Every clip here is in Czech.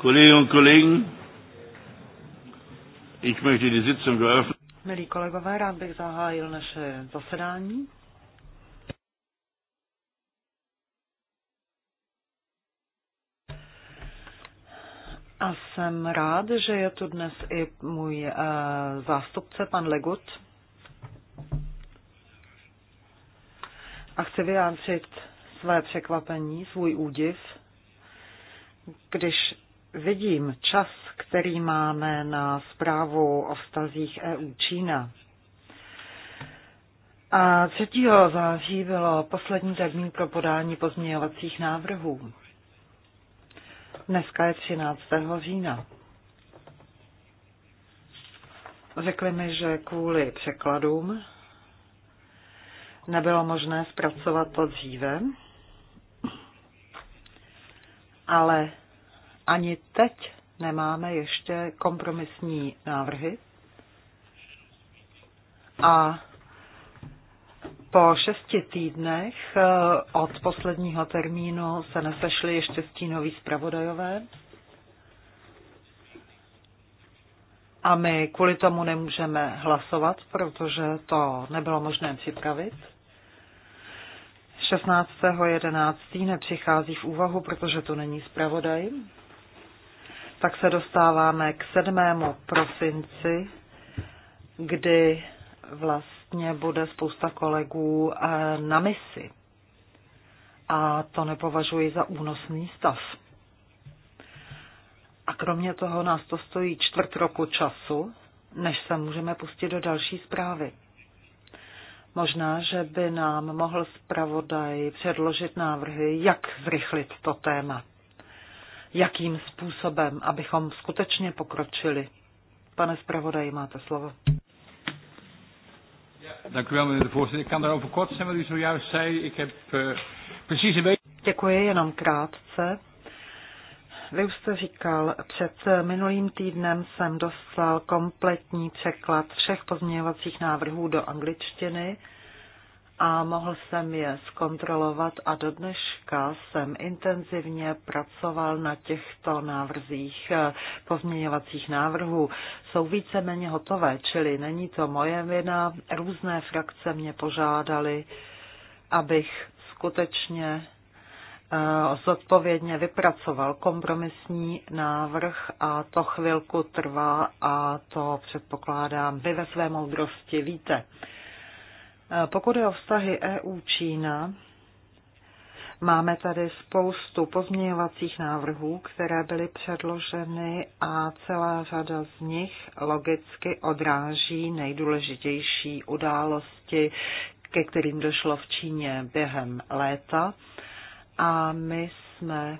Kolleginnen und Kollegen, ich möchte die Sitzung geöffnet. Milí kolegové, rád bych zahájil naše zasedání. A jsem rád, že je tu dnes i můj uh, zástupce, pan Legut. A chci vyjádřit své překvapení, svůj údiv, když vidím čas, který máme na zprávu o vztazích EU-Čína, a 3. září bylo poslední termín pro podání pozměňovacích návrhů. Dneska je 13. října. Řekli mi, že kvůli překladům nebylo možné zpracovat to dříve, ale ani teď nemáme ještě kompromisní návrhy. A po šesti týdnech eh, od posledního termínu se nesešli ještě stínoví zpravodajové. A my kvůli tomu nemůžeme hlasovat, protože to nebylo možné připravit. 16.11. nepřichází v úvahu, protože tu není zpravodaj tak se dostáváme k 7. prosinci, kdy vlastně bude spousta kolegů eh, na misi. A to nepovažuji za únosný stav. A kromě toho nás to stojí čtvrt roku času, než se můžeme pustit do další zprávy. Možná, že by nám mohl zpravodaj předložit návrhy, jak zrychlit to téma jakým způsobem, abychom skutečně pokročili. Pane zpravodaji, máte slovo. Eh, Děkuji, jenom krátce. Vy už jste říkal, před minulým týdnem jsem dostal kompletní překlad všech pozměňovacích návrhů do angličtiny a mohl jsem je zkontrolovat a do dneška jsem intenzivně pracoval na těchto návrzích eh, pozměňovacích návrhů. Jsou více méně hotové, čili není to moje vina. Různé frakce mě požádali, abych skutečně eh, zodpovědně vypracoval kompromisní návrh a to chvilku trvá a to předpokládám, vy ve své moudrosti víte. Pokud je o vztahy EU-Čína, Máme tady spoustu pozměňovacích návrhů, které byly předloženy a celá řada z nich logicky odráží nejdůležitější události, ke kterým došlo v Číně během léta. A my jsme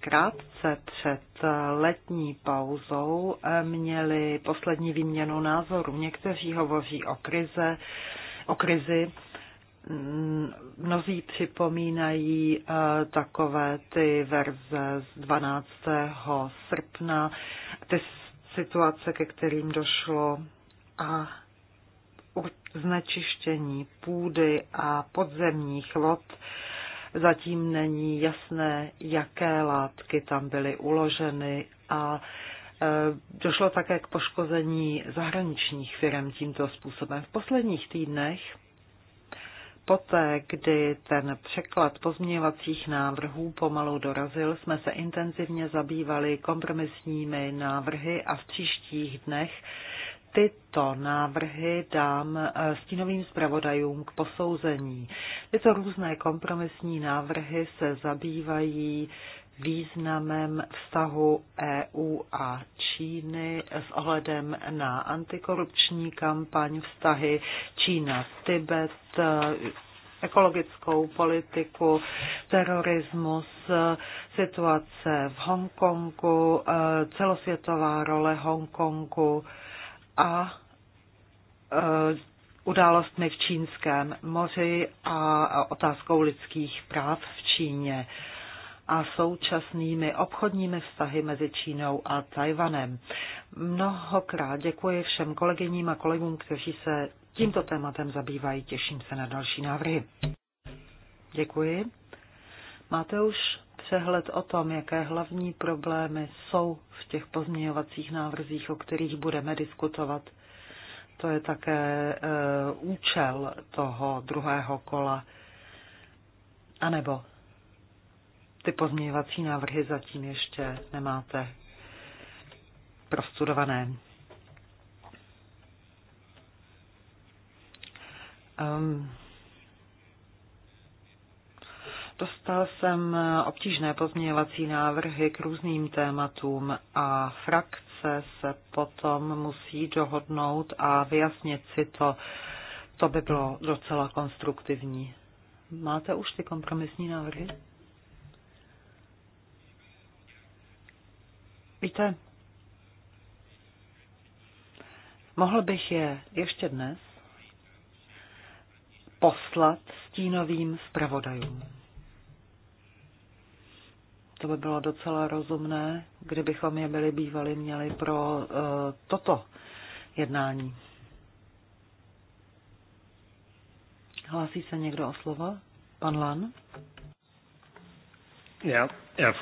krátce před letní pauzou měli poslední výměnu názorů. Někteří hovoří o krize, o krizi. Mnozí připomínají eh, takové ty verze z 12. srpna, ty situace, ke kterým došlo a znečištění půdy a podzemních vod. Zatím není jasné, jaké látky tam byly uloženy a Eh, došlo také k poškození zahraničních firm tímto způsobem. V posledních týdnech, poté, kdy ten překlad pozměňovacích návrhů pomalu dorazil, jsme se intenzivně zabývali kompromisními návrhy a v příštích dnech tyto návrhy dám eh, stínovým zpravodajům k posouzení. Tyto různé kompromisní návrhy se zabývají významem vztahu EU a Číny s ohledem na antikorupční kampaň, vztahy Čína-Tibet, ekologickou politiku, terorismus, situace v Hongkongu, celosvětová role Hongkongu a eh, událostmi v Čínském moři a otázkou lidských práv v Číně a současnými obchodními vztahy mezi Čínou a Tajvanem. Mnohokrát děkuji všem kolegyním a kolegům, kteří se tímto tématem zabývají. Těším se na další návrhy. Děkuji. Máte už přehled o tom, jaké hlavní problémy jsou v těch pozměňovacích návrzích, o kterých budeme diskutovat. To je také e, účel toho druhého kola. A nebo ty pozměňovací návrhy zatím ještě nemáte prostudované. Um, Dostal jsem obtížné pozměňovací návrhy k různým tématům a frakce se potom musí dohodnout a vyjasnit si to. To by bylo docela konstruktivní. Máte už ty kompromisní návrhy? Víte, mohl bych je ještě dnes poslat stínovým zpravodajům. To by bylo docela rozumné, kdybychom je byli bývali měli pro uh, toto jednání. Hlásí se někdo o slovo? Pan Lan? Já, já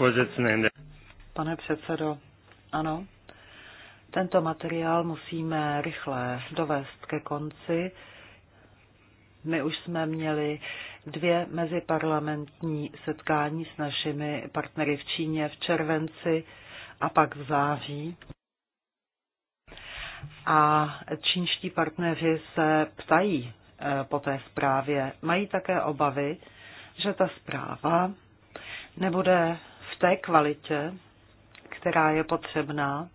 Pane předsedo, ano. Tento materiál musíme rychle dovést ke konci. My už jsme měli dvě meziparlamentní setkání s našimi partnery v Číně v červenci a pak v září. A čínští partneři se ptají eh, po té zprávě. Mají také obavy, že ta zpráva nebude v té kvalitě, která je potřebná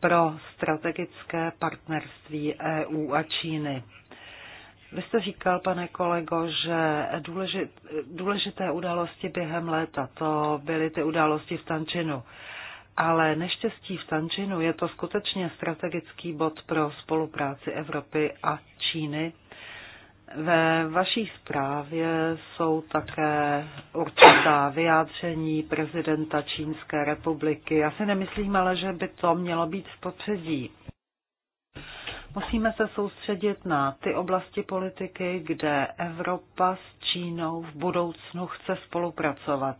pro strategické partnerství EU a Číny. Vy jste říkal, pane kolego, že důležité události během léta, to byly ty události v Tančinu. Ale neštěstí v Tančinu je to skutečně strategický bod pro spolupráci Evropy a Číny ve vaší zprávě jsou také určitá vyjádření prezidenta Čínské republiky. Já si nemyslím ale, že by to mělo být v popředí. Musíme se soustředit na ty oblasti politiky, kde Evropa s Čínou v budoucnu chce spolupracovat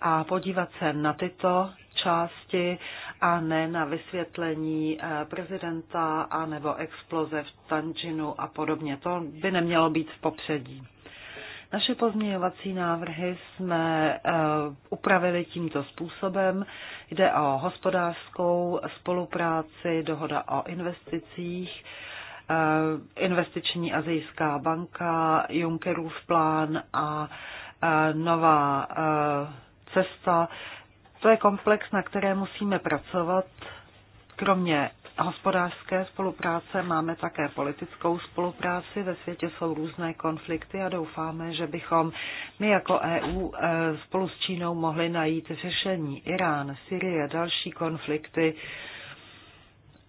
a podívat se na tyto části a ne na vysvětlení eh, prezidenta a nebo exploze v Tanžinu a podobně. To by nemělo být v popředí. Naše pozměňovací návrhy jsme eh, upravili tímto způsobem. Jde o hospodářskou spolupráci, dohoda o investicích, eh, investiční azijská banka, Junckerův plán a nová cesta to je komplex, na které musíme pracovat. Kromě hospodářské spolupráce máme také politickou spolupráci. Ve světě jsou různé konflikty a doufáme, že bychom my jako EU e, spolu s Čínou mohli najít řešení. Irán, Syrie, další konflikty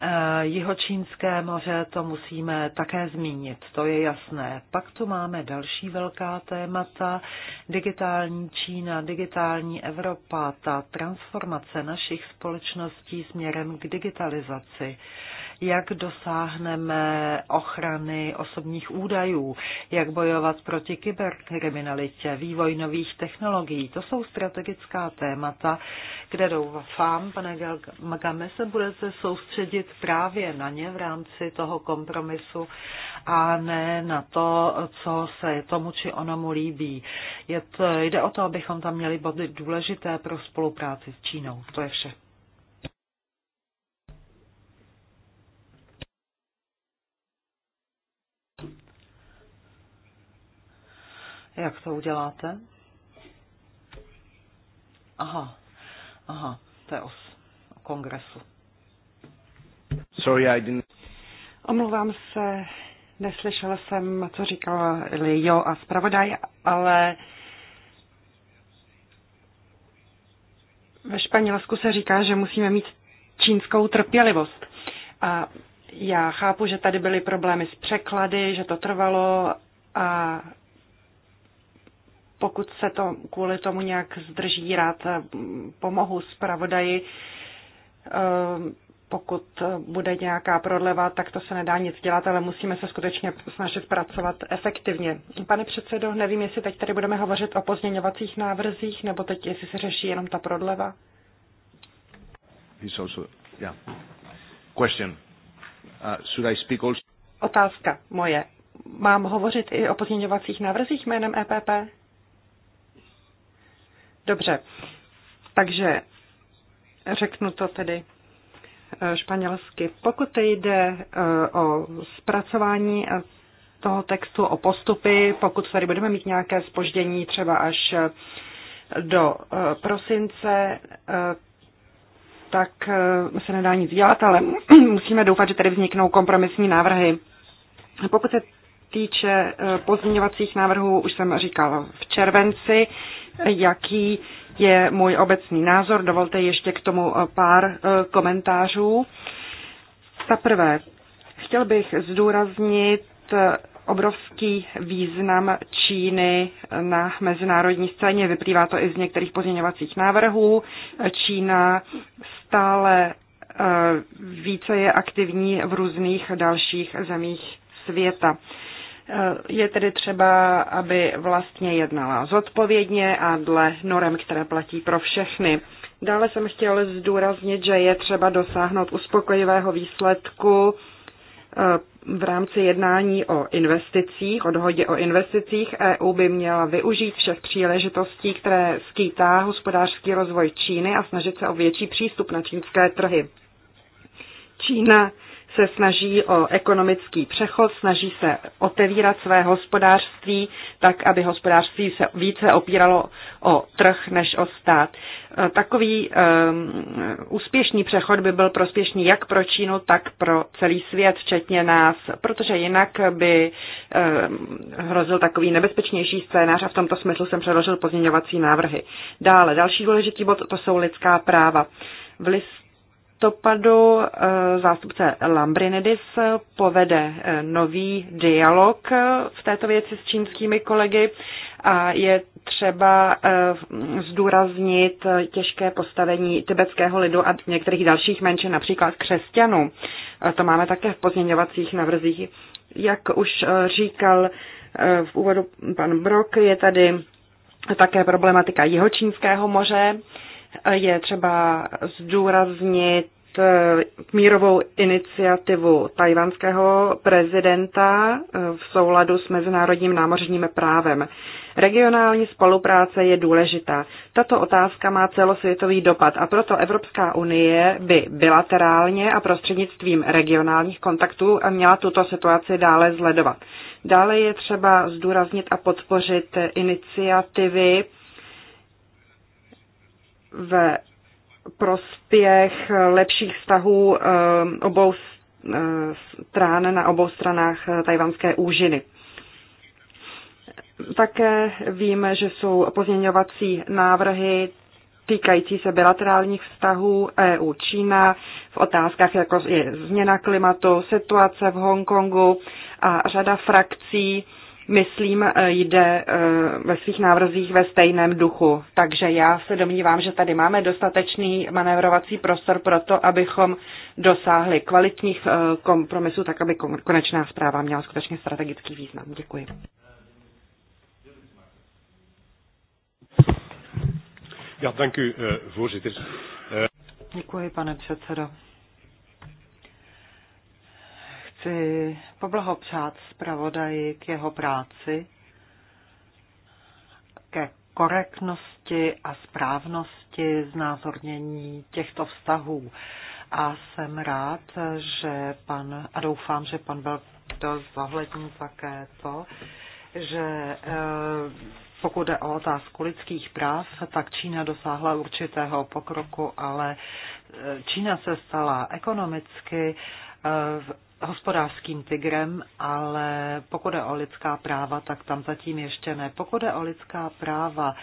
Eh, Jihočínské moře, to musíme také zmínit, to je jasné. Pak tu máme další velká témata, digitální Čína, digitální Evropa, ta transformace našich společností směrem k digitalizaci. Uh, jak dosáhneme ochrany osobních údajů, jak bojovat proti kyberkriminalitě, vývoj nových technologií. To jsou strategická témata, kde doufám, pane Magame, se budete soustředit právě na ně v rámci toho kompromisu a ne na to, co se tomu či onomu líbí. Je to, jde o to, abychom tam měli body důležité pro spolupráci s Čínou. To je vše. Jak to uděláte? Aha, aha, to je os o kongresu. Sorry, I didn't... Omlouvám se, neslyšela jsem, co říkala Jo a zpravodaj, ale ve Španělsku se říká, že musíme mít čínskou trpělivost. A já chápu, že tady byly problémy s překlady, že to trvalo a pokud se to kvůli tomu nějak zdrží, rád eh, pomohu zpravodaji. Ehm, pokud eh, bude nějaká prodleva, tak to se nedá nic dělat, ale musíme se skutečně snažit pracovat efektivně. Pane předsedo, nevím, jestli teď tady budeme hovořit o pozměňovacích návrzích, nebo teď, jestli se řeší jenom ta prodleva. Also, yeah. Question. Uh, should I speak also? Otázka moje. Mám hovořit i o pozměňovacích návrzích jménem EPP? Dobře, takže řeknu to tedy eh, španělsky. Pokud jde eh, o zpracování eh, toho textu, o postupy, pokud tady budeme mít nějaké spoždění třeba až do prosince, tak se nedá nic dělat, ale musíme doufat, že tady vzniknou kompromisní návrhy. Pokud se týče eh, pozměňovacích návrhů, už jsem říkal v červenci, jaký je můj obecný názor. Dovolte ještě k tomu eh, pár eh, komentářů. Za prvé, chtěl bych zdůraznit obrovský význam Číny na mezinárodní scéně. Vyplývá to i z některých pozměňovacích návrhů. Čína stále více je aktivní v různých dalších zemích světa. Eh, je tedy třeba, aby vlastně jednala zodpovědně a dle norem, které platí pro všechny. Dále jsem chtěl zdůraznit, že je třeba dosáhnout uspokojivého výsledku eh, v rámci jednání o investicích, o dohodě o investicích. EU by měla využít všech příležitostí, které skýtá hospodářský rozvoj Číny a snažit se o větší přístup na čínské trhy. Čína se snaží o ekonomický přechod, snaží se otevírat své hospodářství tak, aby hospodářství se více opíralo o trh než o stát. E, takový um, úspěšný přechod by byl prospěšný jak pro Čínu, tak pro celý svět, včetně nás, protože jinak by um, hrozil takový nebezpečnější scénář a v tomto smyslu jsem předložil pozměňovací návrhy. Dále, další důležitý bod, to jsou lidská práva. V list listopadu eh, zástupce Lambrinidis povede eh, nový dialog eh, v této věci s čínskými kolegy a je třeba zdůraznit těžké postavení tibetského lidu a některých dalších menšin, například křesťanů. To máme také v pozměňovacích navrzích. Jak už říkal v úvodu pan Brok, je tady také problematika jihočínského moře je třeba zdůraznit eh, mírovou iniciativu tajvanského prezidenta eh, v souladu s mezinárodním námořním právem. Regionální spolupráce je důležitá. Tato otázka má celosvětový dopad a proto Evropská unie by bilaterálně a prostřednictvím regionálních kontaktů měla tuto situaci dále sledovat. Dále je třeba zdůraznit a podpořit iniciativy ve prospěch lepších vztahů eh, obou eh, stran na obou stranách eh, tajvanské úžiny. Také víme, že jsou pozměňovací návrhy týkající se bilaterálních vztahů EU-Čína v otázkách jako je změna klimatu, situace v Hongkongu a řada frakcí myslím, eh, jde eh, ve svých návrzích ve stejném duchu. Takže já se domnívám, že tady máme dostatečný manévrovací prostor pro to, abychom dosáhli kvalitních eh, kompromisů, tak aby konečná zpráva měla skutečně strategický význam. Děkuji. Ja, dank u, uh, voorzitter. Uh... Děkuji, pane předsedo chci poblahopřát zpravodaji k jeho práci, ke korektnosti a správnosti znázornění těchto vztahů. A jsem rád, že pan, a doufám, že pan byl to zohlední také to, že eh, pokud jde o otázku lidských práv, tak Čína dosáhla určitého pokroku, ale eh, Čína se stala ekonomicky eh, hospodářským tigrem, ale pokud je o lidská práva, tak tam zatím ještě ne. Pokud je o lidská práva,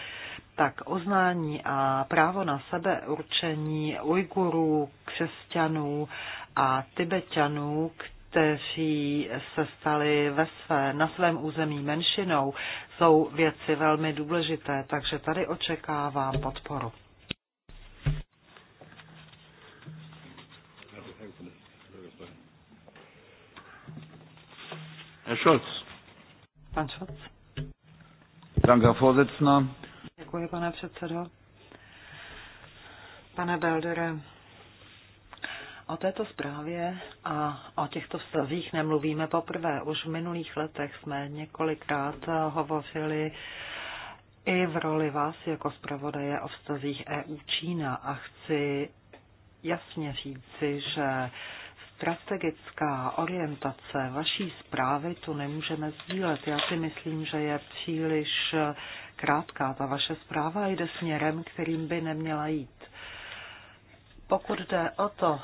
tak oznání a právo na sebe určení Ujgurů, křesťanů a Tibetanů, kteří se stali ve své, na svém území menšinou, jsou věci velmi důležité, takže tady očekávám podporu. Herr Scholz. Pan Scholz. Danke, Vorsitzender. Děkuji, pane předsedo. Pane Beldere, O této zprávě a o těchto vztazích nemluvíme poprvé. Už v minulých letech jsme několikrát hovořili i v roli vás jako zpravodaje o vztazích EU-Čína a chci jasně říci, že strategická orientace vaší zprávy tu nemůžeme sdílet. Já si myslím, že je příliš krátká. Ta vaše zpráva jde směrem, kterým by neměla jít. Pokud jde o to,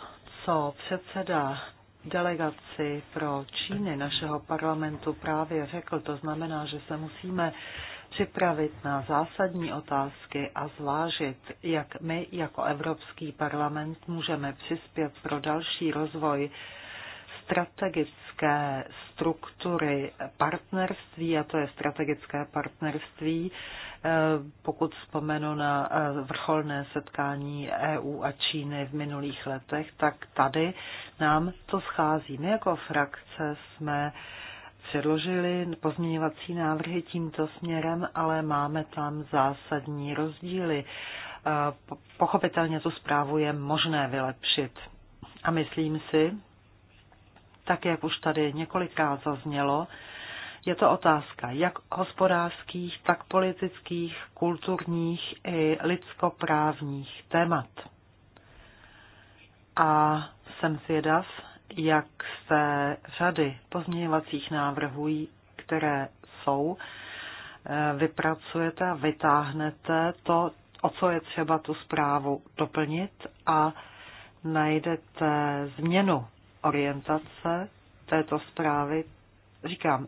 co předseda delegaci pro Číny našeho parlamentu právě řekl, to znamená, že se musíme připravit na zásadní otázky a zvážit, jak my jako Evropský parlament můžeme přispět pro další rozvoj strategické struktury partnerství, a to je strategické partnerství, eh, pokud vzpomenu na eh, vrcholné setkání EU a Číny v minulých letech, tak tady nám to schází. My jako frakce jsme předložili pozměňovací návrhy tímto směrem, ale máme tam zásadní rozdíly. E, pochopitelně tu zprávu je možné vylepšit. A myslím si, tak jak už tady několikrát zaznělo, je to otázka jak hospodářských, tak politických, kulturních i lidskoprávních témat. A jsem zvědav, jak se řady pozměňovacích návrhů, které jsou, eh, vypracujete a vytáhnete to, o co je třeba tu zprávu doplnit a najdete změnu orientace této zprávy. Říkám,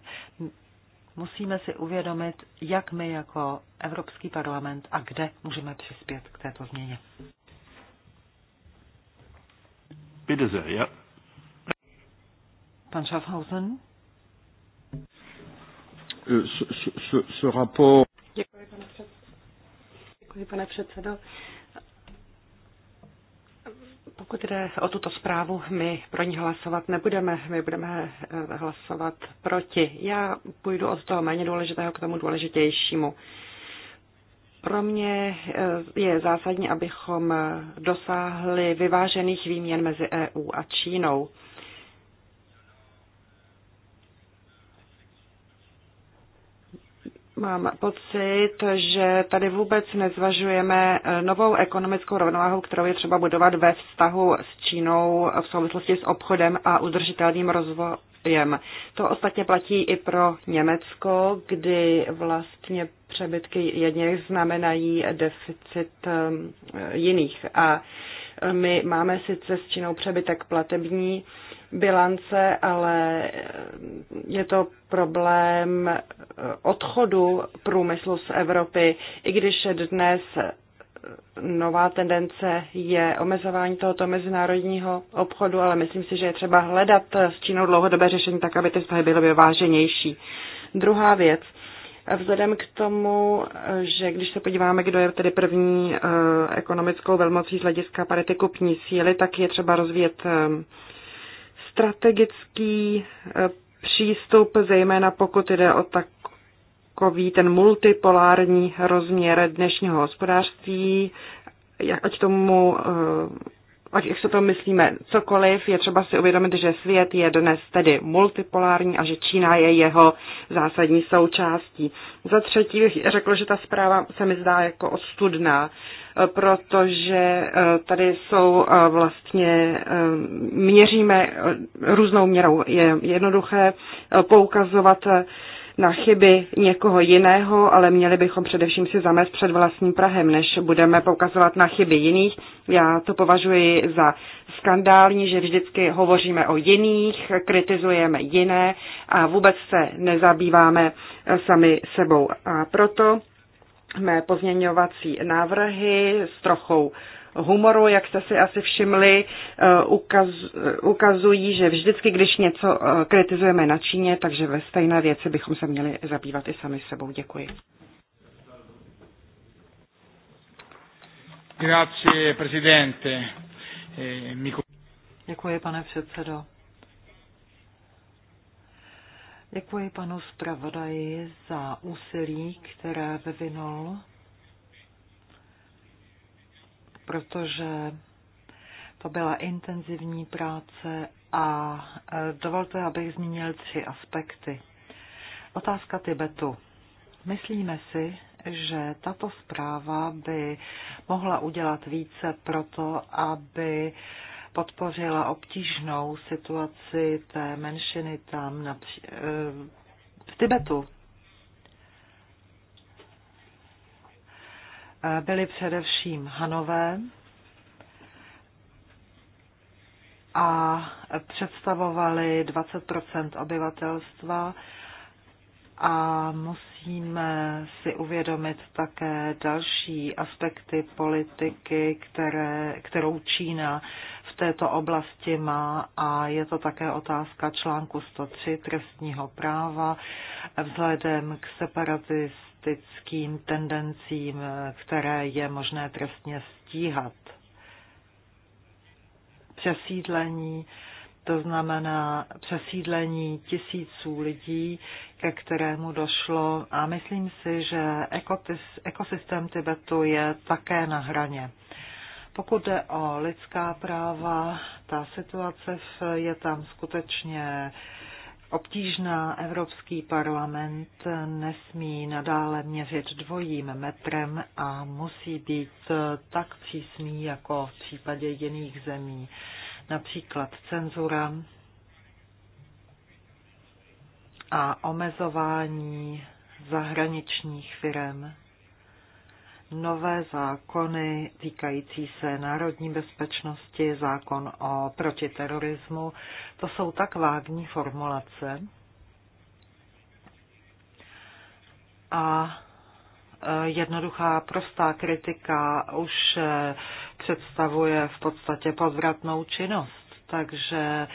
musíme si uvědomit, jak my jako Evropský parlament a kde můžeme přispět k této změně. Bitte sehr, ja. Pan Schaffhausen. Eh, Děkuji, pane předsedo. Děkuji, pane předsedo. Pokud jde o tuto zprávu, my pro ní hlasovat nebudeme, my budeme eh, hlasovat proti. Já půjdu od toho méně důležitého k tomu důležitějšímu. Pro mě eh, je zásadní, abychom dosáhli vyvážených výměn mezi EU a Čínou. Mám pocit, že tady vůbec nezvažujeme eh, novou ekonomickou rovnováhu, kterou je třeba budovat ve vztahu s Čínou v souvislosti s obchodem a udržitelným rozvojem. To ostatně platí i pro Německo, kdy vlastně přebytky jedněch znamenají deficit eh, jiných. A eh, my máme sice s Čínou přebytek platební, bilance, ale je to problém odchodu průmyslu z Evropy, i když dnes nová tendence je omezování tohoto mezinárodního obchodu, ale myslím si, že je třeba hledat s Čínou dlouhodobé řešení tak, aby ty vztahy byly vyváženější. Druhá věc. Vzhledem k tomu, že když se podíváme, kdo je tedy první eh, ekonomickou velmocí z hlediska parity kupní síly, tak je třeba rozvíjet eh, strategický eh, přístup, zejména pokud jde o takový ten multipolární rozměr dnešního hospodářství, ať tomu eh, ať už se to myslíme cokoliv, je třeba si uvědomit, že svět je dnes tedy multipolární a že Čína je jeho zásadní součástí. Za třetí bych řekl, že ta zpráva se mi zdá jako ostudná, protože eh, tady jsou eh, vlastně, eh, měříme různou měrou. Je jednoduché poukazovat na chyby někoho jiného, ale měli bychom především si zamést před vlastním Prahem, než budeme poukazovat na chyby jiných. Já to považuji za skandální, že vždycky hovoříme o jiných, kritizujeme jiné a vůbec se nezabýváme eh, sami sebou. A proto mé pozměňovací návrhy s trochou humoru, jak jste si asi všimli, eh, ukaz, ukazují, že vždycky, když něco eh, kritizujeme na Číně, takže ve stejné věci bychom se měli zabývat i sami sebou. Děkuji. Eh, Děkuji, pane předsedo. Děkuji panu zpravodaji za úsilí, které vyvinul protože to byla intenzivní práce a e, dovolte, abych zmínil tři aspekty. Otázka Tibetu. Myslíme si, že tato zpráva by mohla udělat více proto, aby podpořila obtížnou situaci té menšiny tam e, v Tibetu. byli především Hanové a představovali 20 obyvatelstva a musíme si uvědomit také další aspekty politiky, které, kterou Čína v této oblasti má a je to také otázka článku 103 trestního práva vzhledem k separatistům teroristickým tendencím, které je možné trestně stíhat. Přesídlení, to znamená přesídlení tisíců lidí, ke kterému došlo a myslím si, že ekosystém Tibetu je také na hraně. Pokud jde o lidská práva, ta situace je tam skutečně uh, obtížná Evropský parlament nesmí nadále měřit dvojím metrem a musí být tak přísný jako v případě jiných zemí. Například cenzura a omezování zahraničních firm nové zákony týkající se národní bezpečnosti, zákon o protiterorismu. To jsou tak vágní formulace. A e, jednoduchá prostá kritika už e, představuje v podstatě podvratnou činnost. Takže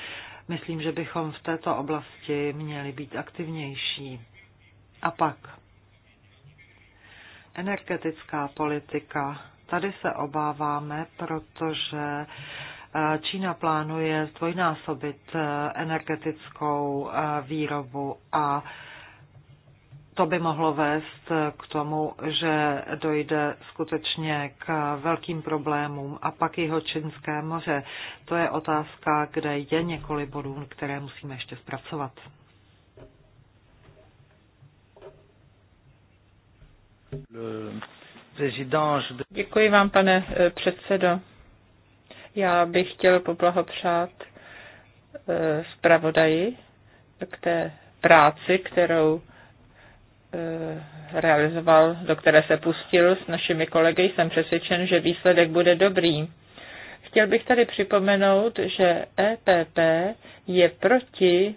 myslím, že bychom v této oblasti měli být aktivnější. A pak energetická politika. Tady se obáváme, protože eh, Čína plánuje zdvojnásobit eh, energetickou eh, výrobu a to by mohlo vést k tomu, že dojde skutečně k velkým problémům a pak jeho Čínské moře. To je otázka, kde je několik bodů, které musíme ještě zpracovat. Děkuji vám, pane eh, předsedo. Já bych chtěl poblahopřát eh, zpravodaji k té práci, kterou eh, realizoval, do které se pustil s našimi kolegy. Jsem přesvědčen, že výsledek bude dobrý. Chtěl bych tady připomenout, že EPP je proti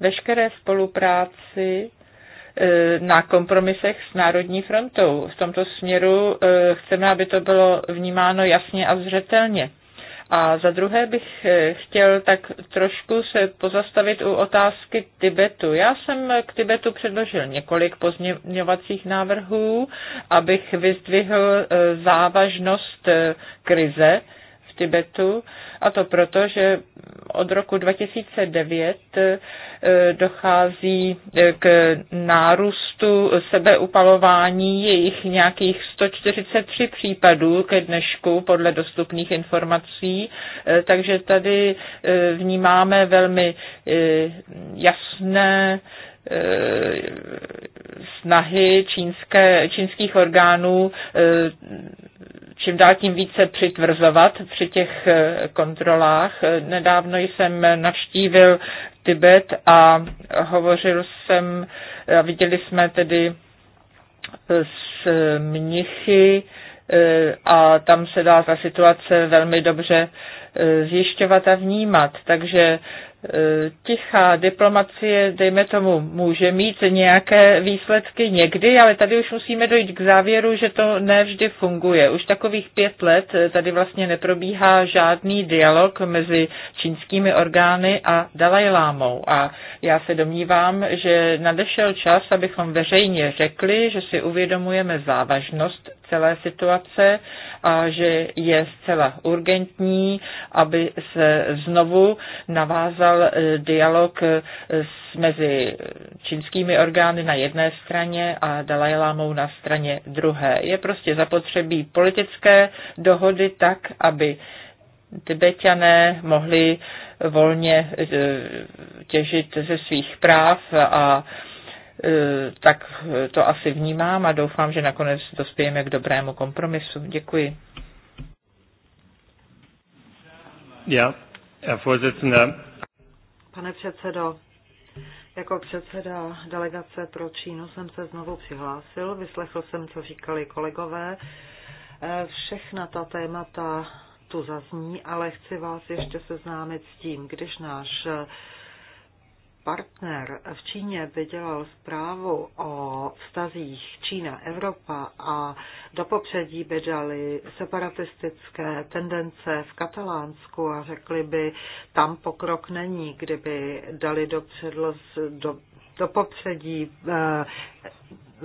veškeré spolupráci E, na kompromisech s Národní frontou. V tomto směru e, chceme, aby to bylo vnímáno jasně a zřetelně. A za druhé bych e, chtěl tak trošku se pozastavit u otázky Tibetu. Já jsem k Tibetu předložil několik pozměňovacích návrhů, abych vyzdvihl závažnost krize Tibetu, a to proto, že od roku 2009 eh, dochází eh, k nárůstu sebeupalování jejich nějakých 143 případů ke dnešku podle dostupných informací, eh, takže tady vnímáme velmi jasné Eh, snahy čínské, čínských orgánů eh, čím dál tím více přitvrzovat při těch eh, kontrolách. Nedávno jsem navštívil Tibet a hovořil jsem, viděli jsme tedy s mnichy a tam se dá ta situace velmi dobře zjišťovat a vnímat. Takže tichá diplomacie, dejme tomu, může mít nějaké výsledky někdy, ale tady už musíme dojít k závěru, že to nevždy funguje. Už takových pět let tady vlastně neprobíhá žádný dialog mezi čínskými orgány a Dalajlámou. A já se domnívám, že nadešel čas, abychom veřejně řekli, že si uvědomujeme závažnost celé situace a že je zcela urgentní, aby se znovu navázal eh, dialog eh, s, mezi čínskými orgány na jedné straně a Dalajlámou na straně druhé. Je prostě zapotřebí politické dohody tak, aby Tibetané mohli volně eh, těžit ze svých práv a Eh, tak eh, to asi vnímám a doufám, že nakonec dospějeme k dobrému kompromisu. Děkuji. Já, ja, Pane předsedo, jako předseda delegace pro Čínu jsem se znovu přihlásil, vyslechl jsem, co říkali kolegové. Eh, všechna ta témata tu zazní, ale chci vás ještě seznámit s tím, když náš partner v Číně by dělal zprávu o vztazích Čína-Evropa a do popředí by dali separatistické tendence v Katalánsku a řekli by, tam pokrok není, kdyby dali do, předloz, do, do popředí eh,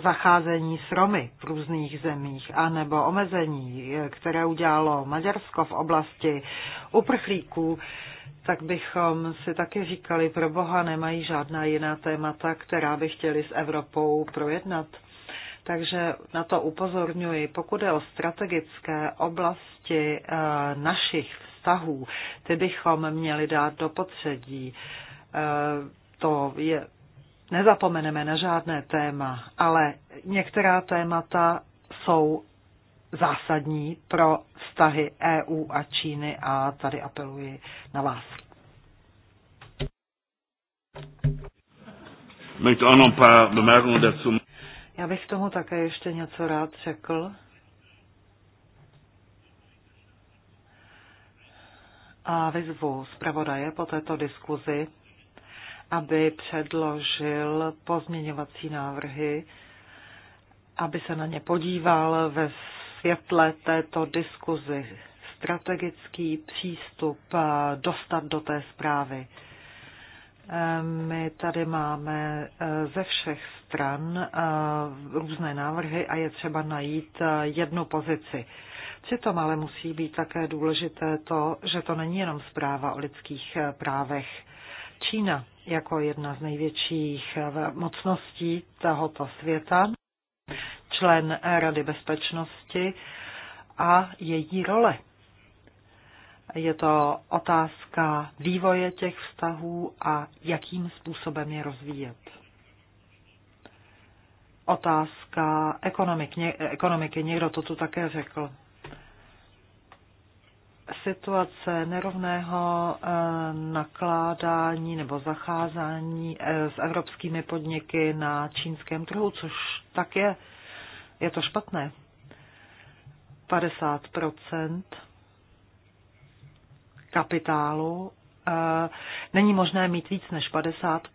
zacházení s Romy v různých zemích, anebo omezení, eh, které udělalo Maďarsko v oblasti uprchlíků, tak bychom si taky říkali, pro boha nemají žádná jiná témata, která by chtěli s Evropou projednat. Takže na to upozorňuji. Pokud je o strategické oblasti eh, našich vztahů, ty bychom měli dát do potředí. Eh, to je nezapomeneme na žádné téma, ale některá témata jsou zásadní pro vztahy EU a Číny a tady apeluji na vás. Já bych k tomu také ještě něco rád řekl. A vyzvu zpravodaje po této diskuzi, aby předložil pozměňovací návrhy, aby se na ně podíval ve světle této diskuzi. Strategický přístup eh, dostat do té zprávy. Ehm, my tady máme eh, ze všech stran eh, různé návrhy a je třeba najít jednu pozici. Přitom ale musí být také důležité to, že to není jenom zpráva o lidských právech. Čína jako jedna z největších eh, mocností tohoto světa, člen Rady bezpečnosti a její role. Je to otázka vývoje těch vztahů a jakým způsobem je rozvíjet. Otázka ekonomik, ně, ekonomiky, někdo to tu také řekl situace nerovného eh, nakládání nebo zacházání eh, s evropskými podniky na čínském trhu, což tak je. Je to špatné. 50 kapitálu. Eh, není možné mít víc než 50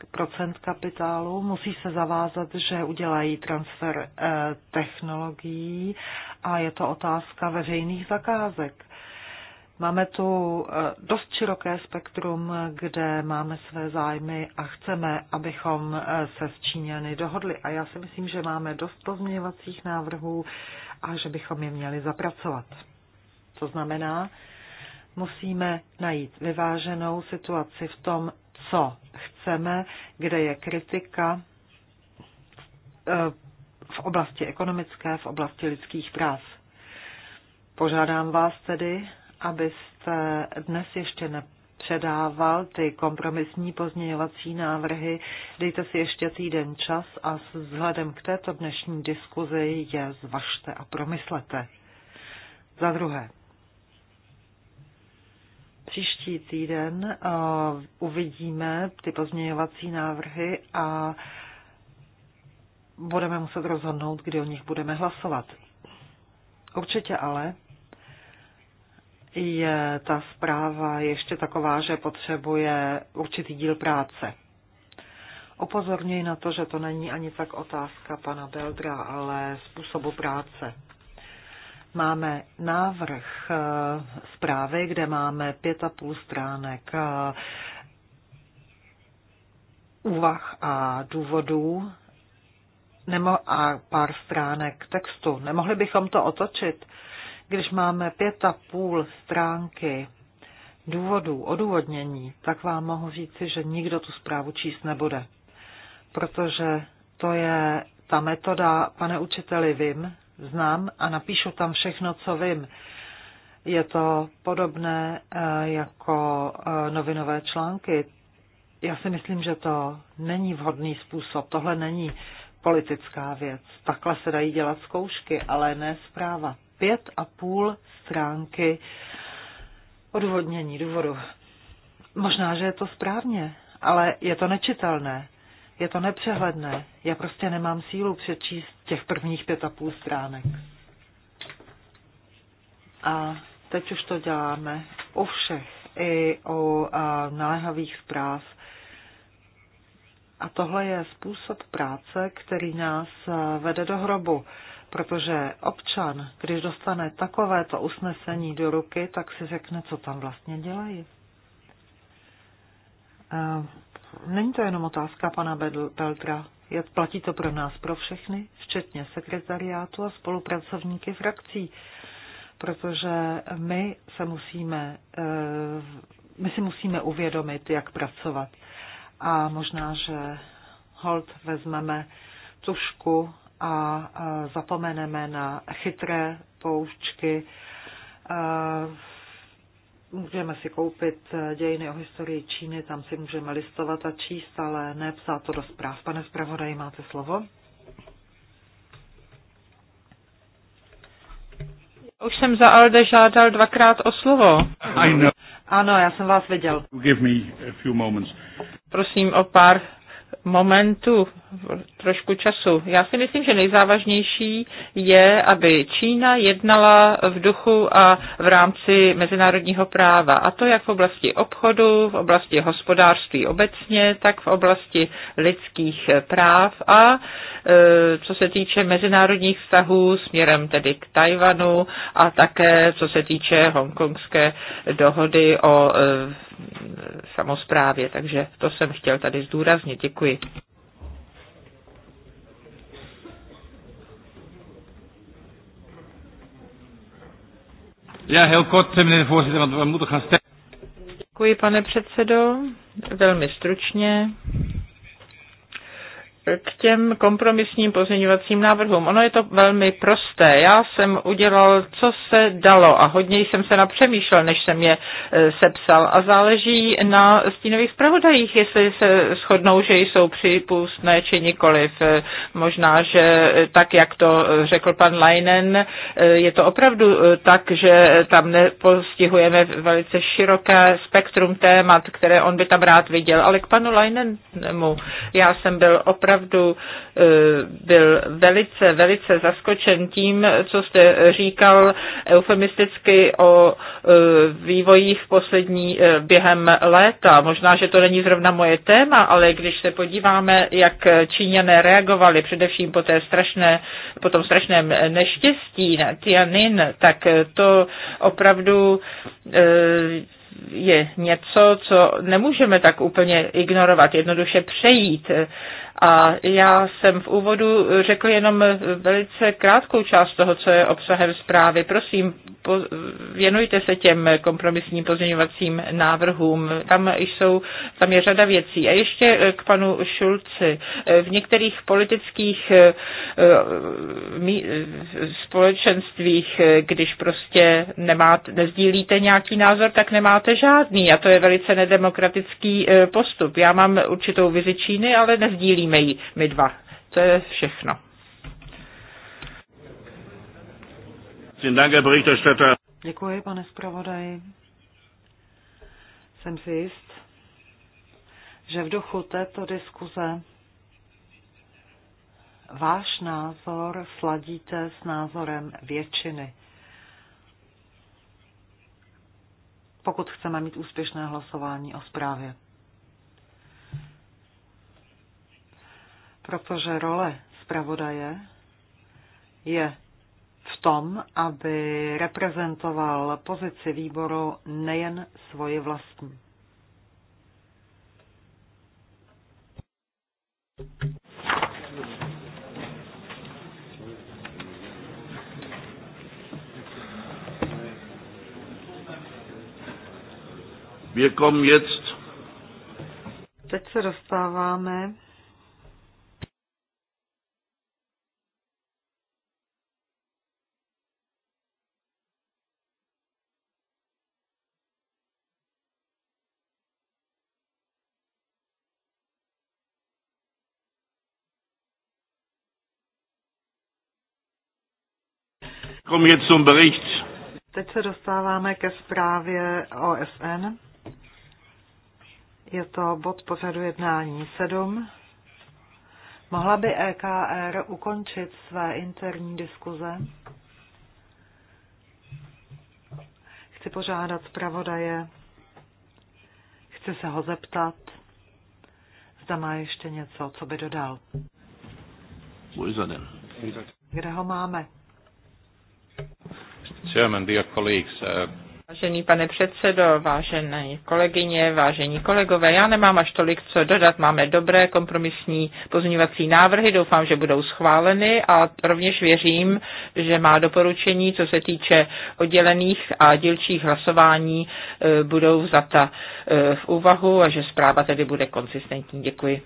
kapitálu. Musí se zavázat, že udělají transfer technologií a je to otázka veřejných zakázek. Máme tu eh, dost široké spektrum, kde máme své zájmy a chceme, abychom eh, se s Číňany dohodli. A já si myslím, že máme dost pozměňovacích návrhů a že bychom je měli zapracovat. To znamená, musíme najít vyváženou situaci v tom, co chceme, kde je kritika eh, v oblasti ekonomické, v oblasti lidských práv. Požádám vás tedy, abyste dnes ještě nepředával ty kompromisní pozměňovací návrhy. Dejte si ještě týden čas a vzhledem k této dnešní diskuzi je zvažte a promyslete. Za druhé, příští týden uh, uvidíme ty pozměňovací návrhy a budeme muset rozhodnout, kdy o nich budeme hlasovat. Určitě ale je ta zpráva ještě taková, že potřebuje určitý díl práce. Opozorňuji na to, že to není ani tak otázka pana Beldra, ale způsobu práce. Máme návrh eh, zprávy, kde máme pět a půl stránek eh, úvah a důvodů a pár stránek textu. Nemohli bychom to otočit? když máme pět a půl stránky důvodů, odůvodnění, tak vám mohu říci, že nikdo tu zprávu číst nebude. Protože to je ta metoda, pane učiteli, vím, znám a napíšu tam všechno, co vím. Je to podobné eh, jako eh, novinové články. Já si myslím, že to není vhodný způsob. Tohle není politická věc. Takhle se dají dělat zkoušky, ale ne zpráva. Pět a půl stránky odvodnění důvodu. Možná, že je to správně, ale je to nečitelné, je to nepřehledné. Já prostě nemám sílu přečíst těch prvních pět a půl stránek. A teď už to děláme o všech, i o naléhavých zpráv. A tohle je způsob práce, který nás vede do hrobu protože občan, když dostane takovéto usnesení do ruky, tak si řekne, co tam vlastně dělají. Eh, není to jenom otázka pana Beltra. platí to pro nás, pro všechny, včetně sekretariátu a spolupracovníky frakcí, protože my se musíme, eh, my si musíme uvědomit, jak pracovat. A možná, že hold vezmeme tušku a zapomeneme na chytré poučky. Můžeme si koupit dějiny o historii Číny, tam si můžeme listovat a číst, ale ne psát to do zpráv. Pane zpravodaji, máte slovo? Už jsem za Alde žádal dvakrát o slovo. Ano, já jsem vás viděl. Prosím o pár momentu, trošku času. Já si myslím, že nejzávažnější je, aby Čína jednala v duchu a v rámci mezinárodního práva. A to jak v oblasti obchodu, v oblasti hospodářství obecně, tak v oblasti lidských práv a e, co se týče mezinárodních vztahů směrem tedy k Tajvanu a také co se týče hongkongské dohody o e, samozprávě. Takže to jsem chtěl tady zdůraznit. Děkuji. Ja, heel kort, eh, meneer Děkuji, pane předsedo. Velmi stručně k těm kompromisním pozměňovacím návrhům. Ono je to velmi prosté. Já jsem udělal, co se dalo a hodně jsem se napřemýšlel, než jsem je e, sepsal. A záleží na stínových zpravodajích, jestli se shodnou, že jsou připustné či nikoliv. E, možná, že e, tak, jak to řekl pan Leinen, je to opravdu tak, že tam nepostihujeme velice široké spektrum témat, které on by tam rád viděl. Ale k panu Leinenu já jsem byl opravdu opravdu eh, byl velice, velice zaskočen tím, co jste říkal eufemisticky o eh, vývojích poslední eh, během léta. Možná, že to není zrovna moje téma, ale když se podíváme, jak Číňané reagovali především po, té strašné, po tom strašném neštěstí na Tianin, tak to opravdu je něco, co nemůžeme tak úplně ignorovat, jednoduše přejít. A já jsem v úvodu řekl jenom velice krátkou část toho, co je obsahem zprávy. Prosím, po, věnujte se těm kompromisním pozměňovacím návrhům. Tam, jsou, tam je řada věcí. A ještě k panu Šulci. V některých politických eh, eh, společenstvích, eh, když prostě nemá, nezdílíte nějaký názor, tak nemá nemáte žádný a to je velice nedemokratický e, postup. Já mám určitou vizi Číny, ale nezdílíme ji my dva. To je všechno. Děkuji, pane zpravodaji. Jsem si jist, že v duchu této diskuze váš názor sladíte s názorem většiny. pokud chceme mít úspěšné hlasování o zprávě. Protože role zpravodaje je v tom, aby reprezentoval pozici výboru nejen svoji vlastní. Wir kommen jetzt. Teď se dostáváme Teď se dostáváme ke zprávě OSN. Je to bod pořadu jednání 7. Mohla by EKR ukončit své interní diskuze? Chci požádat zpravodaje, chci se ho zeptat, zda má ještě něco, co by dodal. Kde ho máme? Chairman, dear colleagues, uh... Vážený pane předsedo, vážené kolegyně, vážení kolegové, já nemám až tolik co dodat. Máme dobré kompromisní pozměňovací návrhy, doufám, že budou schváleny a rovněž věřím, že má doporučení, co se týče oddělených a dílčích hlasování, e, budou vzata e, v úvahu a že zpráva tedy bude konsistentní. Děkuji.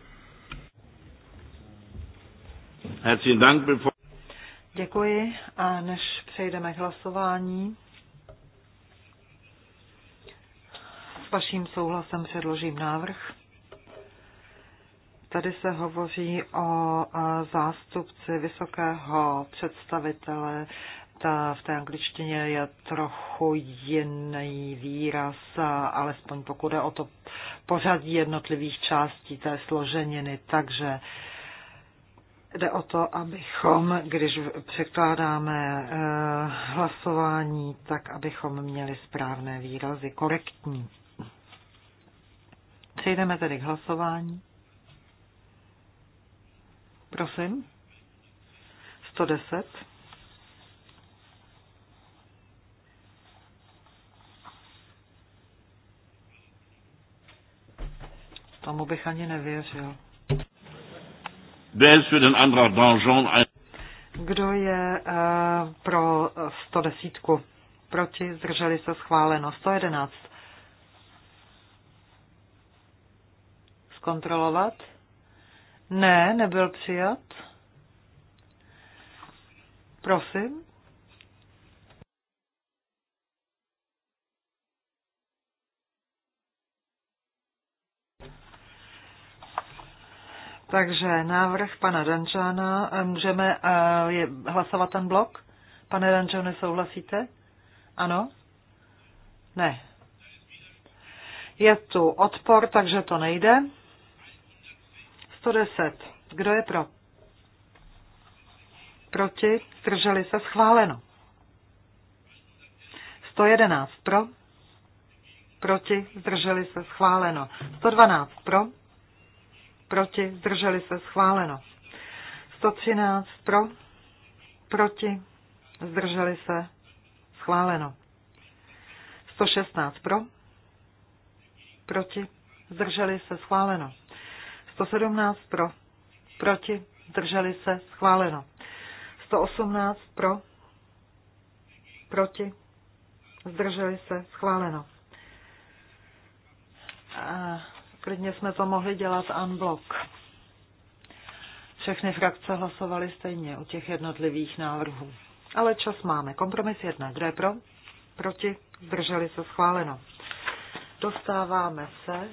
Děkuji a než přejdeme k hlasování, S vaším souhlasem předložím návrh. Tady se hovoří o zástupci vysokého představitele. Ta v té angličtině je trochu jiný výraz, alespoň pokud je o to pořadí jednotlivých částí té složeniny. Takže jde o to, abychom, když překládáme e, hlasování, tak abychom měli správné výrazy, korektní. Přejdeme tedy k hlasování. Prosím. 110. Tomu bych ani nevěřil. Kdo je uh, pro 110? Proti? Zdrželi se schváleno. 111. zkontrolovat? Ne, nebyl přijat. Prosím. Takže návrh pana Dančána, eh, můžeme eh, je, hlasovat ten blok? Pane Dančáne, souhlasíte? Ano? Ne. Je tu odpor, takže to nejde. 110. Kdo je pro? Proti? Zdrželi se? Schváleno. 111 pro. Proti? Zdrželi se? Schváleno. 112 pro. Proti? Zdrželi se? Schváleno. 113 pro. Proti? Zdrželi se? Schváleno. 116 pro. Proti? Zdrželi se? Schváleno. 117 pro, proti, zdrželi se, schváleno. 118 pro, proti, zdrželi se, schváleno. A klidně jsme to mohli dělat unblock. Všechny frakce hlasovaly stejně u těch jednotlivých návrhů. Ale čas máme. Kompromis jedna. Kdo je pro? Proti? Zdrželi se schváleno. Dostáváme se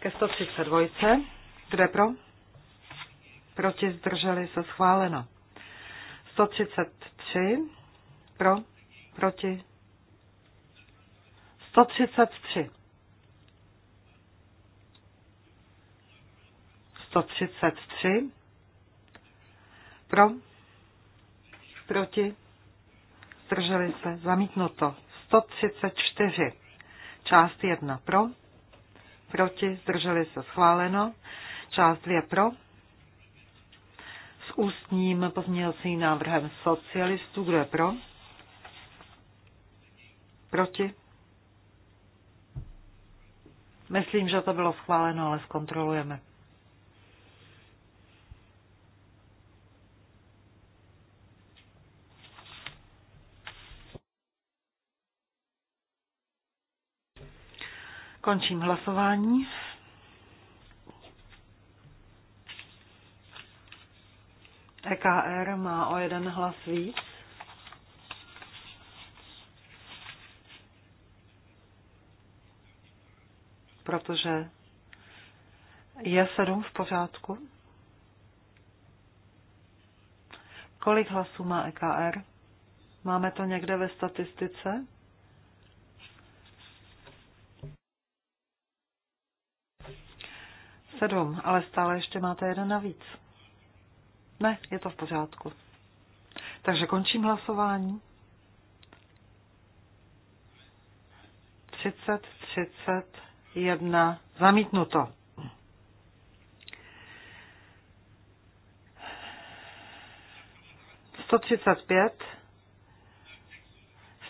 ke 132. Kde pro? Proti zdrželi se schváleno. 133. Pro? Proti? 133. 133. Pro? Proti? Zdrželi se. Zamítnuto. 134. Část 1. Pro? proti, zdrželi se schváleno, část 2 pro, s ústním pozměňovacím návrhem socialistů, kdo je pro, proti, Myslím, že to bylo schváleno, ale zkontrolujeme. Končím hlasování. EKR má o jeden hlas víc. Protože je sedm v pořádku. Kolik hlasů má EKR? Máme to někde ve statistice? sedm, ale stále ještě máte jeden navíc. Ne, je to v pořádku. Takže končím hlasování. 30, 31, zamítnuto. Sto třicet pět,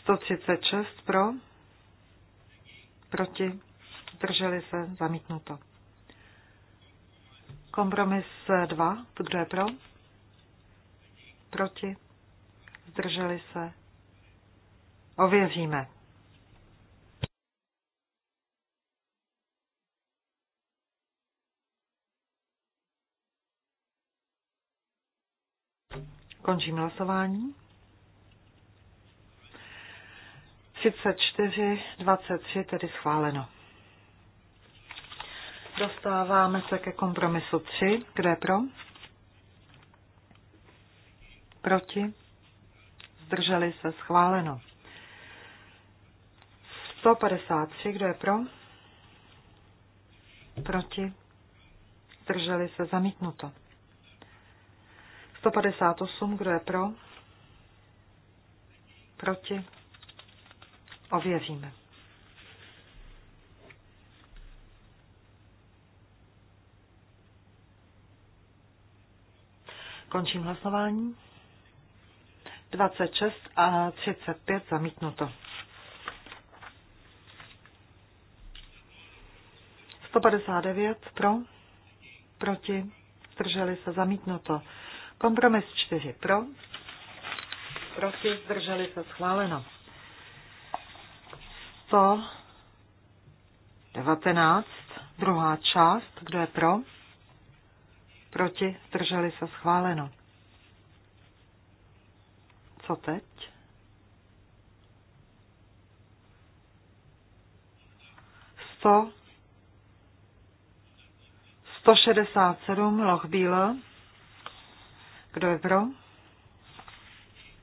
sto třicet šest pro, proti, drželi se, zamítnuto. Kompromis 2. Kdo je pro? Proti? Zdrželi se? Ověříme. Končím hlasování. 34, 23, tedy schváleno. Dostáváme se ke kompromisu 3. Kde pro? Proti? Zdrželi se schváleno. 153. Kdo je pro? Proti? Zdrželi se zamítnuto. 158. Kdo je pro? Proti? Ověříme. Končím hlasování. 26 a 35 zamítnuto. 159 pro, proti, zdrželi se zamítnuto. Kompromis 4 pro, proti, zdrželi se schváleno. 119, druhá část, kdo je pro? proti, zdrželi se schváleno. Co teď? Sto 167 Loch Bíl. Kdo je pro?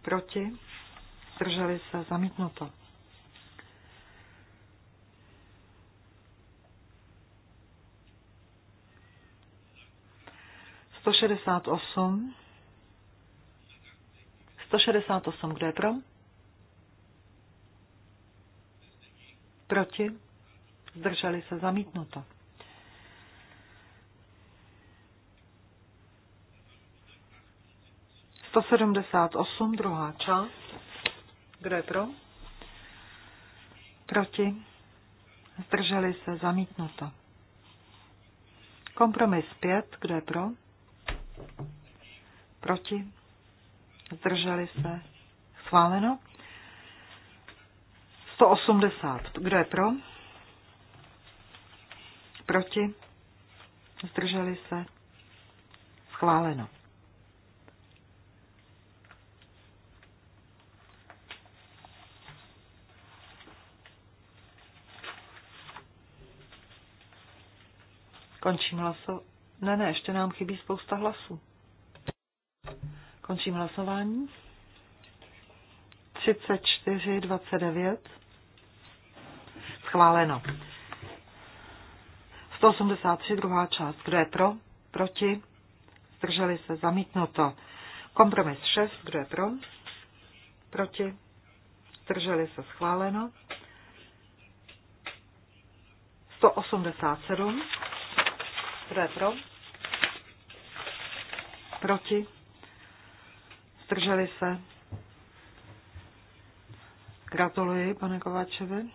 Proti? Zdrželi se zamítnuto. 168. 168, kdo je pro? Proti? Zdrželi se zamítnuto. Sto sedmdesát osm, druhá část. Kdo je pro? Proti? Zdrželi se zamítnuto. Kompromis pět, kdo je pro? Proti? Zdrželi se? Schváleno? 180. Kdo je pro? Proti? Zdrželi se? Schváleno. Končím hlasov. Ne, ne, ještě nám chybí spousta hlasů. Končím hlasování. 34, 29. Schváleno. 183, druhá část. Kdo je pro? Proti? Zdrželi se? Zamítnuto. Kompromis 6. Kdo je pro? Proti? Zdrželi se? Schváleno. 187. Kdo je pro? Proti? Zdrželi se? Gratuluji, pane Kováčevi.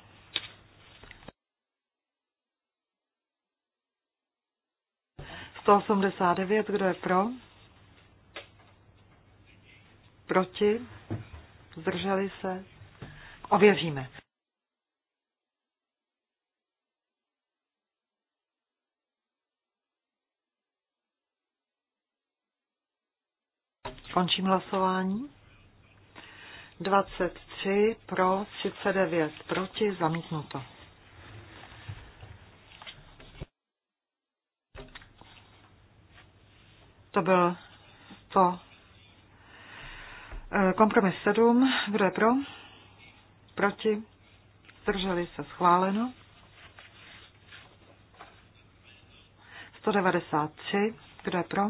Sto osmdesát devět, kdo je pro? Proti? Zdrželi se? Ověříme. Končím hlasování. 23 pro, 39 proti, zamítnuto. To byl to. Eh, kompromis 7. Kdo je pro? Proti? Zdrželi se schváleno. 193. Kdo je pro?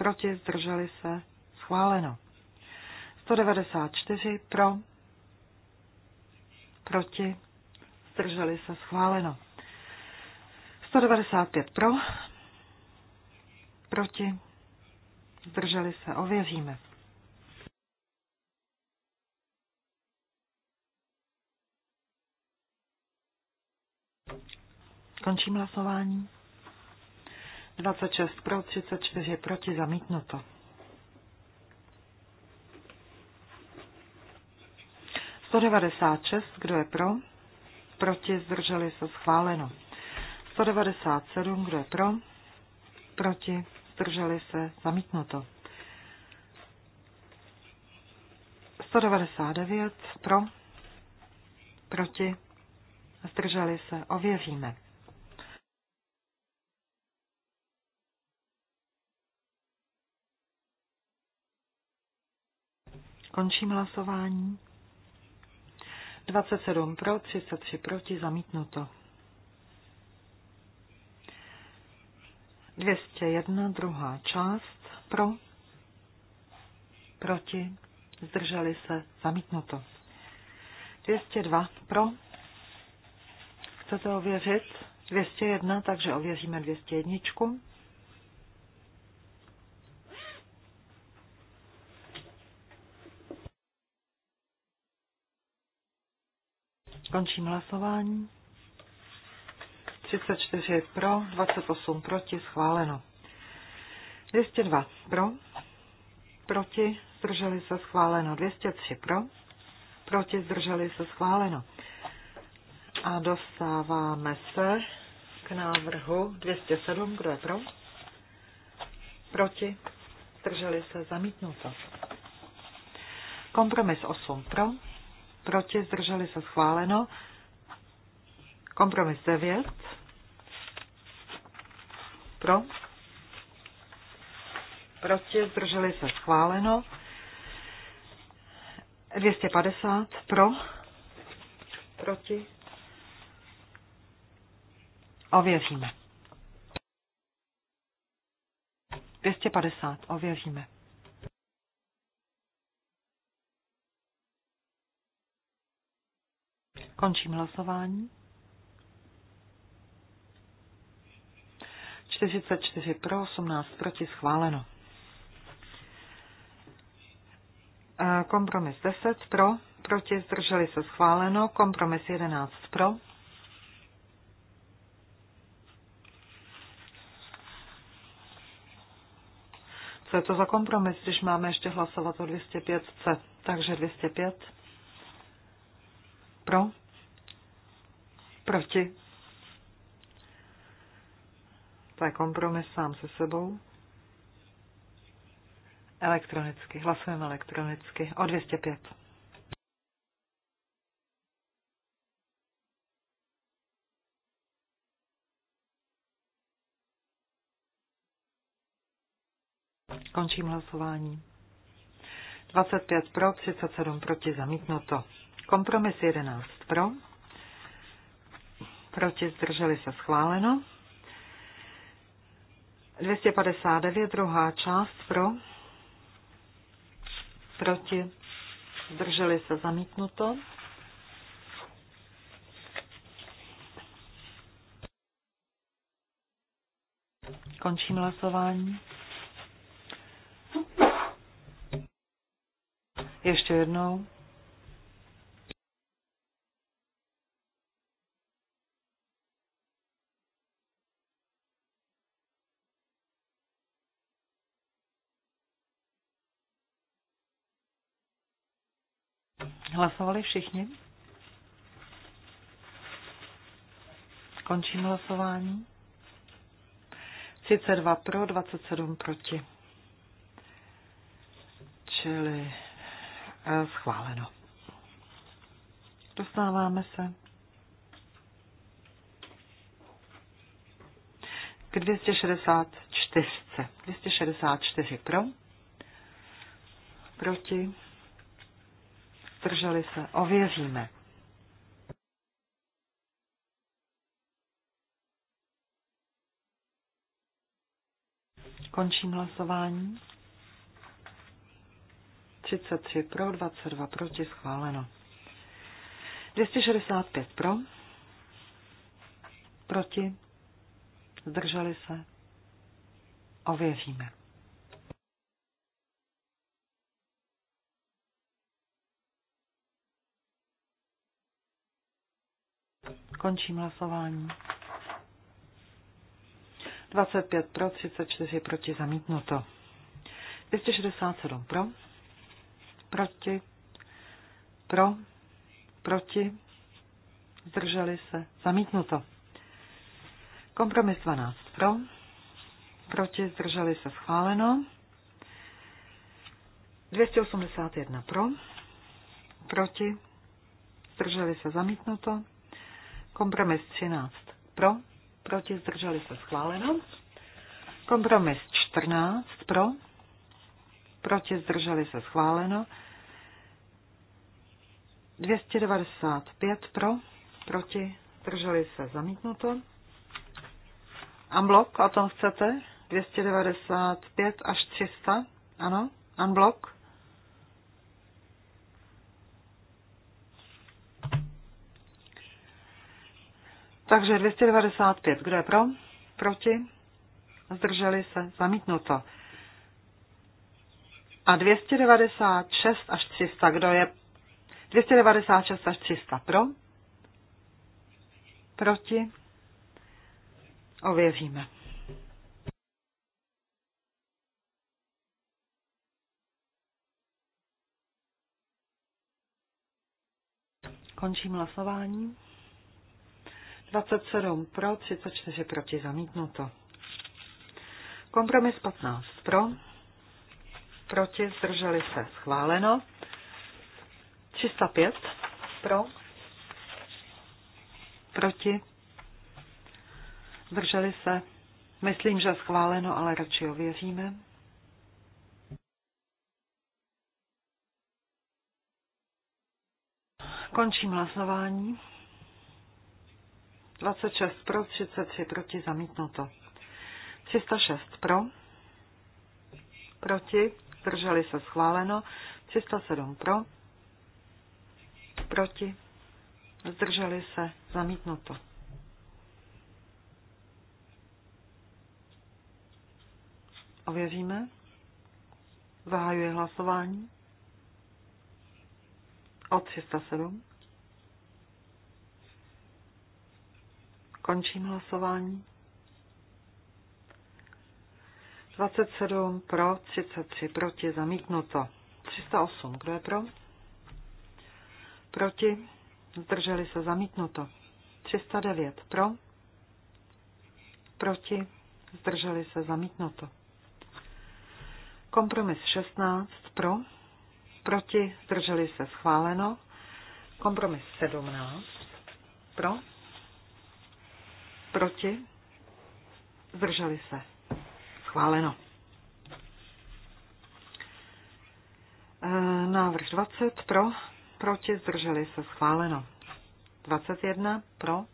proti, zdrželi se, schváleno. 194 pro, proti, zdrželi se, schváleno. 195 pro, proti, zdrželi se, ověříme. Končím hlasování. 26 pro, 34 proti, zamítnuto. Sto devadesát šest, kdo je pro? Proti, zdrželi se, schváleno. Sto devadesát sedm, kdo je pro? Proti, zdrželi se, zamítnuto. 199 pro, proti, zdrželi se, ověříme. Končím hlasování. 27 pro, 33 proti, zamítnuto. 201, druhá část, pro, proti, zdrželi se, zamítnuto. 202, pro, chcete ověřit? 201, takže ověříme 201. Končím hlasování. 34 pro, 28 proti, schváleno. 202 pro, proti, zdrželi se schváleno. 203 pro, proti, zdrželi se schváleno. A dostáváme se k návrhu 207, kdo je pro, proti, zdrželi se zamítnuto. Kompromis 8 pro, proti, zdrželi se schváleno. Kompromis 9, pro, proti, zdrželi se schváleno. 250 pro, proti. Ověříme. 250, ověříme. Končím hlasování. 44 pro, 18 proti, schváleno. Eh, kompromis 10 pro, proti, zdrželi se schváleno. Kompromis 11 pro. Co je to za kompromis, když máme ještě hlasovat o 205C? Takže 205 pro, Proti. To je kompromis sám se sebou. Elektronicky. Hlasujeme elektronicky. O 205. Končím hlasování. 25 pro, 37 proti, zamítnuto. Kompromis 11 pro, proti, zdrželi se schváleno. 259, druhá část pro, proti, zdrželi se zamítnuto. Končím hlasování. Ještě jednou. Hlasovali všichni? Končím hlasování. 32 pro, 27 proti. Čili eh, schváleno. Dostáváme se k 264. 264 pro, proti, zdrželi se, ověříme. Končím hlasování. 33 pro, 22 proti, schváleno. 265 pro, proti, zdrželi se, ověříme. Končím hlasování. 25 pro, 34 proti zamítnuto. 267 pro, proti, pro, proti, zdrželi se, zamítnuto. Kompromis 12 pro, proti, zdrželi se, schváleno. 281 pro, proti, zdrželi se, zamítnuto. Kompromis 13 pro, proti zdrželi se schváleno. Kompromis 14 pro, proti zdrželi se schváleno. 295 pro, proti zdrželi se zamítnuto. Unblock, o tom chcete? 295 až 300, ano, unblock. Takže 295. Kdo je pro? Proti? Zdrželi se? Zamítnuto. A 296 až 300. Kdo je 296 až 300 pro? Proti? Ověříme. Končím hlasování. 27 pro, 34 proti, zamítnuto. Kompromis 15 pro, proti, zdrželi se, schváleno. 305 pro, proti, zdrželi se, myslím, že schváleno, ale radši ověříme. Končím hlasování. 26 pro, 33 proti, zamítnuto. 306 pro, proti, zdrželi se schváleno, 307 pro, proti, zdrželi se zamítnuto. Ověříme. Zahajuje hlasování. O 307. Končím hlasování. 27 pro, 33 proti, zamítnuto. 308, kdo je pro? Proti, zdrželi se, zamítnuto. 309 pro, proti, zdrželi se, zamítnuto. Kompromis 16 pro, proti, zdrželi se, schváleno. Kompromis 17 pro, Proti? Zdrželi se. Schváleno. E, návrh 20 pro, proti, zdrželi se, schváleno. 21 pro,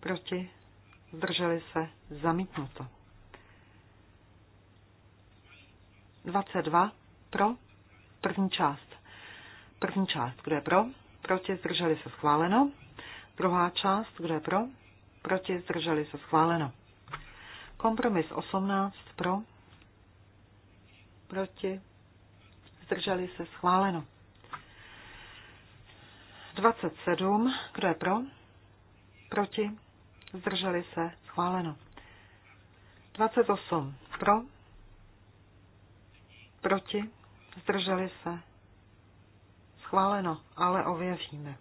proti, zdrželi se, zamítnuto. 22 pro, první část. První část, kdo je pro, proti, zdrželi se, schváleno. Druhá část, kdo je pro? Proti, zdrželi se schváleno. Kompromis 18 pro, proti, zdrželi se schváleno. 27, kdo je pro? Proti, zdrželi se schváleno. 28 pro, proti, zdrželi se schváleno, ale ověříme.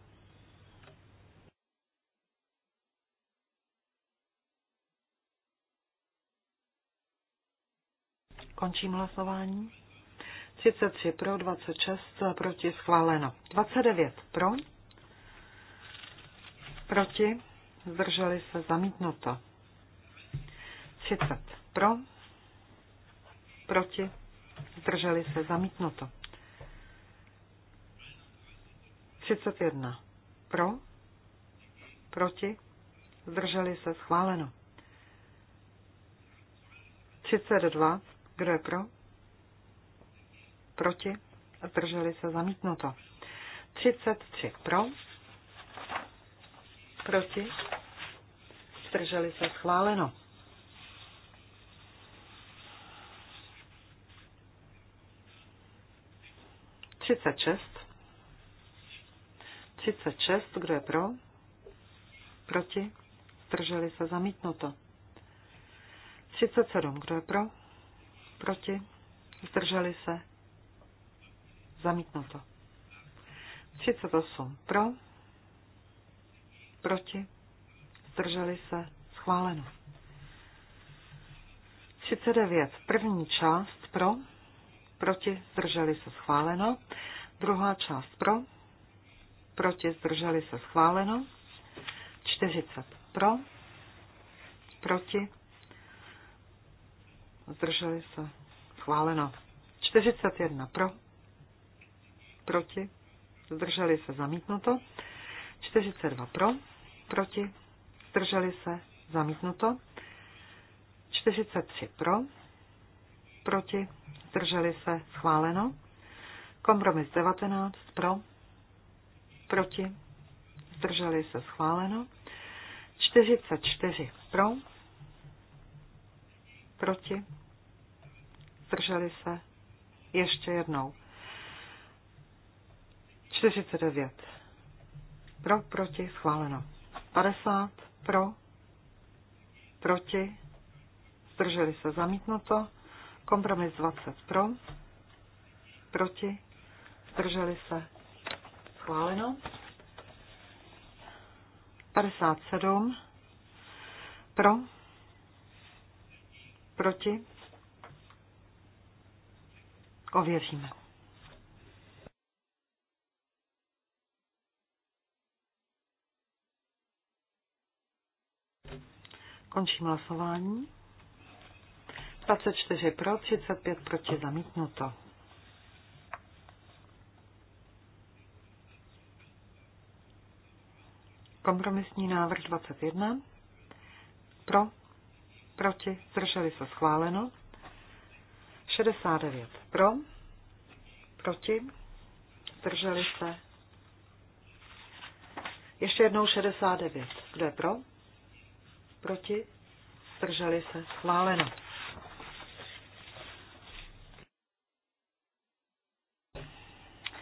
Končím hlasování. 33 pro, 26 proti, schváleno. 29 pro, proti, zdrželi se, zamítnuto. 30 pro, proti, zdrželi se, zamítnuto. 31 pro, proti, zdrželi se, schváleno. 32 kdo je pro? Proti? Zdrželi se zamítnuto. 33 pro. Proti? Zdrželi se schváleno. Třicet šest. Třicet šest, kdo je pro? Proti? Zdrželi se zamítnuto. 37. Kdo je pro? Proti? Zdrželi se? Zamítnuto. 38 pro? Proti? Zdrželi se? Schváleno. 39. První část pro, proti, zdrželi se schváleno. Druhá část pro, proti, zdrželi se schváleno. 40 pro, proti, zdrželi se, schváleno. 41 pro, proti, zdrželi se, zamítnuto. 42 pro, proti, zdrželi se, zamítnuto. 43 pro, proti, zdrželi se, schváleno. Kompromis 19 pro, proti, zdrželi se, schváleno. 44 pro, Proti? Zdrželi se? Ještě jednou. 49. Pro, proti, schváleno. 50. Pro, proti, zdrželi se, zamítnuto. Kompromis 20. Pro, proti, zdrželi se, schváleno. 57. Pro, Proti? Ověříme. Končím hlasování. 24 pro, 35 proti zamítnuto. Kompromisní návrh 21. Pro, proti, zdrželi se schváleno. 69 pro, proti, zdrželi se. Ještě jednou 69. Kdo je pro? Proti? Zdrželi se. Schváleno.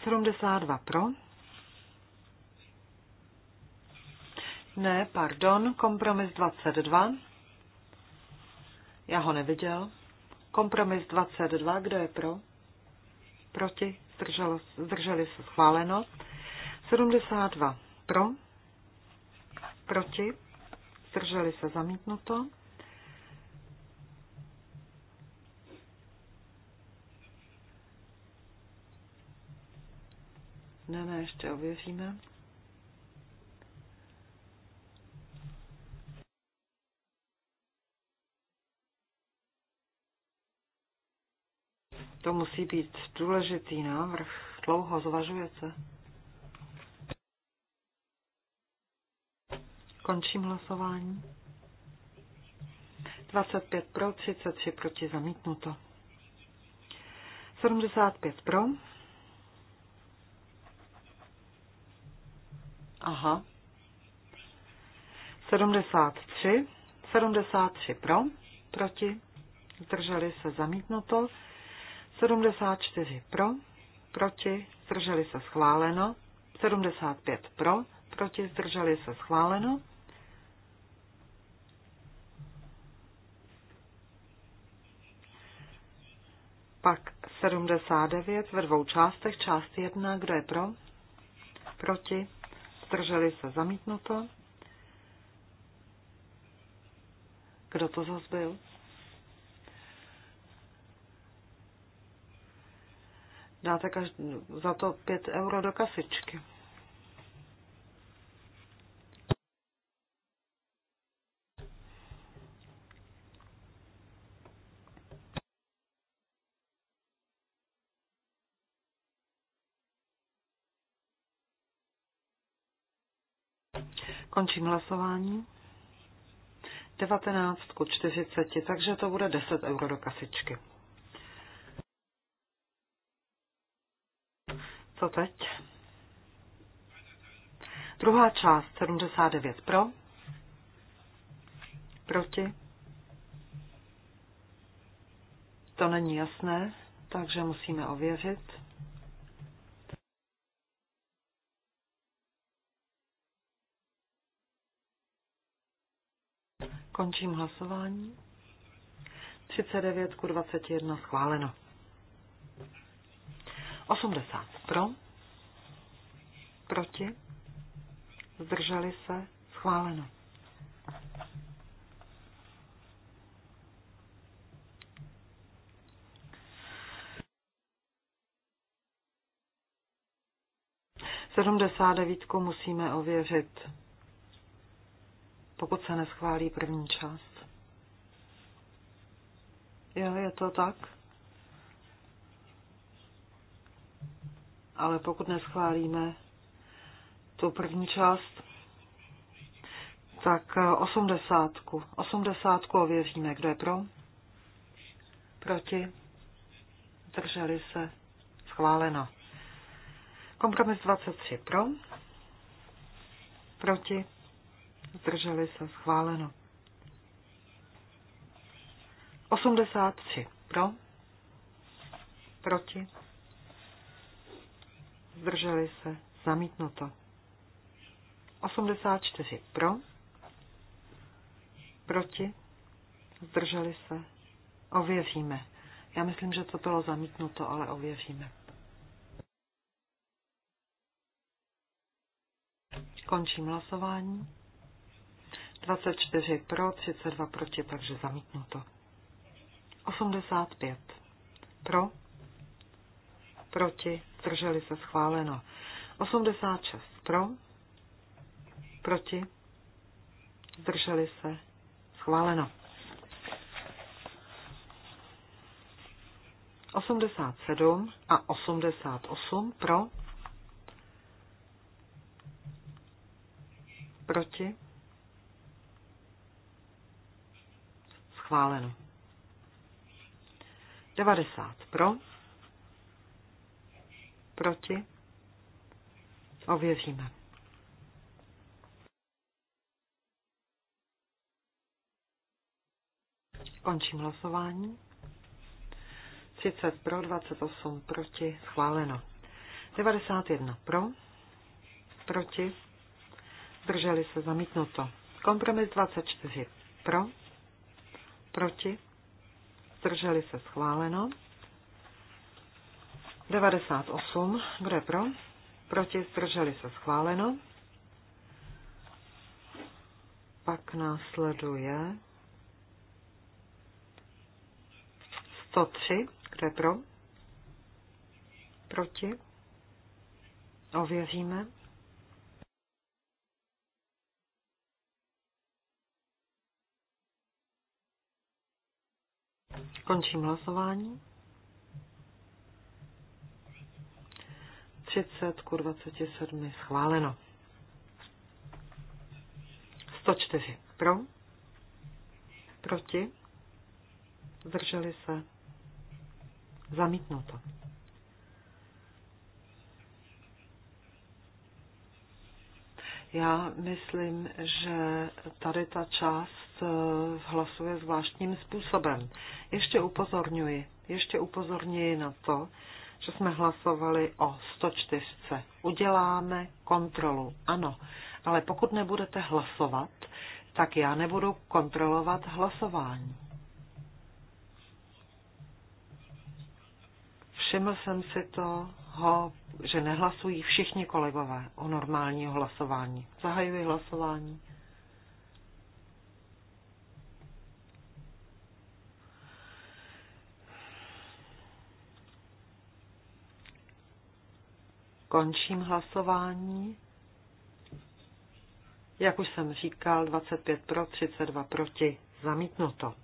Sedmdesát dva pro. Ne, pardon, kompromis 22. Já ho neviděl. Kompromis 22, kdo je pro? Proti? Zdrželo, zdrželi se schváleno. 72 pro? Proti? Zdrželi se zamítnuto. Ne, ne, ještě ověříme. To musí být důležitý návrh. Dlouho zvažujete. Končím hlasování. 25 pro, 33 proti zamítnuto. 75 pro. Aha. 73. 73 pro, proti. Zdrželi se zamítnuto. 74 pro, proti, zdrželi se schváleno. 75 pro, proti, zdrželi se schváleno. Pak 79 ve dvou částech, část 1, kdo je pro, proti, zdrželi se zamítnuto. Kdo to zase byl? dáte každý, za to 5 euro do kasičky. Končím hlasování. 19 ku 40, takže to bude 10 euro do kasičky. Co teď? Druhá část, 79 pro, proti. To není jasné, takže musíme ověřit. Končím hlasování. 39 ku 21 schváleno. 80 pro, proti, zdrželi se, schváleno. Sedmdesát devítku musíme ověřit, pokud se neschválí první část. Jo, je to tak? ale pokud neschválíme tu první část, tak eh, osmdesátku. Osmdesátku ověříme. Kdo je pro? Proti? Drželi se. Schváleno. Kompromis 23 pro. Proti? Zdrželi se. Schváleno. 83 pro. Proti? zdrželi se, zamítnuto. 84 pro, proti, zdrželi se, ověříme. Já myslím, že to bylo zamítnuto, ale ověříme. Končím hlasování. 24 pro, 32 proti, takže zamítnuto. 85 pro, proti, zdrželi se schváleno. 86 pro, proti, zdrželi se schváleno. 87 a 88 pro, proti, schváleno. 90 pro, Proti? Ověříme. Končím hlasování. 30 pro, 28 proti, schváleno. 91 pro, proti, drželi se zamítnuto. Kompromis 24 pro, proti, drželi se schváleno. 98. Kdo je pro? Proti zdrželi se schváleno. Pak následuje 103. Kdo je pro? Proti? Ověříme. Končím hlasování. 30 ku 27 schváleno. 104 pro, proti, zdrželi se, zamítnuto. Já myslím, že tady ta část eh, hlasuje zvláštním způsobem. Ještě upozorňuji, ještě upozorňuji na to, že jsme hlasovali o 104. Uděláme kontrolu. Ano, ale pokud nebudete hlasovat, tak já nebudu kontrolovat hlasování. Všiml jsem si toho, že nehlasují všichni kolegové o normálního hlasování. Zahajuji hlasování. Končím hlasování. Jak už jsem říkal, 25 pro, 32 proti. Zamítnuto.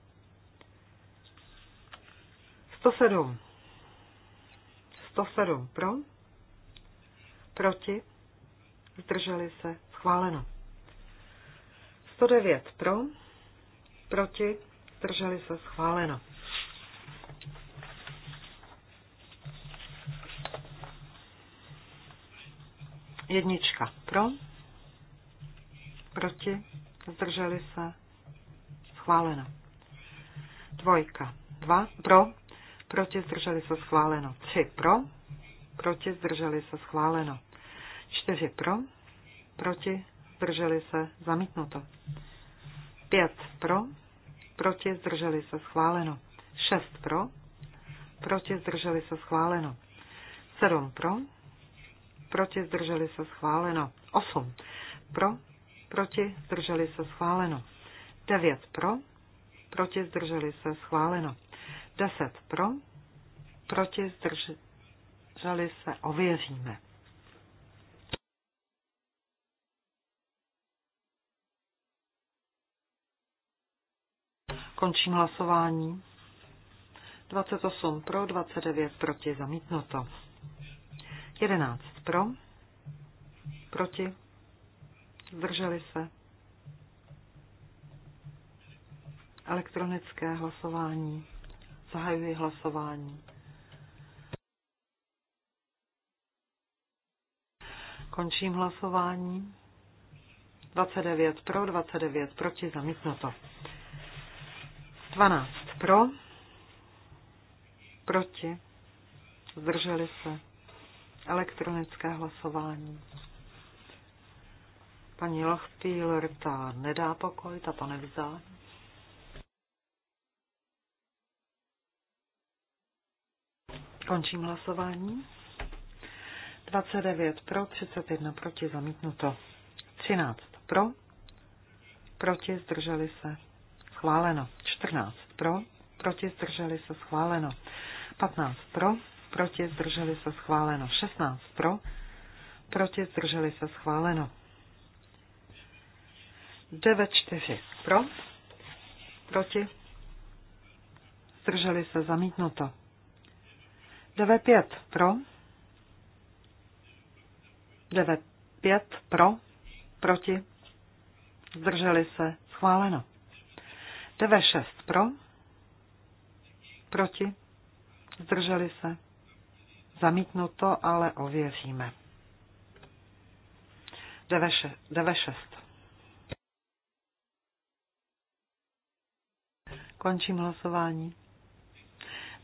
107. 107 pro, proti, zdrželi se, schváleno. 109 pro, proti, zdrželi se, schváleno. Jednička pro, proti, zdrželi se, schváleno. Dvojka, dva, pro, proti, zdrželi se, schváleno. Tři pro, proti, zdrželi se, schváleno. Čtyři pro, proti, zdrželi se, zamítnuto. Pět pro, proti, zdrželi se, schváleno. Šest pro, proti, zdrželi se, schváleno. Sedm pro, proti, zdrželi se schváleno. 8 pro, proti, zdrželi se schváleno. 9 pro, proti, zdrželi se schváleno. 10 pro, proti, zdrželi se ověříme. Končím hlasování. 28 pro, 29 proti, zamítnuto. 11 pro, proti, zdrželi se. Elektronické hlasování. Zahajuji hlasování. Končím hlasování. 29 pro, 29 proti, zamítnuto. 12 pro, proti, zdrželi se Elektronické hlasování. Paní Lochpíler ta nedá pokoj, ta to nevzá. Končím hlasování. 29 pro, 31 proti, zamítnuto. 13 pro, proti, zdrželi se, schváleno. 14 pro, proti, zdrželi se, schváleno. 15 pro, proti, zdrželi se schváleno. 16 pro, proti, zdrželi se schváleno. 9-4 pro, proti, zdrželi se zamítnuto. 9-5 pro, 9-5 pro, proti, zdrželi se schváleno. 9-6 pro, proti, zdrželi se Zamítnuto, ale ověříme. 9.6. Končím hlasování.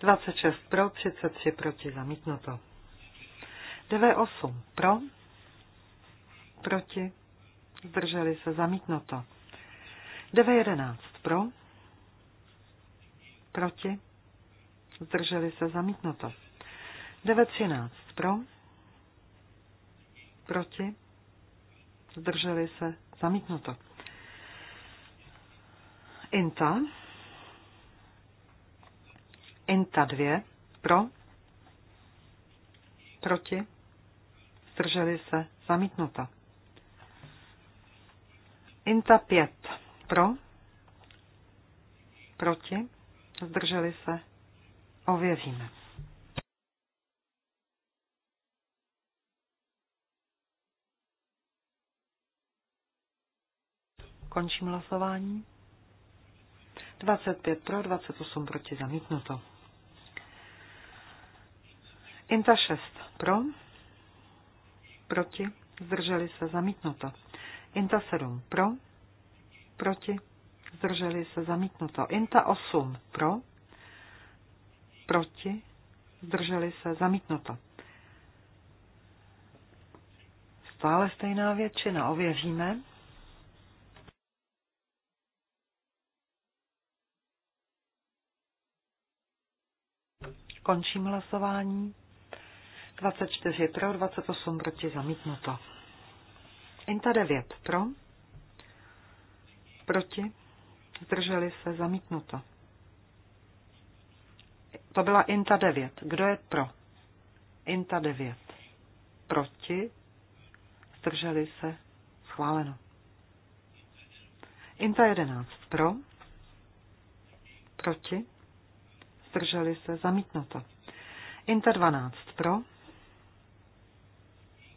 26 pro, 33 proti, zamítnuto. 9.8 pro, proti, zdrželi se, zamítnuto. 9.11 pro, proti, zdrželi se, zamítnuto. 9.13 pro, proti, zdrželi se, zamítnuto. Inta, Inta 2 pro, proti, zdrželi se, zamítnuto. Inta 5 pro, proti, zdrželi se, ověříme. Končím hlasování. 25 pro, 28 proti zamítnuto. Inta 6 pro, proti, zdrželi se zamítnuto. Inta 7 pro, proti, zdrželi se zamítnuto. Inta 8 pro, proti, zdrželi se zamítnuto. Stále stejná většina, ověříme. Končím hlasování. 24 pro, 28 proti zamítnuto. Inta 9 pro, proti, zdrželi se zamítnuto. To byla Inta 9. Kdo je pro? Inta 9. Proti, zdrželi se schváleno. Inta 11 pro, proti, zdrželi se, zamítnuto. Inter 12 pro,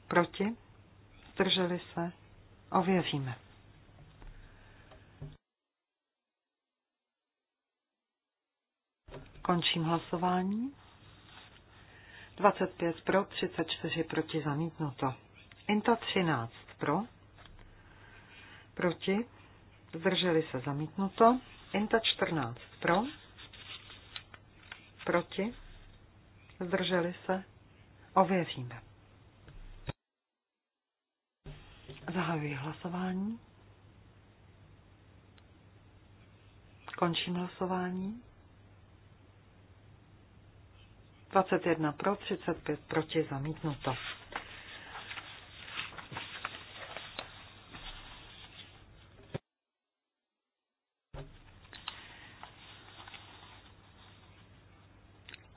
proti, zdrželi se, ověříme. Končím hlasování. 25 pro, 34 proti, zamítnuto. Inta 13 pro, proti, zdrželi se, zamítnuto. Inta 14 pro, Proti? Zdrželi se? Ověříme. Zahajuji hlasování. Končím hlasování. 21 pro, 35 proti, zamítnuto.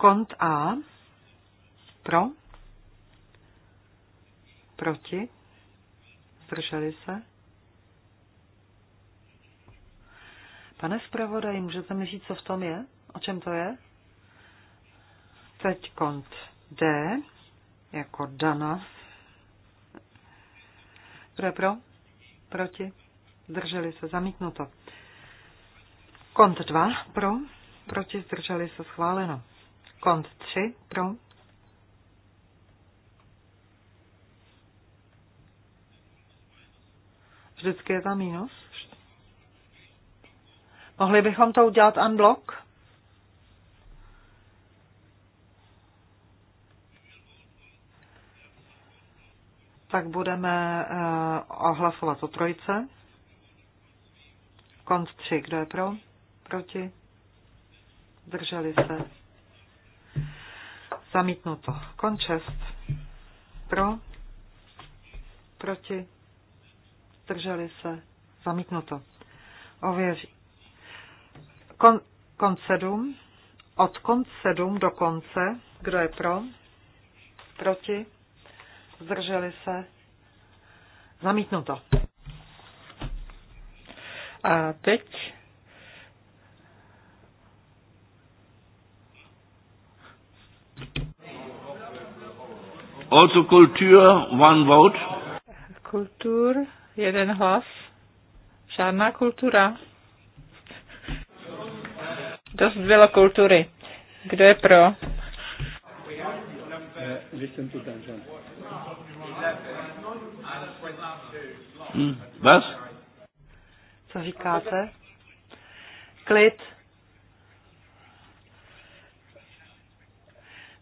Kont A. Pro. Proti. Zdrželi se. Pane zpravodaj, můžete mi říct, co v tom je? O čem to je? Teď kont D, jako Dana. Kdo je pro? Proti? Zdrželi se, zamítnuto. Kont 2, pro? Proti, zdrželi se, schváleno. Kont 3 pro. Vždycky je tam minus. Mohli bychom to udělat unblock? Tak budeme uh, eh, ohlasovat o trojce. Kont 3, kdo je pro? Proti? Drželi se Zamítnuto. Končest. Pro. Proti. Drželi se. Zamítnuto. Ověří. Kon, kont sedm, Od konc sedm do konce. Kdo je pro? Proti. Zdrželi se. Zamítnuto. A teď Also Kultur, one vote. Kultur, jeden hlas. Žádná kultura. Dost bylo kultury. Kdo je pro? Hmm. Vás? Co říkáte? Klid.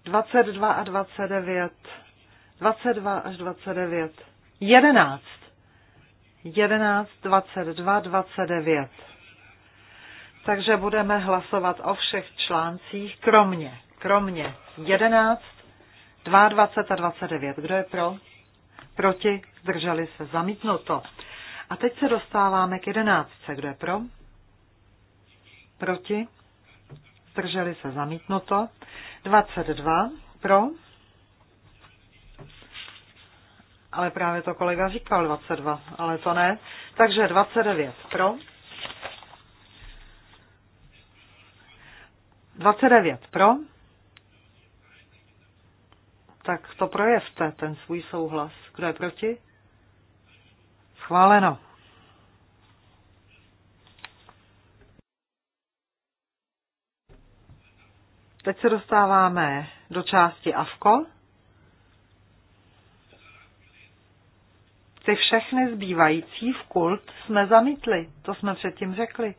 22 a 29. 22 až 29. 11. 11, 22, 29. Takže budeme hlasovat o všech článcích, kromě, kromě 11, 22 a 29. Kdo je pro? Proti? Zdrželi se. Zamítnuto. A teď se dostáváme k 11. Kdo je pro? Proti? Zdrželi se. Zamítnuto. 22. Pro? ale právě to kolega říkal 22, ale to ne. Takže 29 pro. 29 pro. Tak to projevte, ten svůj souhlas. Kdo je proti? Schváleno. Teď se dostáváme do části AFKO. Ty všechny zbývající v kult jsme zamítli. To jsme předtím řekli.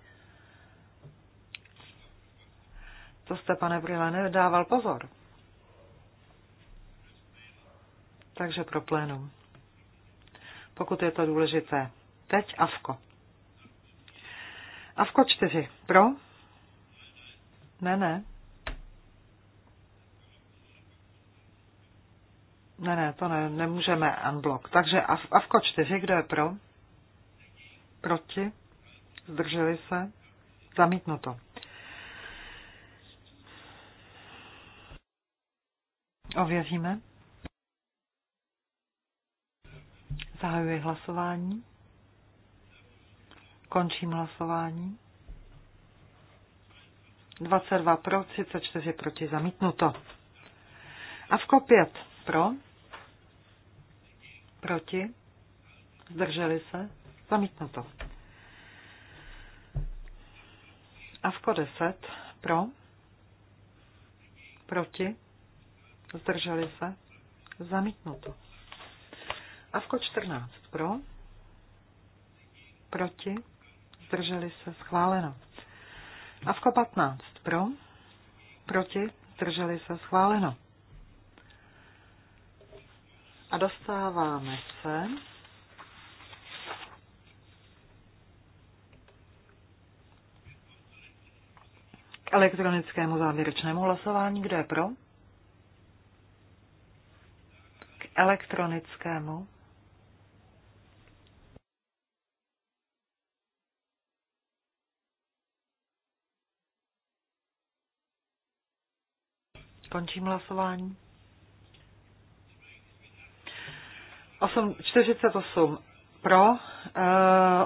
To jste, pane Bryle, nedával pozor. Takže pro plénum. Pokud je to důležité. Teď Avko. Avko 4. Pro? Ne, ne. Ne, ne, to ne, nemůžeme unblock. Takže AVKO 4, kdo je pro? Proti? Zdrželi se? Zamítnuto. Ověříme. Zahajuji hlasování. Končím hlasování. 22 pro, 34 proti, zamítnuto. A v kopět. Pro? Proti? Zdrželi se? A Avko 10. Pro? Proti? Zdrželi se? A Avko 14. Pro? Proti? Zdrželi se? Schváleno. Avko 15. Pro? Proti? Zdrželi se? Schváleno. A dostáváme se k elektronickému závěrečnému hlasování. Kdo je pro? K elektronickému. Končím hlasování. 8, 48 pro,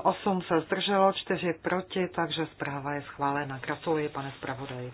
8 eh, se zdrželo, 4 proti, takže zpráva je schválena. Gratuluji, pane zpravodaji.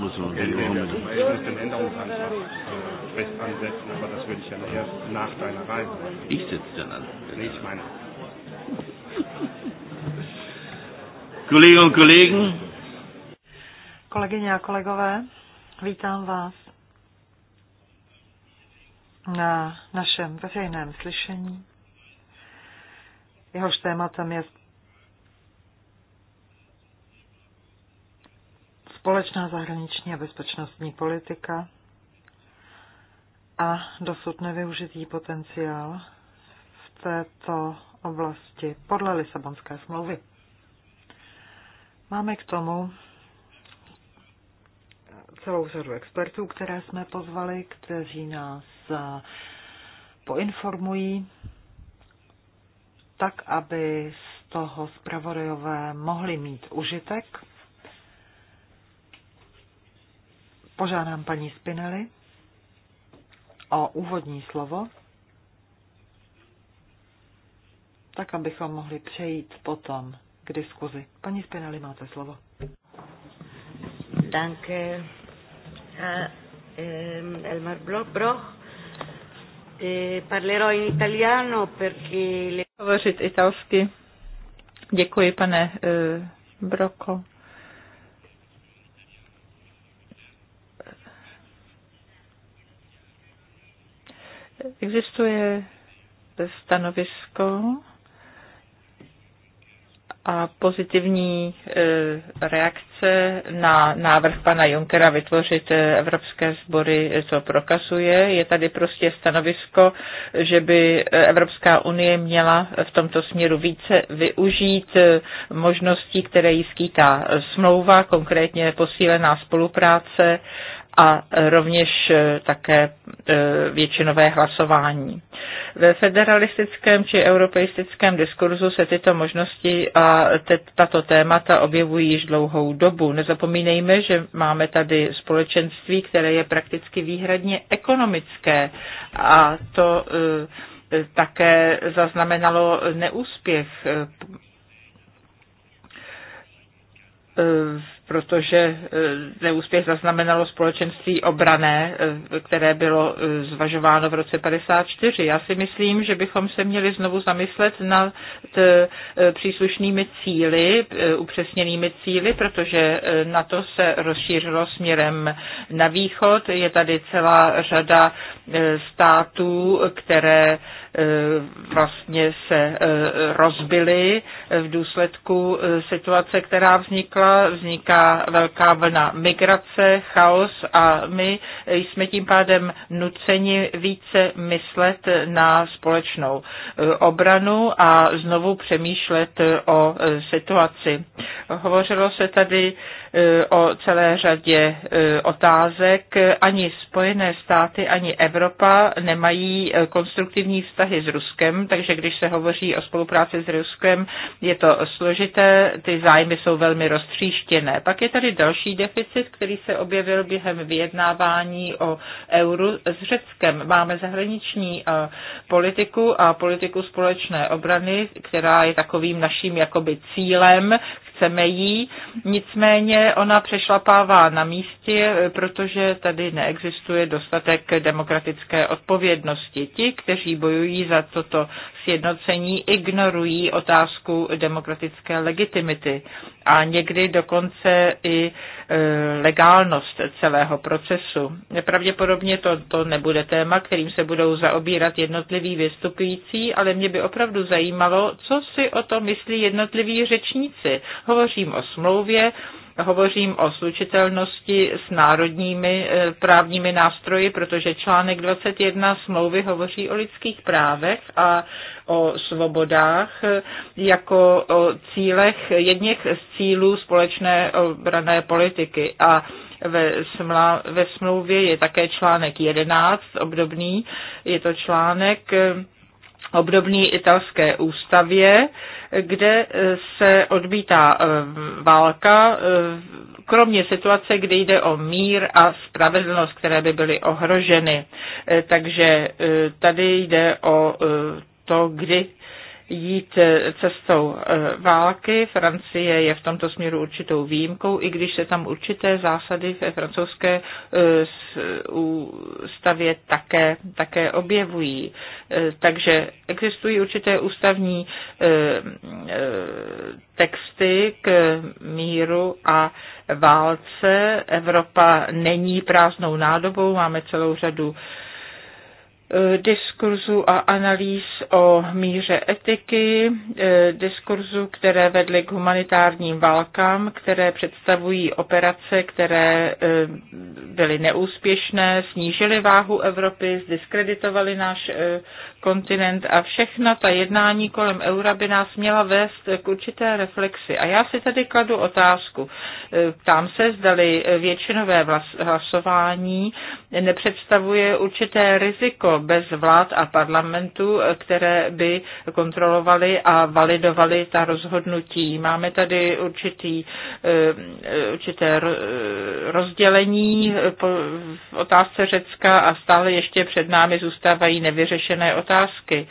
muss man ja, nee, wir den Änderungsantrag äh, fest ansetzen, aber das würde ich erst nach deiner Reise. Ich sitze dann an. Nee, ich meine. Kolleginnen und Kollegen. Kolegyně a vítám vás na našem veřejném slyšení. Jehož tématem je společná zahraniční a bezpečnostní politika a dosud nevyužitý potenciál v této oblasti podle Lisabonské smlouvy. Máme k tomu celou řadu expertů, které jsme pozvali, kteří nás eh, poinformují, tak aby z toho zpravodajové mohli mít užitek. Požádám paní Spinelli o úvodní slovo, tak abychom mohli přejít potom k diskuzi. Paní Spinelli, máte slovo. Danke. Eh, Elmar Broch. Eh, parlerò in italiano perché... Hovořit italsky. Děkuji, pane eh, Broko. Existuje stanovisko a pozitivní e, reakce na návrh pana Junkera vytvořit e, evropské sbory, e, co prokazuje. Je tady prostě stanovisko, že by Evropská unie měla v tomto směru více využít možností, které jí skýtá smlouva, konkrétně posílená spolupráce a rovněž eh, také eh, většinové hlasování. Ve federalistickém či europeistickém diskurzu se tyto možnosti a tato témata objevují již dlouhou dobu. Nezapomínejme, že máme tady společenství, které je prakticky výhradně ekonomické a to eh, také zaznamenalo neúspěch protože e, neúspěch zaznamenalo společenství obrané, e, které bylo e, zvažováno v roce 54. Já si myslím, že bychom se měli znovu zamyslet nad příslušnými cíly, upřesněnými cíly, protože na to se rozšířilo směrem na východ. Je tady celá řada států, které vlastně se rozbily v důsledku situace, která vznikla. Vzniká velká vlna migrace, chaos a my jsme tím pádem nuceni více myslet na společnou e, obranu a znovu přemýšlet o e, situaci. Hovořilo se tady e, o celé řadě otázek. Ani Spojené státy, ani Evropa nemají konstruktivní vztahy s Ruskem, takže když se hovoří o spolupráci s Ruskem, je to složité, ty zájmy jsou velmi roztříštěné. Pak je tady další deficit, který se objevil během vyjednávání o euru s Řeckem. Máme zahraniční politiku a politiku společné obrany, která je takovým naším jakoby cílem, chceme jí, nicméně ona přešlapává na místě, protože tady neexistuje dostatek demokratické odpovědnosti. Ti, kteří bojují za toto sjednocení, ignorují otázku demokratické legitimity a někdy dokonce i E, legálnost celého procesu. Pravděpodobně to, to nebude téma, kterým se budou zaobírat jednotliví vystupující, ale mě by opravdu zajímalo, co si o to myslí jednotliví řečníci. Hovořím o smlouvě, hovořím o slučitelnosti s národními e, právními nástroji, protože článek 21 smlouvy hovoří o lidských právech a o svobodách e, jako o cílech, jedněch z cílů společné obrané politiky. A ve, smla, ve smlouvě je také článek 11 obdobný, je to článek e, obdobný italské ústavě, kde eh, se odbítá eh, válka, eh, kromě situace, kdy jde o mír a spravedlnost, které by byly ohroženy. Takže tady jde o to, kdy jít eh, cestou eh, války. Francie je v tomto směru určitou výjimkou, i když se tam určité zásady ve francouzské ústavě eh, také, také objevují. Takže existují určité ústavní texty k míru a válce. Evropa není prázdnou nádobou, máme celou řadu Eh, diskurzu a analýz o míře etiky, eh, diskurzu, které vedly k humanitárním válkám, které představují operace, které eh, byly neúspěšné, snížily váhu Evropy, zdiskreditovaly náš kontinent a všechna ta jednání kolem eura by nás měla vést k určité reflexi. A já si tady kladu otázku. Ptám se, zdali většinové hlasování nepředstavuje určité riziko bez vlád a parlamentů, které by kontrolovaly a validovaly ta rozhodnutí. Máme tady určitý, eh, určité rozdělení v otázce Řecka a stále ještě před námi zůstávají nevyřešené otázky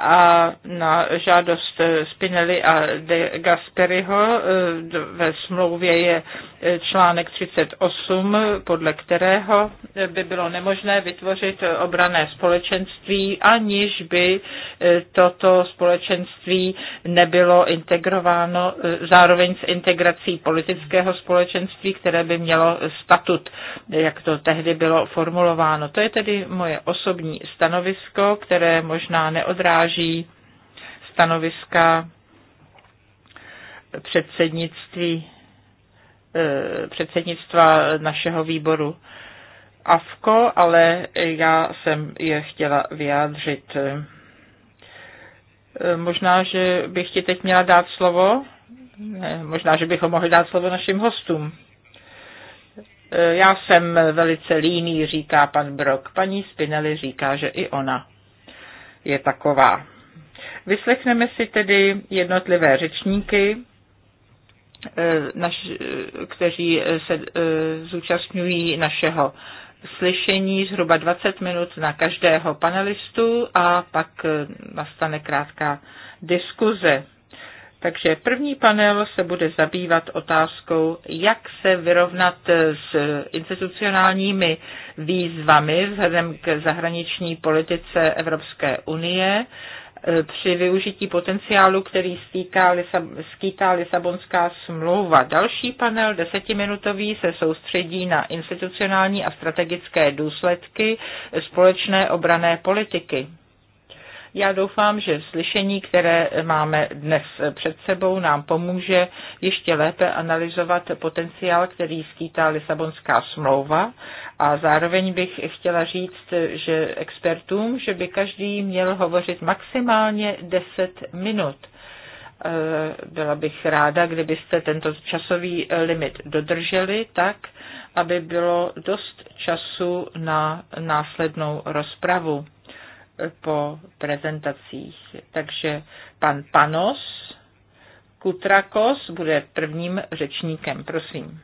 a na žádost Spinelli a de Gasperiho eh, ve smlouvě je eh, článek 38, podle kterého eh, by bylo nemožné vytvořit obrané společenství, aniž by toto společenství nebylo integrováno zároveň s integrací politického společenství, které by mělo statut, jak to tehdy bylo formulováno. To je tedy moje osobní stanovisko, které možná neodráží odráží stanoviska předsednictví, eh, předsednictva našeho výboru AFKO, ale já jsem je chtěla vyjádřit. Eh, možná, že bych ti teď měla dát slovo. Ne, možná, že bychom mohli dát slovo našim hostům. Eh, já jsem velice líný, říká pan Brok. Paní Spinelli říká, že i ona je taková. Vyslechneme si tedy jednotlivé řečníky, eh, naš, eh, kteří eh, se zúčastňují našeho slyšení zhruba 20 minut na každého panelistu a pak nastane krátká diskuze. Takže první panel se bude zabývat otázkou, jak se vyrovnat s institucionálními výzvami vzhledem k zahraniční politice Evropské unie eh, při využití potenciálu, který stýká, skýtá Lisabonská smlouva. Další panel, desetiminutový, se soustředí na institucionální a strategické důsledky společné obrané politiky. Já doufám, že slyšení, které máme dnes před sebou, nám pomůže ještě lépe analyzovat potenciál, který skýtá Lisabonská smlouva. A zároveň bych chtěla říct, že expertům, že by každý měl hovořit maximálně 10 minut. Eh, byla bych ráda, kdybyste tento časový limit dodrželi tak, aby bylo dost času na následnou rozpravu po prezentacích. Takže pan Panos Kutrakos bude prvním řečníkem. Prosím.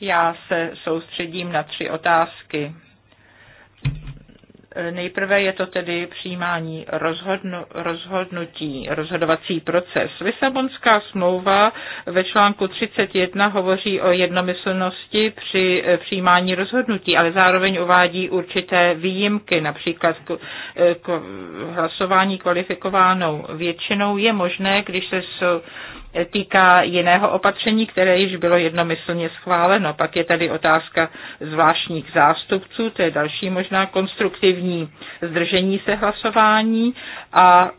Já se soustředím na tři otázky. Nejprve je to tedy přijímání rozhodnu, rozhodnutí, rozhodovací proces. Lisabonská smlouva ve článku 31 hovoří o jednomyslnosti při eh, přijímání rozhodnutí, ale zároveň uvádí určité výjimky, například eh, hlasování kvalifikovanou většinou je možné, když se týká jiného opatření, které již bylo jednomyslně schváleno. Pak je tady otázka zvláštních zástupců, to je další možná konstruktivní zdržení se hlasování a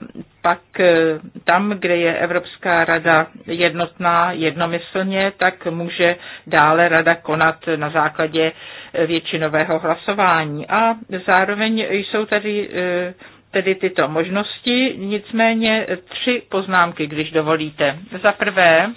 pak eh, tam, kde je Evropská rada jednotná jednomyslně, tak může dále rada konat na základě eh, většinového hlasování. A zároveň jsou tady eh, tedy tyto možnosti, nicméně tři poznámky, když dovolíte. Za prvé,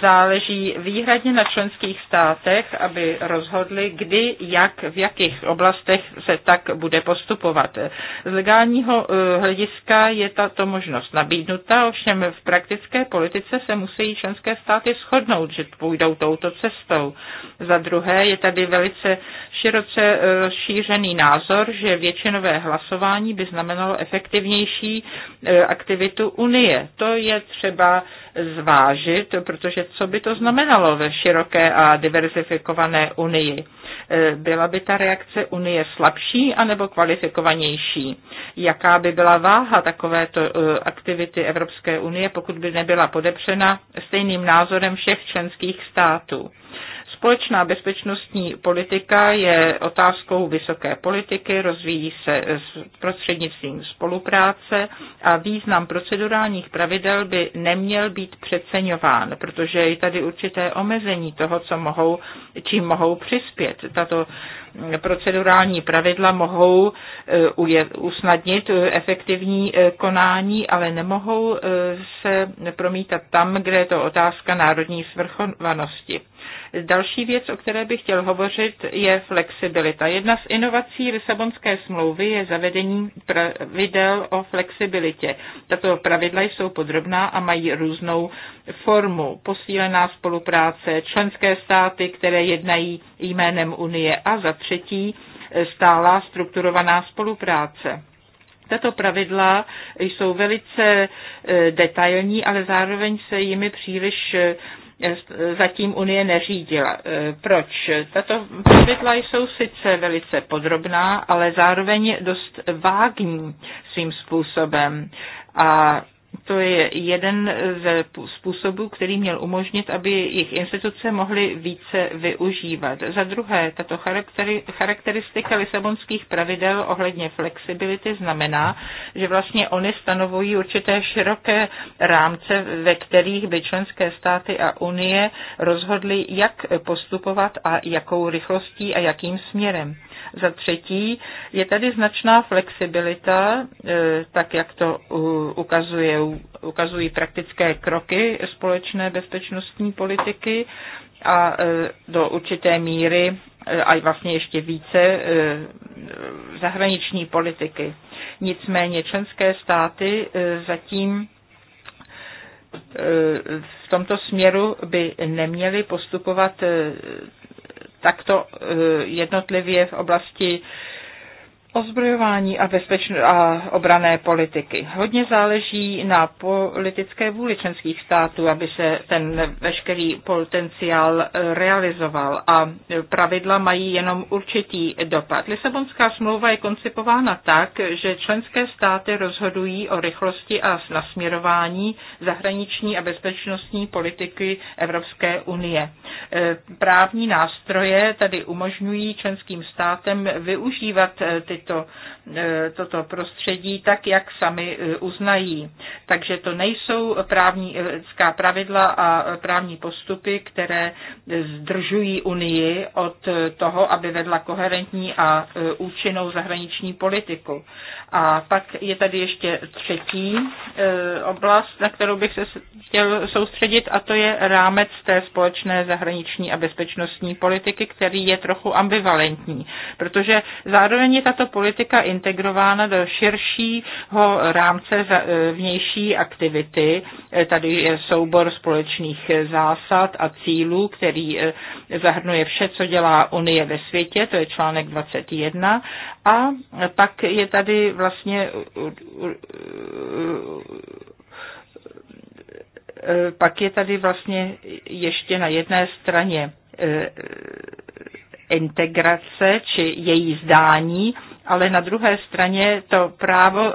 záleží výhradně na členských státech, aby rozhodli, kdy, jak, v jakých oblastech se tak bude postupovat. Z legálního eh, hlediska je tato možnost nabídnuta, ovšem v praktické politice se musí členské státy shodnout, že půjdou touto cestou. Za druhé je tady velice široce rozšířený eh, názor, že většinové hlasování by znamenalo efektivnější eh, aktivitu Unie. To je třeba zvážit, protože co by to znamenalo ve široké a diverzifikované unii? E, byla by ta reakce unie slabší anebo kvalifikovanější? Jaká by byla váha takovéto e, aktivity Evropské unie, pokud by nebyla podepřena stejným názorem všech členských států? Společná bezpečnostní politika je otázkou vysoké politiky, rozvíjí se prostřednictvím spolupráce a význam procedurálních pravidel by neměl být přeceňován, protože je tady určité omezení toho, co mohou, čím mohou přispět. Tato procedurální pravidla mohou eh, usnadnit eh, efektivní eh, konání, ale nemohou se promítat tam, kde je to otázka národní svrchovanosti. Další věc, o které bych chtěl hovořit, je flexibilita. Jedna z inovací Lisabonské smlouvy je zavedení pravidel o flexibilitě. Tato pravidla jsou podrobná a mají různou formu. Posílená spolupráce, členské státy, které jednají jménem Unie a za třetí stálá strukturovaná spolupráce. Tato pravidla jsou velice eh, detailní, ale zároveň se jimi příliš eh, zatím Unie neřídila. E, proč? Tato pravidla jsou sice velice podrobná, ale zároveň dost vágní svým způsobem. A to je jeden ze způsobů, který měl umožnit, aby jejich instituce mohly více využívat. Za druhé, tato charakteristika lisabonských pravidel ohledně flexibility znamená, že vlastně oni stanovují určité široké rámce, ve kterých by členské státy a Unie rozhodly, jak postupovat a jakou rychlostí a jakým směrem. Za třetí, je tady značná flexibilita, e, tak jak to ukazuje, ukazují praktické kroky společné bezpečnostní politiky a e, do určité míry e, a vlastně ještě více zahraniční politiky. Nicméně členské státy zatím v tomto směru by neměly postupovat takto eh, jednotlivě v oblasti ozbrojování a, bezpečno- a obrané politiky. Hodně záleží na politické vůli členských států, aby se ten veškerý potenciál eh, realizoval a pravidla mají jenom určitý dopad. Lisabonská smlouva je koncipována tak, že členské státy rozhodují o rychlosti a nasměrování zahraniční a bezpečnostní politiky Evropské unie. Eh, právní nástroje tady umožňují členským státem využívat eh, ty to e, toto prostředí tak, jak sami e, uznají. Takže to nejsou právnická e, pravidla a právní postupy, které zdržují Unii od toho, aby vedla koherentní a účinnou zahraniční politiku. A pak je tady ještě třetí oblast, na kterou bych se chtěl soustředit, a to je rámec té společné zahraniční a bezpečnostní politiky, který je trochu ambivalentní, protože zároveň je tato politika integrována do širšího rámce vnější aktivity. E, tady je soubor společných zásad a cílů, který e, zahrnuje vše, co dělá Unie ve světě, to je článek 21. A pak je tady vlastně e, pak je tady vlastně ještě na jedné straně integrace či její zdání ale na druhé straně to právo,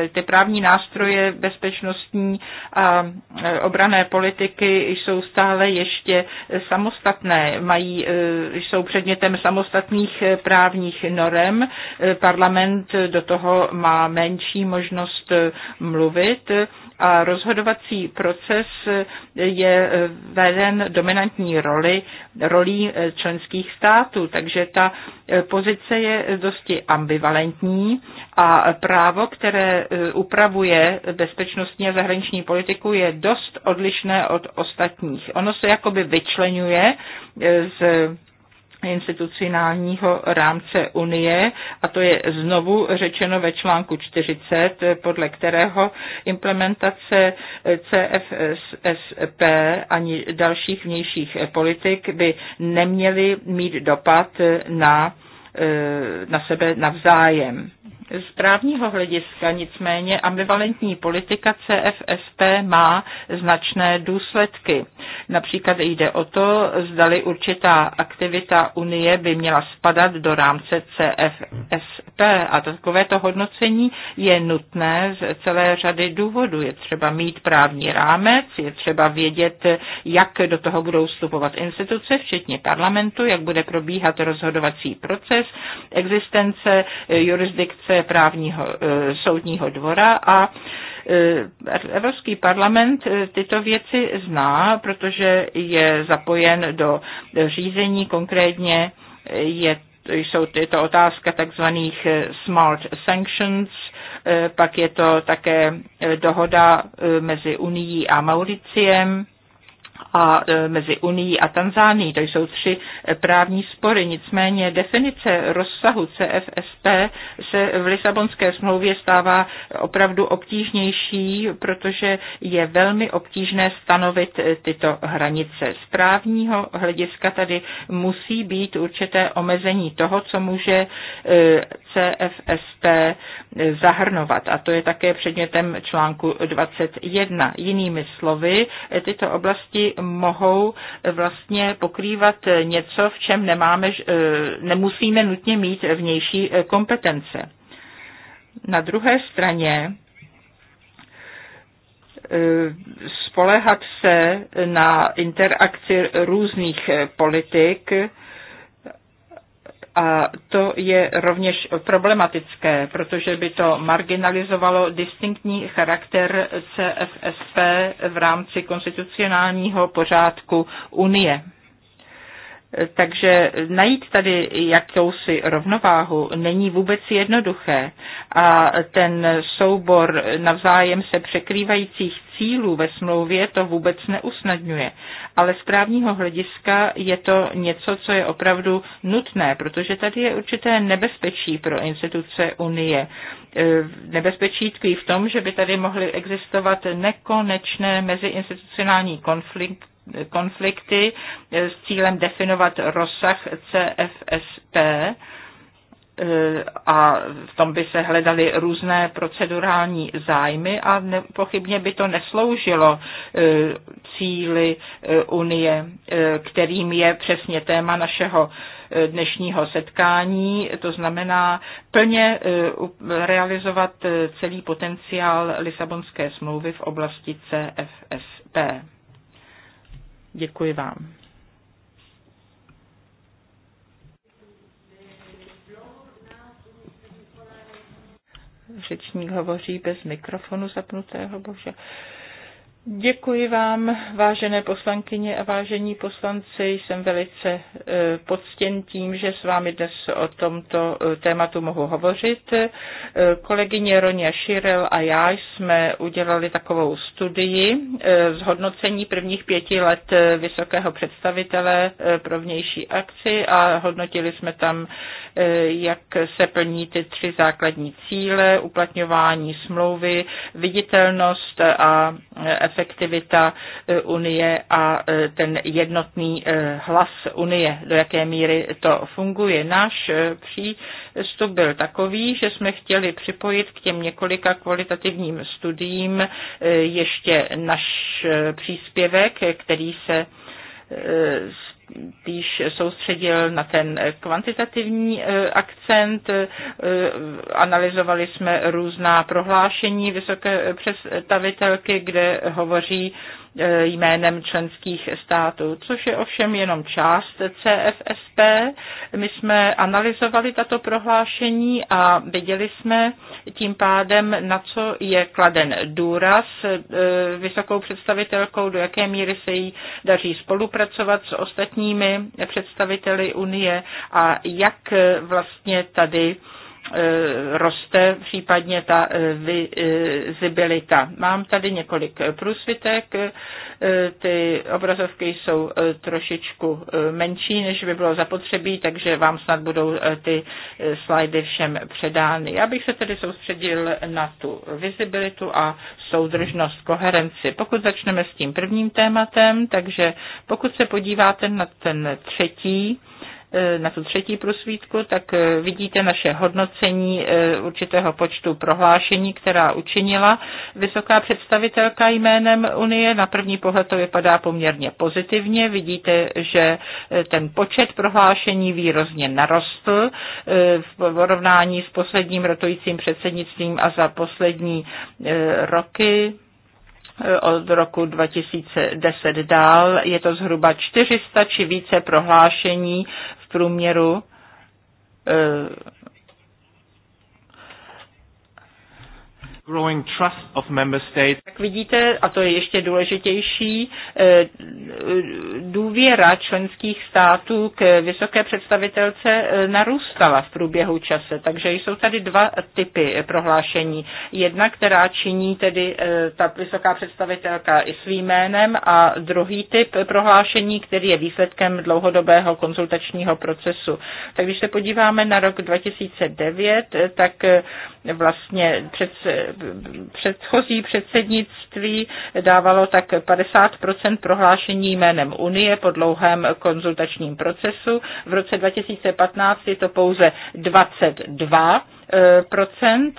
eh, ty právní nástroje bezpečnostní a eh, obrané politiky jsou stále ještě samostatné, mají, eh, jsou předmětem samostatných právních norem. Parlament do toho má menší možnost mluvit a rozhodovací proces je veden dominantní roli, rolí členských států, takže ta pozice je dosti ambivalentní a právo, které e, upravuje bezpečnostní a zahraniční politiku, je dost odlišné od ostatních. Ono se jakoby vyčlenuje e, z institucionálního rámce Unie, a to je znovu řečeno ve článku 40, podle kterého implementace e, CFSP ani dalších vnějších politik by neměly mít dopad na E, na sebe navzájem. Z právního hlediska nicméně ambivalentní politika CFSP má značné důsledky. Například jde o to, zdali určitá aktivita Unie by měla spadat do rámce CFSP a takovéto hodnocení je nutné z celé řady důvodů. Je třeba mít právní rámec, je třeba vědět, jak do toho budou vstupovat instituce, včetně parlamentu, jak bude probíhat rozhodovací proces, existence eh, jurisdikce právního eh, soudního dvora a eh, Evropský parlament tyto věci zná, protože je zapojen do řízení konkrétně je jsou, tyto otázka takzvaných eh, smart sanctions, eh, pak je to také eh, dohoda mezi Unií a Mauriciem a e, mezi Unii a Tanzánií. To jsou tři e, právní spory. Nicméně definice rozsahu CFSP se v Lisabonské smlouvě stává opravdu obtížnější, protože je velmi obtížné stanovit e, tyto hranice. Z právního hlediska tady musí být určité omezení toho, co může CFSP zahrnovat. A to je také předmětem článku 21. Jinými slovy, tyto oblasti mohou eh, vlastně pokrývat eh, něco, v čem nemáme, eh, nemusíme nutně mít vnější kompetence. Na druhé straně spolehat se na interakci různých politik a to je rovněž problematické, protože by to marginalizovalo distinktní charakter CFSP v rámci konstitucionálního pořádku Unie. Takže najít tady jakousi rovnováhu není vůbec jednoduché a ten soubor navzájem se překrývajících cílů ve smlouvě to vůbec neusnadňuje. Ale z právního hlediska je to něco, co je opravdu nutné, protože tady je určité nebezpečí pro instituce Unie. E, nebezpečí tkví v tom, že by tady mohly existovat nekonečné meziinstitucionální konflikty, konflikty s cílem definovat rozsah CFSP eh, a v tom by se hledaly různé procedurální zájmy a pochybně by to nesloužilo eh, cíly eh, Unie, kterým je přesně téma našeho dnešního setkání, to znamená plně realizovat celý potenciál Lisabonské smlouvy v oblasti CFSP. Děkuji vám. Řečník hovoří bez mikrofonu zapnutého, bože. Děkuji vám, vážené poslankyně a vážení poslanci. Jsem velice eh, poctěn tím, že s vámi dnes o tomto eh, tématu mohu hovořit. Eh, kolegyně Ronia Širel a já jsme udělali takovou studii zhodnocení prvních pěti let vysokého představitele pro vnější akci a hodnotili jsme tam, jak se plní ty tři základní cíle, uplatňování smlouvy, viditelnost a efektivnost efektivita e, Unie a e, ten jednotný e, hlas Unie, do jaké míry to funguje. Náš přístup byl takový, že jsme chtěli připojit k těm několika kvalitativním studiím ještě náš příspěvek, který se spíš soustředil na ten kvantitativní e, akcent. E, analyzovali jsme různá prohlášení vysoké představitelky, kde hovoří E, jménem členských států, což je ovšem jenom část CFSP. My jsme analyzovali tato prohlášení a viděli jsme tím pádem, na co je kladen důraz e, vysokou představitelkou, do jaké míry se jí daří spolupracovat s ostatními představiteli Unie a jak e, vlastně tady E, roste případně ta e, e, vizibilita. Mám tady několik průsvitek, ty obrazovky jsou trošičku menší, než by bylo zapotřebí, takže vám snad budou ty slajdy všem předány. Já bych se tedy soustředil na tu vizibilitu a soudržnost, koherenci. Pokud začneme s tím prvním tématem, takže pokud se podíváte na ten třetí, E, na tu třetí prosvítku, tak e, vidíte naše hodnocení e, určitého počtu prohlášení, která učinila vysoká představitelka jménem Unie. Na první pohled to vypadá poměrně pozitivně. Vidíte, že ten počet prohlášení výrozně narostl v porovnání s posledním rotujícím předsednictvím a za poslední roky od roku 2010 dál. Je to zhruba 400 či více prohlášení průměru eh, Tak vidíte, a to je ještě důležitější, eh, eh, důvěra členských států k vysoké představitelce eh, narůstala v průběhu čase. Takže jsou tady dva typy prohlášení. Jedna, která činí tedy ta vysoká představitelka i svým jménem a druhý typ prohlášení, který je výsledkem dlouhodobého konzultačního procesu. Tak když se podíváme na rok 2009, tak vlastně před předchozí předsednictví dávalo tak 50 prohlášení jménem Unie po dlouhém konzultačním procesu. V roce 2015 je to pouze 22 procent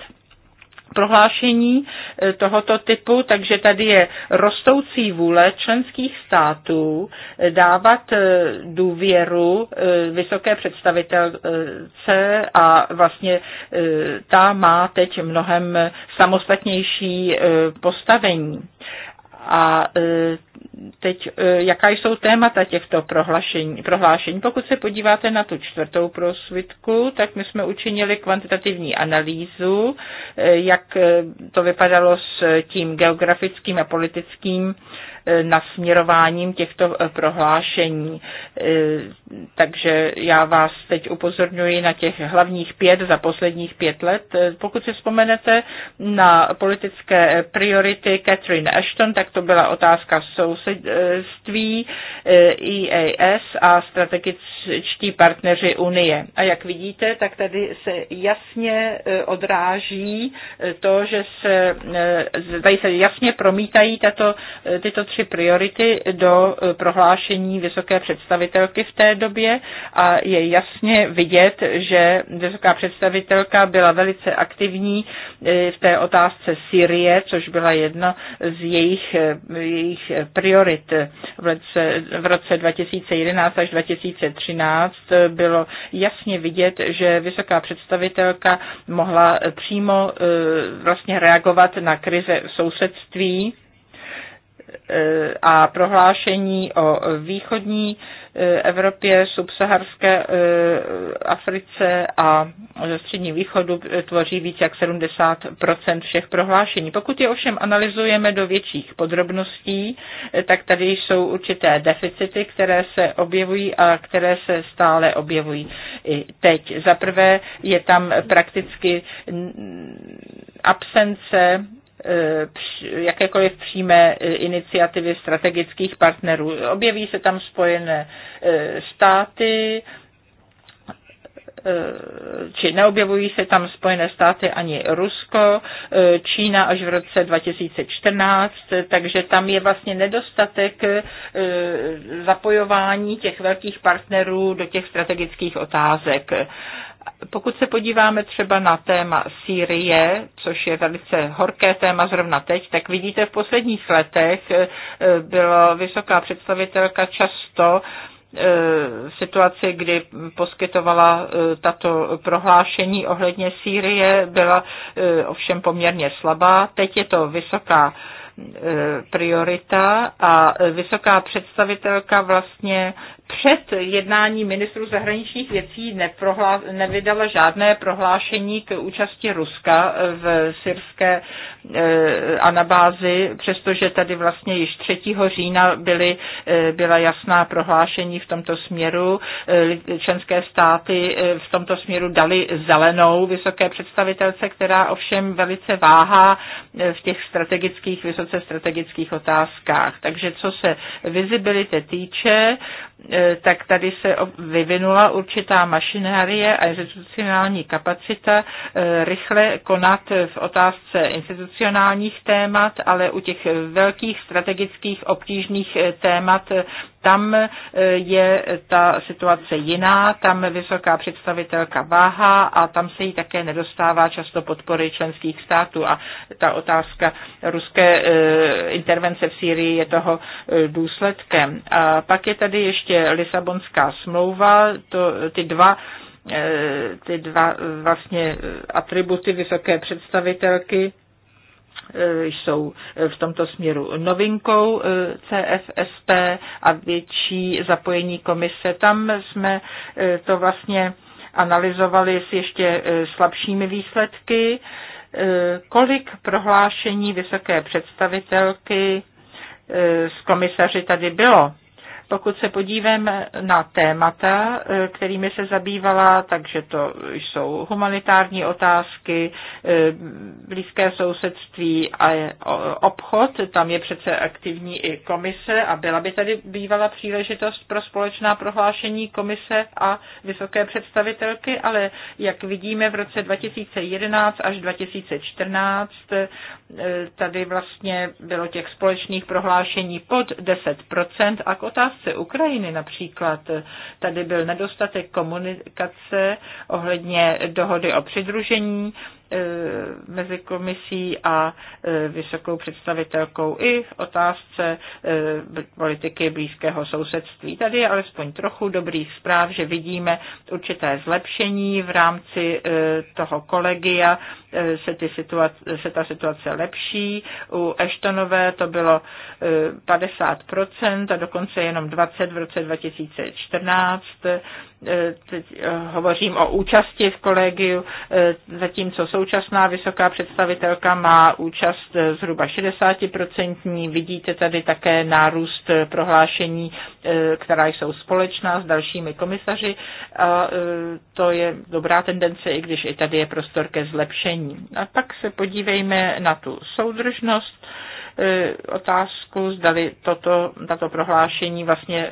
prohlášení eh, tohoto typu, takže tady je rostoucí vůle členských států eh, dávat eh, důvěru vysoké představitelce a vlastně ta má teď mnohem samostatnější postavení. A e, teď, e, jaká jsou témata těchto prohlášení, prohlášení? Pokud se podíváte na tu čtvrtou prosvitku, tak my jsme učinili kvantitativní analýzu, e, jak to vypadalo s tím geografickým a politickým nasměrováním těchto eh, prohlášení. Eh, takže já vás teď upozorňuji na těch hlavních pět za posledních pět let. Eh, pokud si vzpomenete na politické priority Catherine Ashton, tak to byla otázka sousedství, EAS a strategické strategičtí partneři Unie. A jak vidíte, tak tady se jasně e, odráží e, to, že se, e, tady se jasně promítají tato, tyto tři priority do prohlášení vysoké představitelky v té době a je jasně vidět, že vysoká představitelka byla velice aktivní v té otázce Syrie, což byla jedna z jejich, jejich priorit v roce 2011 až 2013 2013 eh, bylo jasně vidět, že vysoká představitelka mohla eh, přímo eh, vlastně reagovat na krize v sousedství a prohlášení o východní Eh, Evropě, subsaharské eh, Africe a ze střední východu tvoří víc jak 70 všech prohlášení. Pokud je ovšem analyzujeme do větších podrobností, eh, tak tady jsou určité deficity, které se objevují a které se stále objevují i teď. Za prvé je tam prakticky absence E, jakékoliv přímé e, iniciativy strategických partnerů. Objeví se tam spojené e, státy, Eh, či neobjevují se tam Spojené státy ani Rusko, eh, Čína až v roce 2014, takže tam je vlastně nedostatek eh, zapojování těch velkých partnerů do těch strategických otázek. Pokud se podíváme třeba na téma Sýrie, což je velice horké téma zrovna teď, tak vidíte, v posledních letech byla vysoká představitelka často E, situaci, kdy poskytovala e, tato prohlášení ohledně Sýrie, byla e, ovšem poměrně slabá. Teď je to vysoká E, priorita a vysoká představitelka vlastně před jednání ministrů zahraničních věcí nevydala žádné prohlášení k účasti Ruska v syrské e, anabázi, přestože tady vlastně již 3. října byly, e, byla jasná prohlášení v tomto směru. Členské státy v tomto směru dali zelenou vysoké představitelce, která ovšem velice váhá v těch strategických vysokých vysoce strategických otázkách. Takže co se vizibility týče, E, tak tady se vyvinula určitá mašinérie a institucionální kapacita e, rychle konat v otázce institucionálních témat, ale u těch velkých strategických obtížných e, témat tam je ta situace jiná, tam vysoká představitelka váha a tam se jí také nedostává často podpory členských států a ta otázka ruské intervence v Sýrii je toho důsledkem. A pak je tady ještě ještě Lisabonská smlouva, to, ty dva eh, ty dva vlastně atributy vysoké představitelky eh, jsou v tomto směru novinkou eh, CFSP a větší zapojení komise. Tam jsme to vlastně analyzovali s ještě slabšími výsledky, kolik prohlášení vysoké představitelky z komisaři tady bylo pokud se podíváme na témata, eh, kterými se zabývala, takže to jsou humanitární otázky, eh, blízké sousedství a obchod, tam je přece aktivní i komise a byla by tady bývala příležitost pro společná prohlášení komise a vysoké představitelky, ale jak vidíme v roce 2011 až 2014, eh, tady vlastně bylo těch společných prohlášení pod 10% a k otázce otázce Ukrajiny například. Tady byl nedostatek komunikace ohledně dohody o přidružení, Eh, mezi komisí a eh, vysokou představitelkou i v otázce eh, politiky blízkého sousedství. Tady je alespoň trochu dobrých zpráv, že vidíme určité zlepšení v rámci toho kolegia, se, ty situace, se ta situace lepší. U Eštonové to bylo 50% a dokonce jenom 20% v roce 2014. Teď hovořím o účasti v kolegiu, zatímco jsou současná vysoká představitelka má účast zhruba 60%. Vidíte tady také nárůst prohlášení, eh, která jsou společná s dalšími komisaři. A eh, to je dobrá tendence, i když i tady je prostor ke zlepšení. A pak se podívejme na tu soudržnost E, otázku, zdali toto, tato prohlášení vlastně e,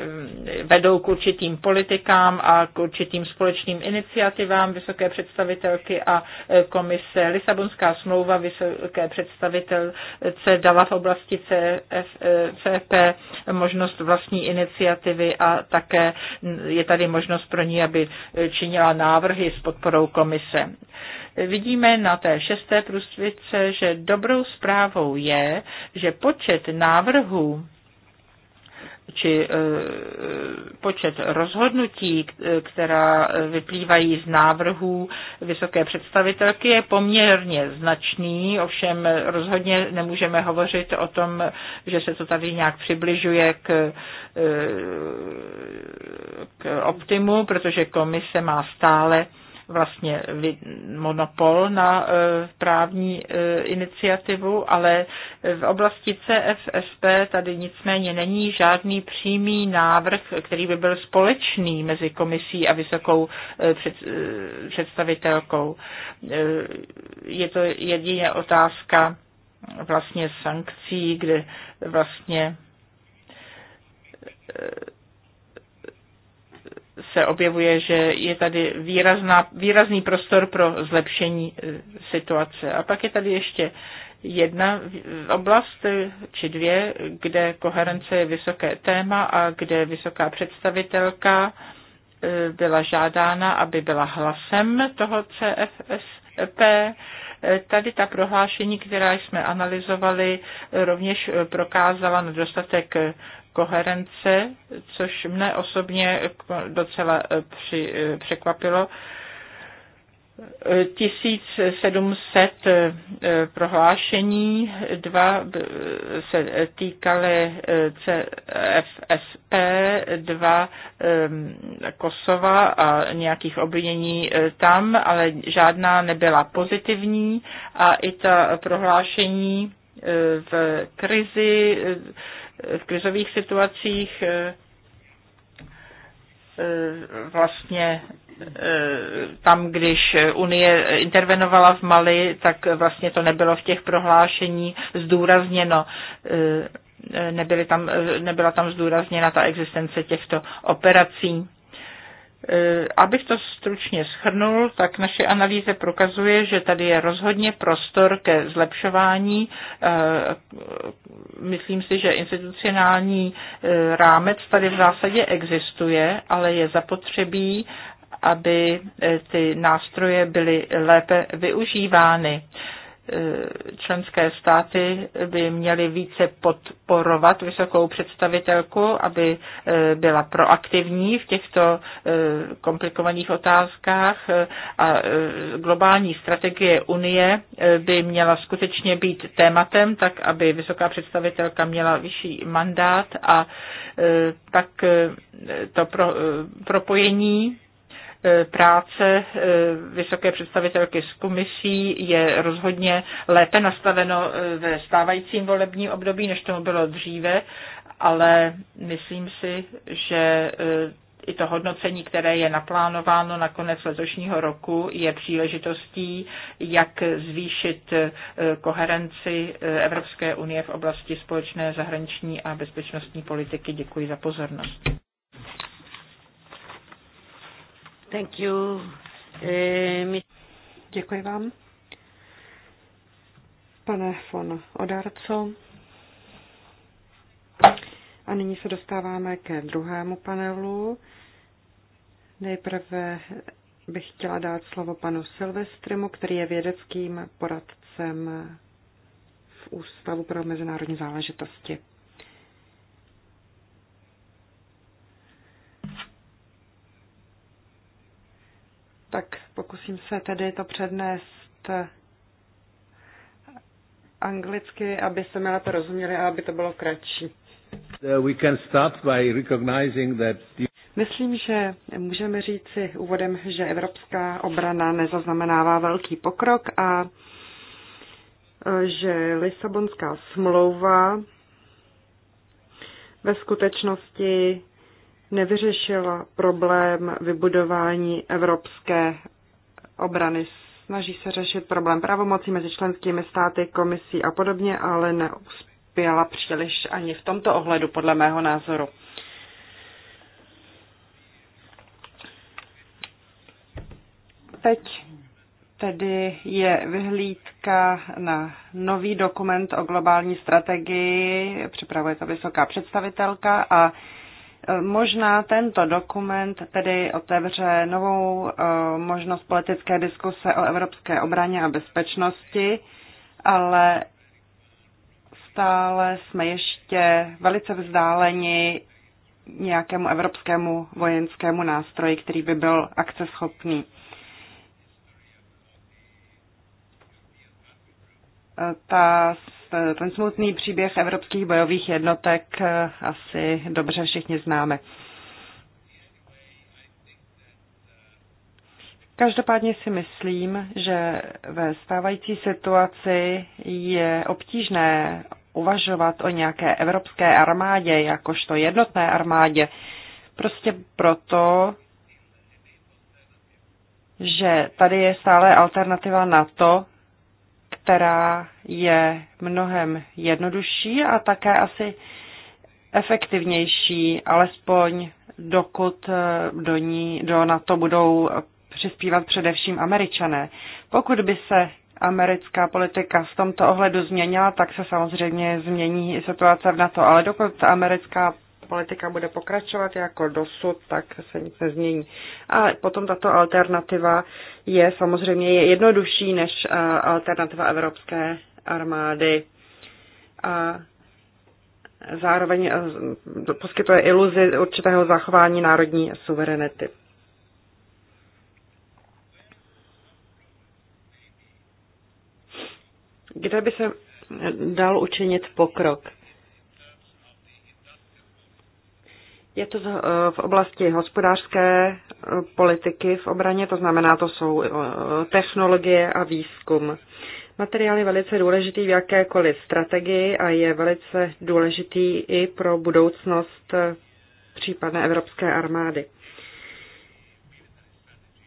vedou k určitým politikám a k určitým společným iniciativám vysoké představitelky a e, komise. Lisabonská smlouva vysoké představitelce dala v oblasti CFP možnost vlastní iniciativy a také je tady možnost pro ní, aby činila návrhy s podporou komise vidíme na té šesté průstvice, že dobrou zprávou je, že počet návrhů či e, počet rozhodnutí, e, která vyplývají z návrhů vysoké představitelky, je poměrně značný, ovšem rozhodně nemůžeme hovořit o tom, že se to tady nějak přibližuje k, e, k optimu, protože komise má stále vlastně monopol na e, právní e, iniciativu, ale v oblasti CFSP tady nicméně není žádný přímý návrh, který by byl společný mezi komisí a vysokou e, představitelkou. Je to jedině otázka vlastně sankcí, kde vlastně se objevuje, že je tady výrazná, výrazný prostor pro zlepšení e, situace. A pak je tady ještě jedna oblast e, či dvě, kde koherence je vysoké téma a kde vysoká představitelka e, byla žádána, aby byla hlasem toho CFSP. Tady ta prohlášení, která jsme analyzovali, rovněž prokázala nedostatek koherence, což mne osobně docela e, při, e, překvapilo. 1700 e, prohlášení, dva se týkaly CFSP, dva Kosova a nějakých obvinění tam, ale žádná nebyla pozitivní a i ta prohlášení v krizi v krizových situacích eh, eh, vlastně eh, tam, když Unie intervenovala v Mali, tak vlastně to nebylo v těch prohlášení zdůrazněno. Nebyly tam, nebyla tam zdůrazněna ta existence těchto operací. Eh, abych to stručně schrnul, tak naše analýze prokazuje, že tady je rozhodně prostor ke zlepšování. Eh, myslím si, že institucionální eh, rámec tady v zásadě existuje, ale je zapotřebí, aby ty nástroje byly lépe využívány. Eh, členské státy by měly více podporovat vysokou představitelku, aby eh, byla proaktivní v těchto eh, komplikovaných otázkách a globální strategie Unie by měla skutečně být tématem, tak aby vysoká představitelka měla vyšší mandát a pak to pro, propojení E, práce e, vysoké představitelky s komisí je rozhodně lépe nastaveno e, ve stávajícím volebním období, než tomu bylo dříve, ale myslím si, že i to hodnocení, které je naplánováno na konec letošního roku, je příležitostí, jak zvýšit koherenci Evropské unie v oblasti společné zahraniční a bezpečnostní politiky. Děkuji za pozornost. Thank you. Eh, Děkuji vám. Pane von Odarco. A nyní se dostáváme ke druhému panelu. Nejprve bych chtěla dát slovo panu Silvestrimu, který je vědeckým poradcem v Ústavu pro mezinárodní záležitosti. Tak pokusím se tedy to přednést anglicky, aby se mi to rozuměli a aby to bylo kratší. Uh, we can start by recognizing that Myslím, že můžeme říci úvodem, že evropská obrana nezaznamenává velký pokrok a e, že Lisabonská smlouva ve skutečnosti nevyřešila problém vybudování evropské obrany. Snaží se řešit problém pravomocí mezi členskými státy, komisí a podobně, ale neuspěla příliš ani v tomto ohledu, podle mého názoru. Teď tedy je vyhlídka na nový dokument o globální strategii, připravuje to vysoká představitelka a Možná tento dokument tedy otevře novou eh, možnost politické diskuse o evropské obraně a bezpečnosti, ale stále jsme ještě velice vzdáleni nějakému evropskému vojenskému nástroji, který by byl akceschopný. Eh, ta Eh, ten smutný příběh evropských bojových jednotek eh, asi dobře všichni známe. Každopádně si myslím, že ve stávající situaci je obtížné uvažovat o nějaké evropské armádě, jakožto jednotné armádě, prostě proto, že tady je stále alternativa na to, která je mnohem jednodušší a také asi efektivnější, alespoň dokud eh, do, ní, do NATO budou přispívat především američané. Pokud by se americká politika v tomto ohledu změnila, tak se samozřejmě změní i situace v NATO, ale dokud americká politika bude pokračovat jako dosud, tak se nic nezmění. A potom tato alternativa je samozřejmě jednodušší než eh, alternativa evropské armády. A zároveň eh, poskytuje iluzi určitého zachování národní suverenity. Kde by se dal učinit pokrok? Je to v eh, oblasti hospodářské eh, politiky v obraně, to znamená, to jsou eh, technologie a výzkum. Materiál je velice důležitý v jakékoliv strategii a je velice důležitý i pro budoucnost případné evropské armády.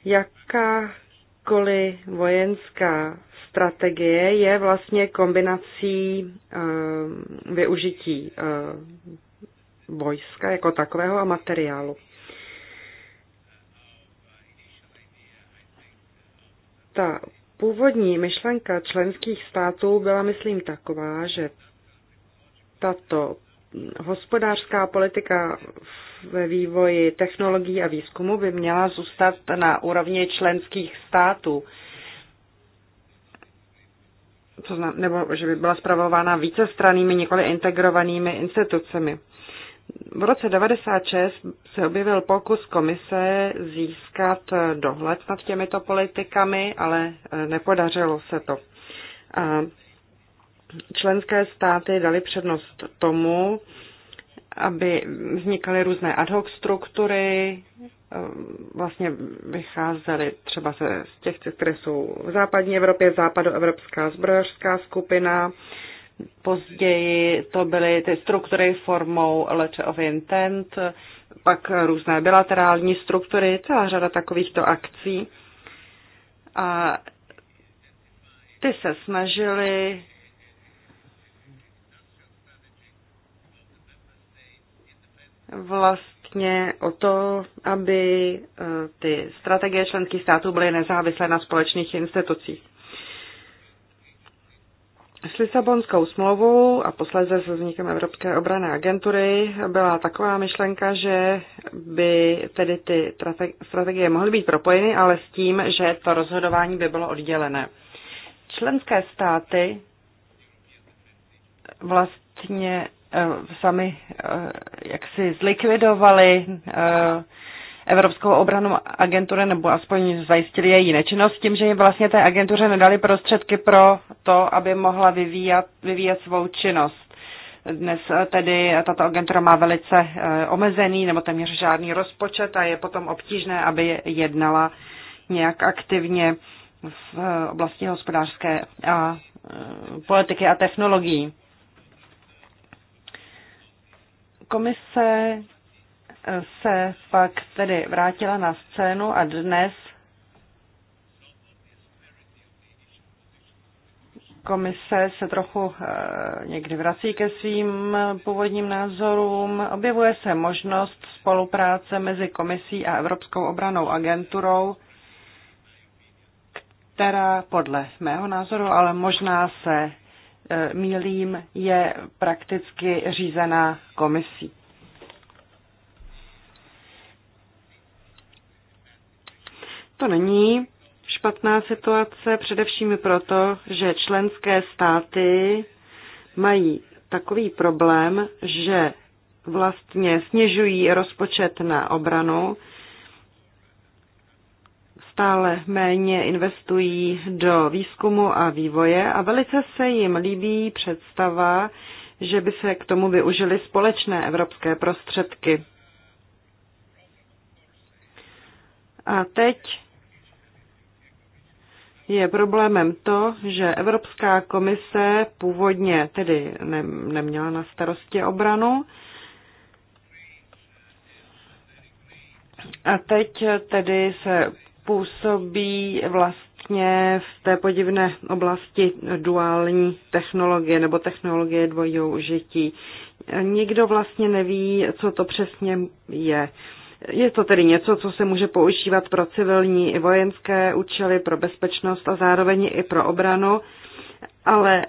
Jakákoliv vojenská strategie je vlastně kombinací využití vojska jako takového a materiálu. Ta původní myšlenka členských států byla, myslím, taková, že tato hospodářská politika ve vývoji technologií a výzkumu by měla zůstat na úrovni členských států. nebo že by byla zpravována vícestrannými, nikoli integrovanými institucemi v roce 96 se objevil pokus komise získat dohled nad těmito politikami, ale eh, nepodařilo se to. A členské státy dali přednost tomu, aby vznikaly různé ad hoc struktury, eh, vlastně vycházely třeba ze z těch, které jsou v západní Evropě, západoevropská zbrojařská skupina, Později to byly ty struktury formou letter of intent, pak různé bilaterální struktury, celá řada takovýchto akcí. A ty se snažili vlastně o to, aby eh, ty strategie členských států byly nezávislé na společných institucích. S Lisabonskou smlouvou a posléze se vznikem Evropské obrané agentury byla taková myšlenka, že by tedy ty strategie mohly být propojeny, ale s tím, že to rozhodování by bylo oddělené. Členské státy vlastně eh, sami eh, jaksi zlikvidovali eh, Evropskou obranu agenturu, nebo aspoň zajistili její nečinnost tím, že jim vlastně té agentuře nedali prostředky pro to, aby mohla vyvíjat, vyvíjet svou činnost. Dnes eh, tedy tato agentura má velice eh, omezený nebo téměř žádný rozpočet a je potom obtížné, aby jednala nějak aktivně v eh, oblasti hospodářské a politiky a technologií. Komise se pak tedy vrátila na scénu a dnes komise se trochu eh, někdy vrací ke svým původním názorům. Objevuje se možnost spolupráce mezi komisí a Evropskou obranou agenturou, která podle mého názoru, ale možná se eh, mílím, je prakticky řízená komisí. To není špatná situace především proto, že členské státy mají takový problém, že vlastně snižují rozpočet na obranu, stále méně investují do výzkumu a vývoje a velice se jim líbí představa, že by se k tomu využily společné evropské prostředky. A teď je problémem to, že Evropská komise původně tedy ne, neměla na starosti obranu. A teď tedy se působí vlastně v té podivné oblasti duální technologie nebo technologie dvojího užití. Nikdo vlastně neví, co to přesně je. Je to tedy něco, co se může používat pro civilní i vojenské účely, pro bezpečnost a zároveň i pro obranu. Ale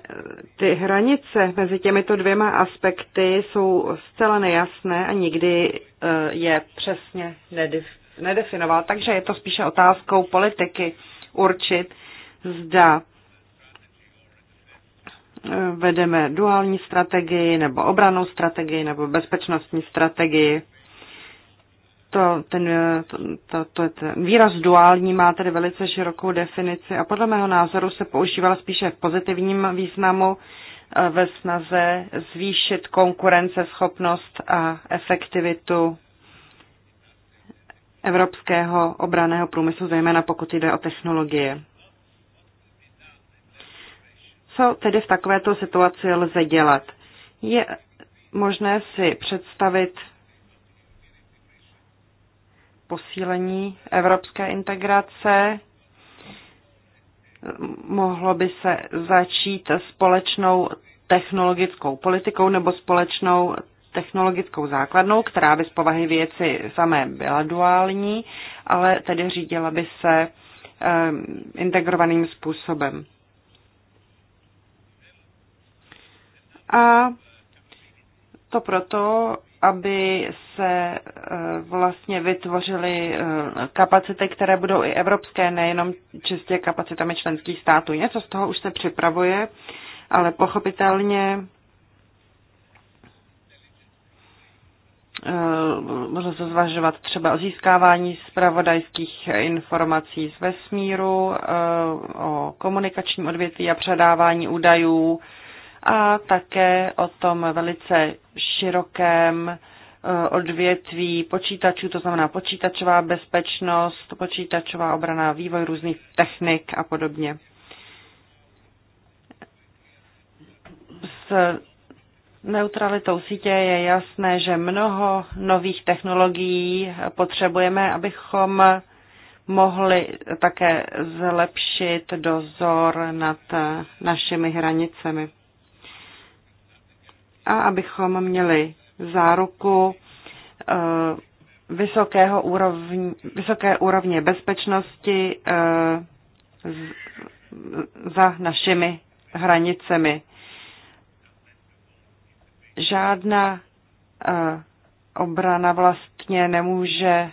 ty hranice mezi těmito dvěma aspekty jsou zcela nejasné a nikdy eh, je přesně nedefinoval. Takže je to spíše otázkou politiky určit, zda eh, vedeme duální strategii nebo obranou strategii nebo bezpečnostní strategii to, ten, eh, to, to, to, výraz duální má tedy velice širokou definici a podle mého názoru se používal spíše v pozitivním významu eh, ve snaze zvýšit konkurenceschopnost a efektivitu evropského obraného průmyslu, zejména pokud jde o technologie. Co tedy v takovéto situaci lze dělat? Je možné si představit posílení evropské integrace. Mohlo by se začít společnou technologickou politikou nebo společnou technologickou základnou, která by z povahy věci samé byla duální, ale tedy řídila by se ehm, integrovaným způsobem. A to proto, aby se eh, vlastně vytvořily eh, kapacity, které budou i evropské, nejenom čistě kapacitami členských států. Něco z toho už se připravuje, ale pochopitelně možná eh, se zvažovat třeba o získávání zpravodajských informací z vesmíru, o komunikačním odvětví a předávání údajů a také o tom velice širokém eh, odvětví počítačů, to znamená počítačová bezpečnost, počítačová obrana, vývoj různých technik a podobně. S neutralitou sítě je jasné, že mnoho nových technologií potřebujeme, abychom mohli také zlepšit dozor nad našimi hranicemi a abychom měli záruku eh, vysokého úrovni, vysoké úrovně bezpečnosti eh, za našimi hranicemi. Žádná eh, obrana vlastně nemůže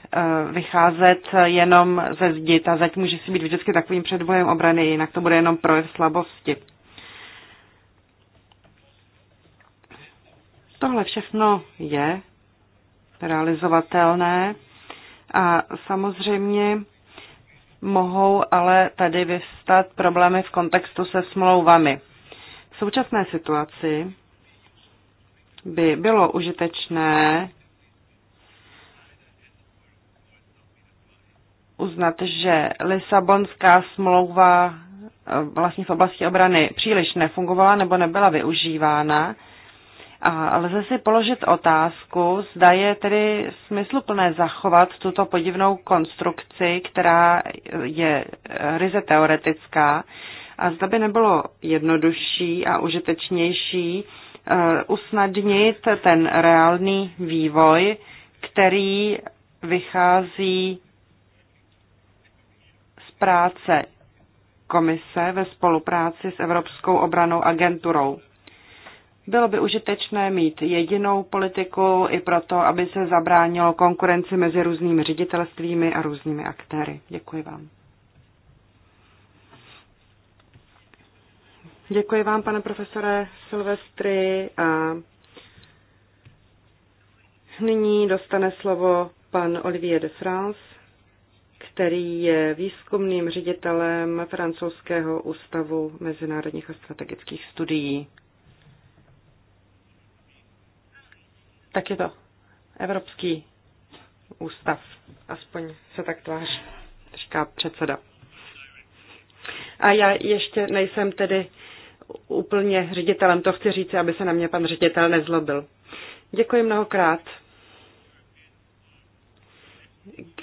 vycházet jenom ze zdi. Ta zeď může si být vždycky takovým předvojem obrany, jinak to bude jenom projev slabosti. Tohle všechno je realizovatelné a samozřejmě mohou ale tady vyvstat problémy v kontextu se smlouvami. V současné situaci by bylo užitečné uznat, že Lisabonská smlouva eh, vlastně v oblasti obrany příliš nefungovala nebo nebyla využívána a lze si položit otázku, zda je tedy smysluplné zachovat tuto podivnou konstrukci, která je e, ryze teoretická, a zda by nebylo jednodušší a užitečnější e, usnadnit ten reálný vývoj, který vychází z práce komise ve spolupráci s Evropskou obranou agenturou. Bylo by užitečné mít jedinou politiku i proto, aby se zabránilo konkurenci mezi různými ředitelstvími a různými aktéry. Děkuji vám. Děkuji vám, pane profesore Silvestri. A nyní dostane slovo pan Olivier de France, který je výzkumným ředitelem francouzského ústavu mezinárodních a strategických studií. tak je to Evropský ústav. Aspoň se tak tváří, říká předseda. A já ještě nejsem tedy úplně ředitelem, to chci říct, aby se na mě pan ředitel nezlobil. Děkuji mnohokrát.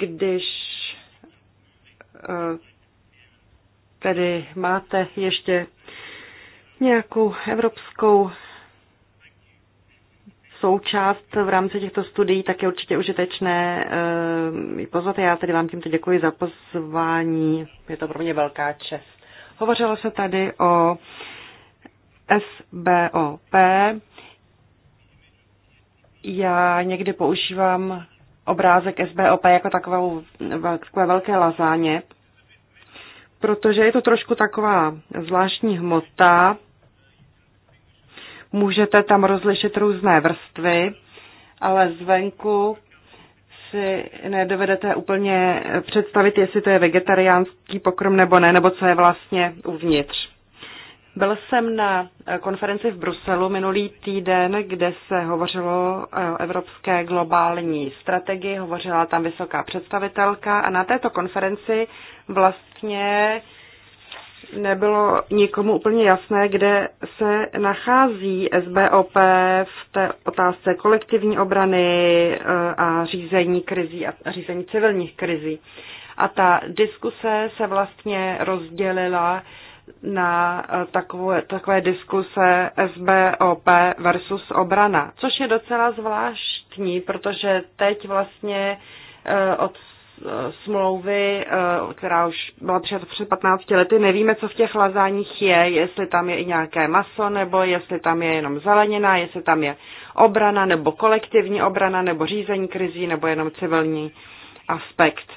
Když eh, tedy máte ještě nějakou evropskou součást v rámci těchto studií, tak je určitě užitečné eh, pozvat. Já tedy vám tímto děkuji za pozvání. Je to pro mě velká čest. Hovořilo se tady o SBOP. Já někdy používám obrázek SBOP jako takovou, takové velké lazáně, protože je to trošku taková zvláštní hmota, můžete tam rozlišit různé vrstvy, ale zvenku si nedovedete úplně představit, jestli to je vegetariánský pokrm nebo ne, nebo co je vlastně uvnitř. Byl jsem na konferenci v Bruselu minulý týden, kde se hovořilo o evropské globální strategii, hovořila tam vysoká představitelka a na této konferenci vlastně nebylo nikomu úplně jasné, kde se nachází SBOP v té otázce kolektivní obrany eh, a řízení krizí a řízení civilních krizí. A ta diskuse se vlastně rozdělila na eh, takové, takové diskuse SBOP versus obrana, což je docela zvláštní, protože teď vlastně eh, od smlouvy, eh, která už byla přijata před 15 lety. Nevíme, co v těch lazáních je, jestli tam je i nějaké maso, nebo jestli tam je jenom zelenina, jestli tam je obrana, nebo kolektivní obrana, nebo řízení krizí, nebo jenom civilní aspekt.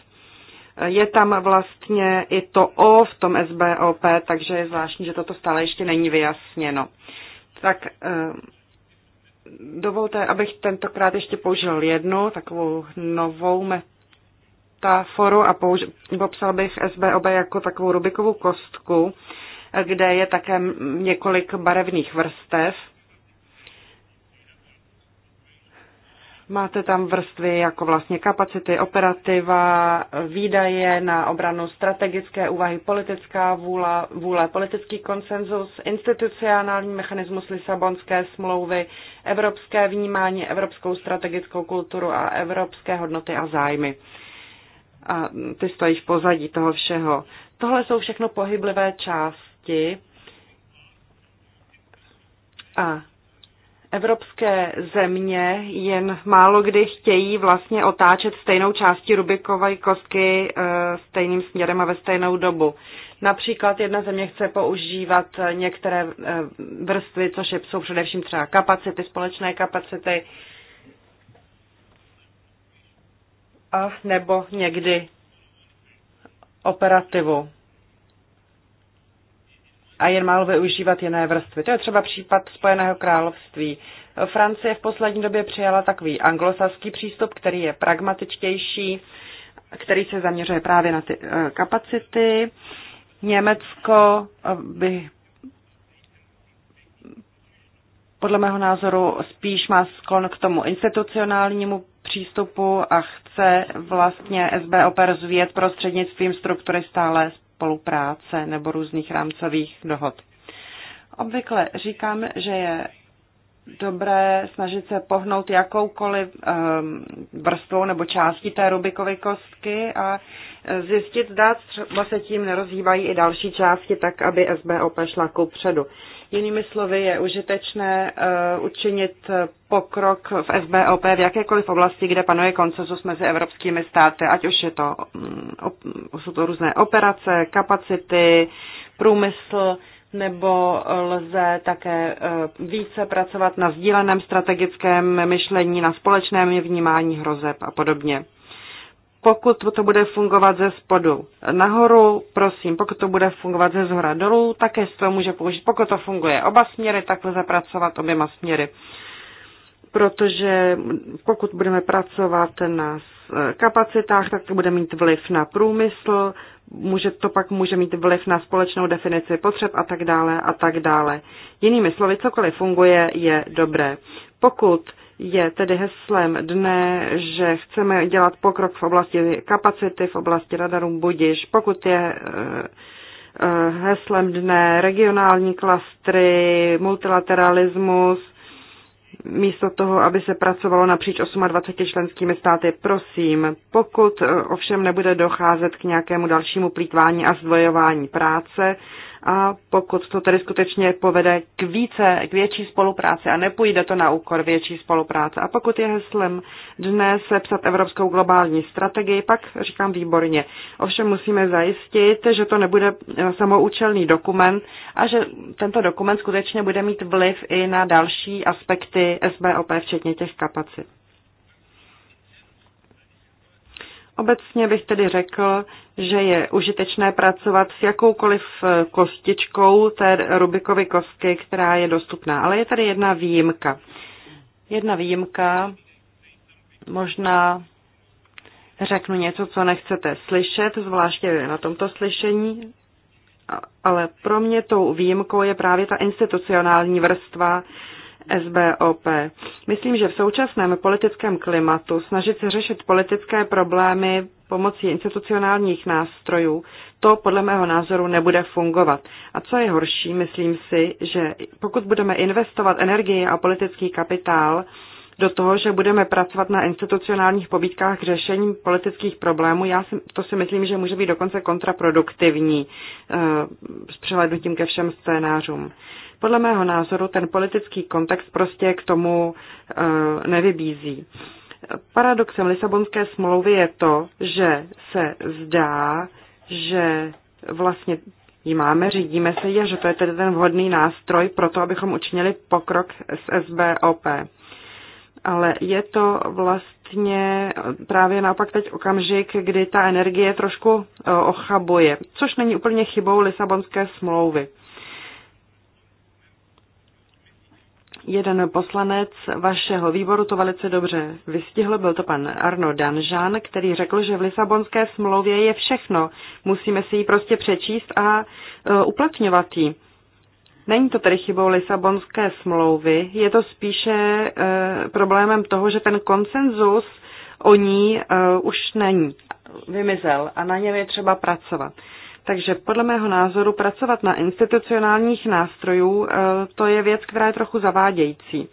Eh, je tam vlastně i to O v tom SBOP, takže je zvláštní, že toto stále ještě není vyjasněno. Tak eh, dovolte, abych tentokrát ještě použil jednu takovou novou metodu ta foru a použ- popsal bych SBOB jako takovou Rubikovou kostku, kde je také několik barevných vrstev. Máte tam vrstvy jako vlastně kapacity, operativa, výdaje na obranu, strategické úvahy, politická vůle, vůle politický konsenzus, institucionální mechanismus Lisabonské smlouvy, evropské vnímání, evropskou strategickou kulturu a evropské hodnoty a zájmy a ty stojí v pozadí toho všeho. Tohle jsou všechno pohyblivé části a evropské země jen málo kdy chtějí vlastně otáčet stejnou části Rubikové kostky eh, stejným směrem a ve stejnou dobu. Například jedna země chce používat některé eh, vrstvy, což jsou především třeba kapacity, společné kapacity, a nebo někdy operativu a jen málo využívat jiné vrstvy. To je třeba případ Spojeného království. Francie v poslední době přijala takový anglosaský přístup, který je pragmatičtější, který se zaměřuje právě na ty eh, kapacity. Německo by podle mého názoru spíš má sklon k tomu institucionálnímu přístupu a chce vlastně SBOP rozvíjet prostřednictvím struktury stále spolupráce nebo různých rámcových dohod. Obvykle říkám, že je dobré snažit se pohnout jakoukoliv um, vrstvou nebo částí té Rubikovy kostky a zjistit, zda se tím nerozhýbají i další části, tak aby SBOP šla ku předu. Jinými slovy, je užitečné eh, učinit pokrok v SBOP v jakékoliv oblasti, kde panuje koncesus mezi evropskými státy, ať už je to, mm, jsou to různé operace, kapacity, průmysl, nebo lze také eh, více pracovat na sdíleném strategickém myšlení, na společném vnímání hrozeb a podobně pokud to bude fungovat ze spodu nahoru, prosím, pokud to bude fungovat ze zhora dolů, také se to může použít. Pokud to funguje oba směry, tak lze pracovat oběma směry. Protože pokud budeme pracovat na e, kapacitách, tak to bude mít vliv na průmysl, může, to pak může mít vliv na společnou definici potřeb a tak dále a tak dále. Jinými slovy, cokoliv funguje, je dobré. Pokud je tedy heslem dne, že chceme dělat pokrok v oblasti kapacity, v oblasti radarů budiš. Pokud je eh, eh, heslem dne regionální klastry, multilateralismus, místo toho, aby se pracovalo napříč 28 členskými státy, prosím, pokud eh, ovšem nebude docházet k nějakému dalšímu plítvání a zdvojování práce, a pokud to tedy skutečně povede k více, k větší spolupráci a nepůjde to na úkor větší spolupráce. A pokud je heslem dnes sepsat evropskou globální strategii, pak říkám výborně. Ovšem musíme zajistit, že to nebude eh, samoučelný dokument a že tento dokument skutečně bude mít vliv i na další aspekty SBOP, včetně těch kapacit. Obecně bych tedy řekl, že je užitečné pracovat s jakoukoliv eh, kostičkou té Rubikovy kostky, která je dostupná. Ale je tady jedna výjimka. Jedna výjimka, možná řeknu něco, co nechcete slyšet, zvláště na tomto slyšení, ale pro mě tou výjimkou je právě ta institucionální vrstva SBOP. Myslím, že v současném politickém klimatu snažit se řešit politické problémy pomocí institucionálních nástrojů, to podle mého názoru nebude fungovat. A co je horší, myslím si, že pokud budeme investovat energii a politický kapitál do toho, že budeme pracovat na institucionálních pobídkách k řešení politických problémů, já si, to si myslím, že může být dokonce kontraproduktivní eh, s přihlednutím ke všem scénářům. Podle mého názoru ten politický kontext prostě k tomu eh, nevybízí. Paradoxem Lisabonské smlouvy je to, že se zdá, že vlastně ji máme, řídíme se ji a že to je tedy ten vhodný nástroj pro to, abychom učinili pokrok s SBOP. Ale je to vlastně právě naopak teď okamžik, kdy ta energie trošku eh, ochabuje, což není úplně chybou Lisabonské smlouvy. jeden poslanec vašeho výboru to velice dobře vystihl, byl to pan Arno Danžan, který řekl, že v Lisabonské smlouvě je všechno. Musíme si ji prostě přečíst a uh, uplatňovat ji. Není to tedy chybou Lisabonské smlouvy, je to spíše uh, problémem toho, že ten konsenzus o ní uh, už není, vymizel a na něm je třeba pracovat. Uh, takže podle mého názoru pracovat na institucionálních nástrojů, e, to je věc, která je trochu zavádějící.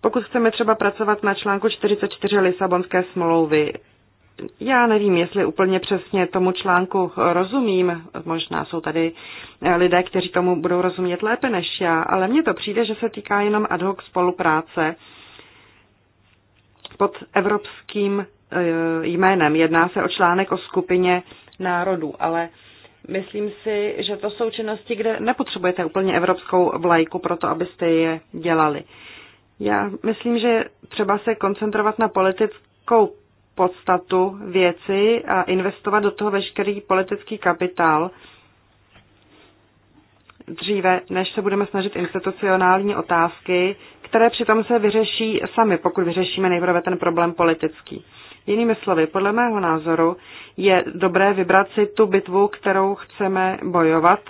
Pokud chceme třeba pracovat na článku 44 Lisabonské smlouvy, já nevím, jestli úplně přesně tomu článku rozumím, možná jsou tady e, lidé, kteří tomu budou rozumět lépe než já, ale mně to přijde, že se týká jenom ad hoc spolupráce pod evropským e, jménem. Jedná se o článek o skupině národů, ale Myslím si, že to jsou činnosti, kde nepotřebujete úplně evropskou vlajku pro to, abyste je dělali. Já myslím, že třeba se koncentrovat na politickou podstatu věci a investovat do toho veškerý politický kapitál dříve, než se budeme snažit institucionální otázky, které přitom se vyřeší sami, pokud vyřešíme nejprve ten problém politický. Jinými slovy, podle mého názoru je dobré vybrat si tu bitvu, kterou chceme bojovat,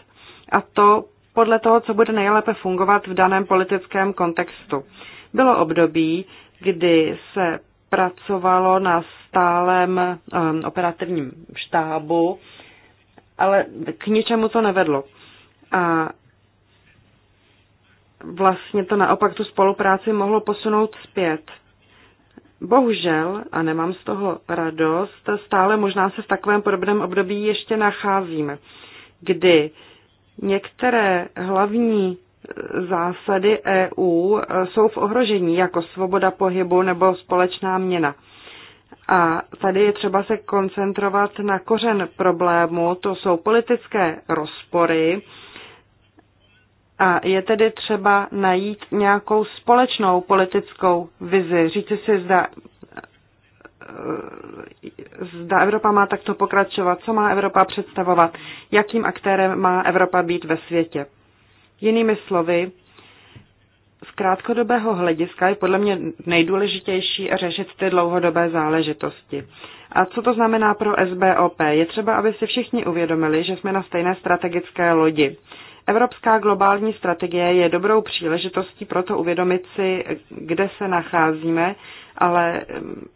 a to podle toho, co bude nejlépe fungovat v daném politickém kontextu. Bylo období, kdy se pracovalo na stálem um, operativním štábu, ale k ničemu to nevedlo. A vlastně to naopak tu spolupráci mohlo posunout zpět. Bohužel, a nemám z toho radost, stále možná se v takovém podobném období ještě nacházíme, kdy některé hlavní e, zásady EU e, jsou v ohrožení, jako svoboda pohybu nebo společná měna. A tady je třeba se koncentrovat na kořen problému, to jsou politické rozpory, a je tedy třeba najít nějakou společnou politickou vizi. Říci si, zda, eh, zda Evropa má takto pokračovat, co má Evropa představovat, jakým aktérem má Evropa být ve světě. Jinými slovy, z krátkodobého hlediska je podle mě nejdůležitější řešit ty dlouhodobé záležitosti. A co to znamená pro SBOP? Je třeba, aby si všichni uvědomili, že jsme na stejné strategické lodi. Evropská globální strategie je dobrou příležitostí pro to uvědomit si, kde se nacházíme, ale mm,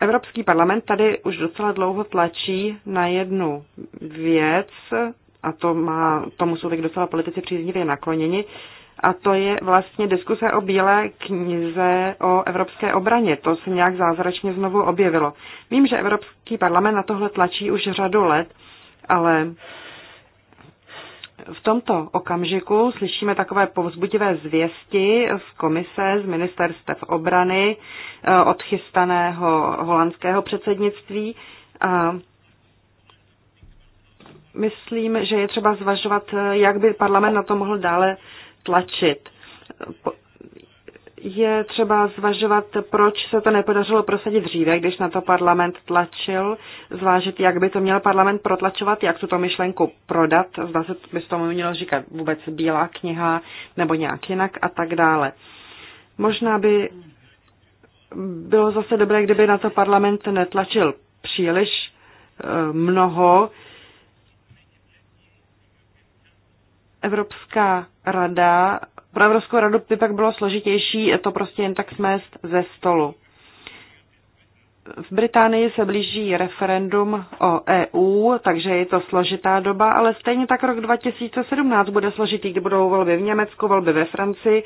Evropský parlament tady už docela dlouho tlačí na jednu věc, a to má, tomu jsou tak docela politici příznivě nakloněni, a to je vlastně diskuse o bílé knize o evropské obraně. To se nějak zázračně znovu objevilo. Vím, že Evropský parlament na tohle tlačí už řadu let, ale v tomto okamžiku slyšíme takové povzbudivé zvěsti z komise z ministerstev obrany eh, od chystaného holandského předsednictví. A myslím, že je třeba zvažovat, eh, jak by parlament na to mohl dále tlačit je třeba zvažovat, proč se to nepodařilo prosadit dříve, když na to parlament tlačil, zvážit, jak by to měl parlament protlačovat, jak tuto myšlenku prodat, zda se by z tomu mělo říkat vůbec bílá kniha nebo nějak jinak a tak dále. Možná by bylo zase dobré, kdyby na to parlament netlačil příliš eh, mnoho. Evropská rada pro Evropskou radu by pak bylo složitější to prostě jen tak smést ze stolu. V Británii se blíží referendum o EU, takže je to složitá doba, ale stejně tak rok 2017 bude složitý, kdy budou volby v Německu, volby ve Francii.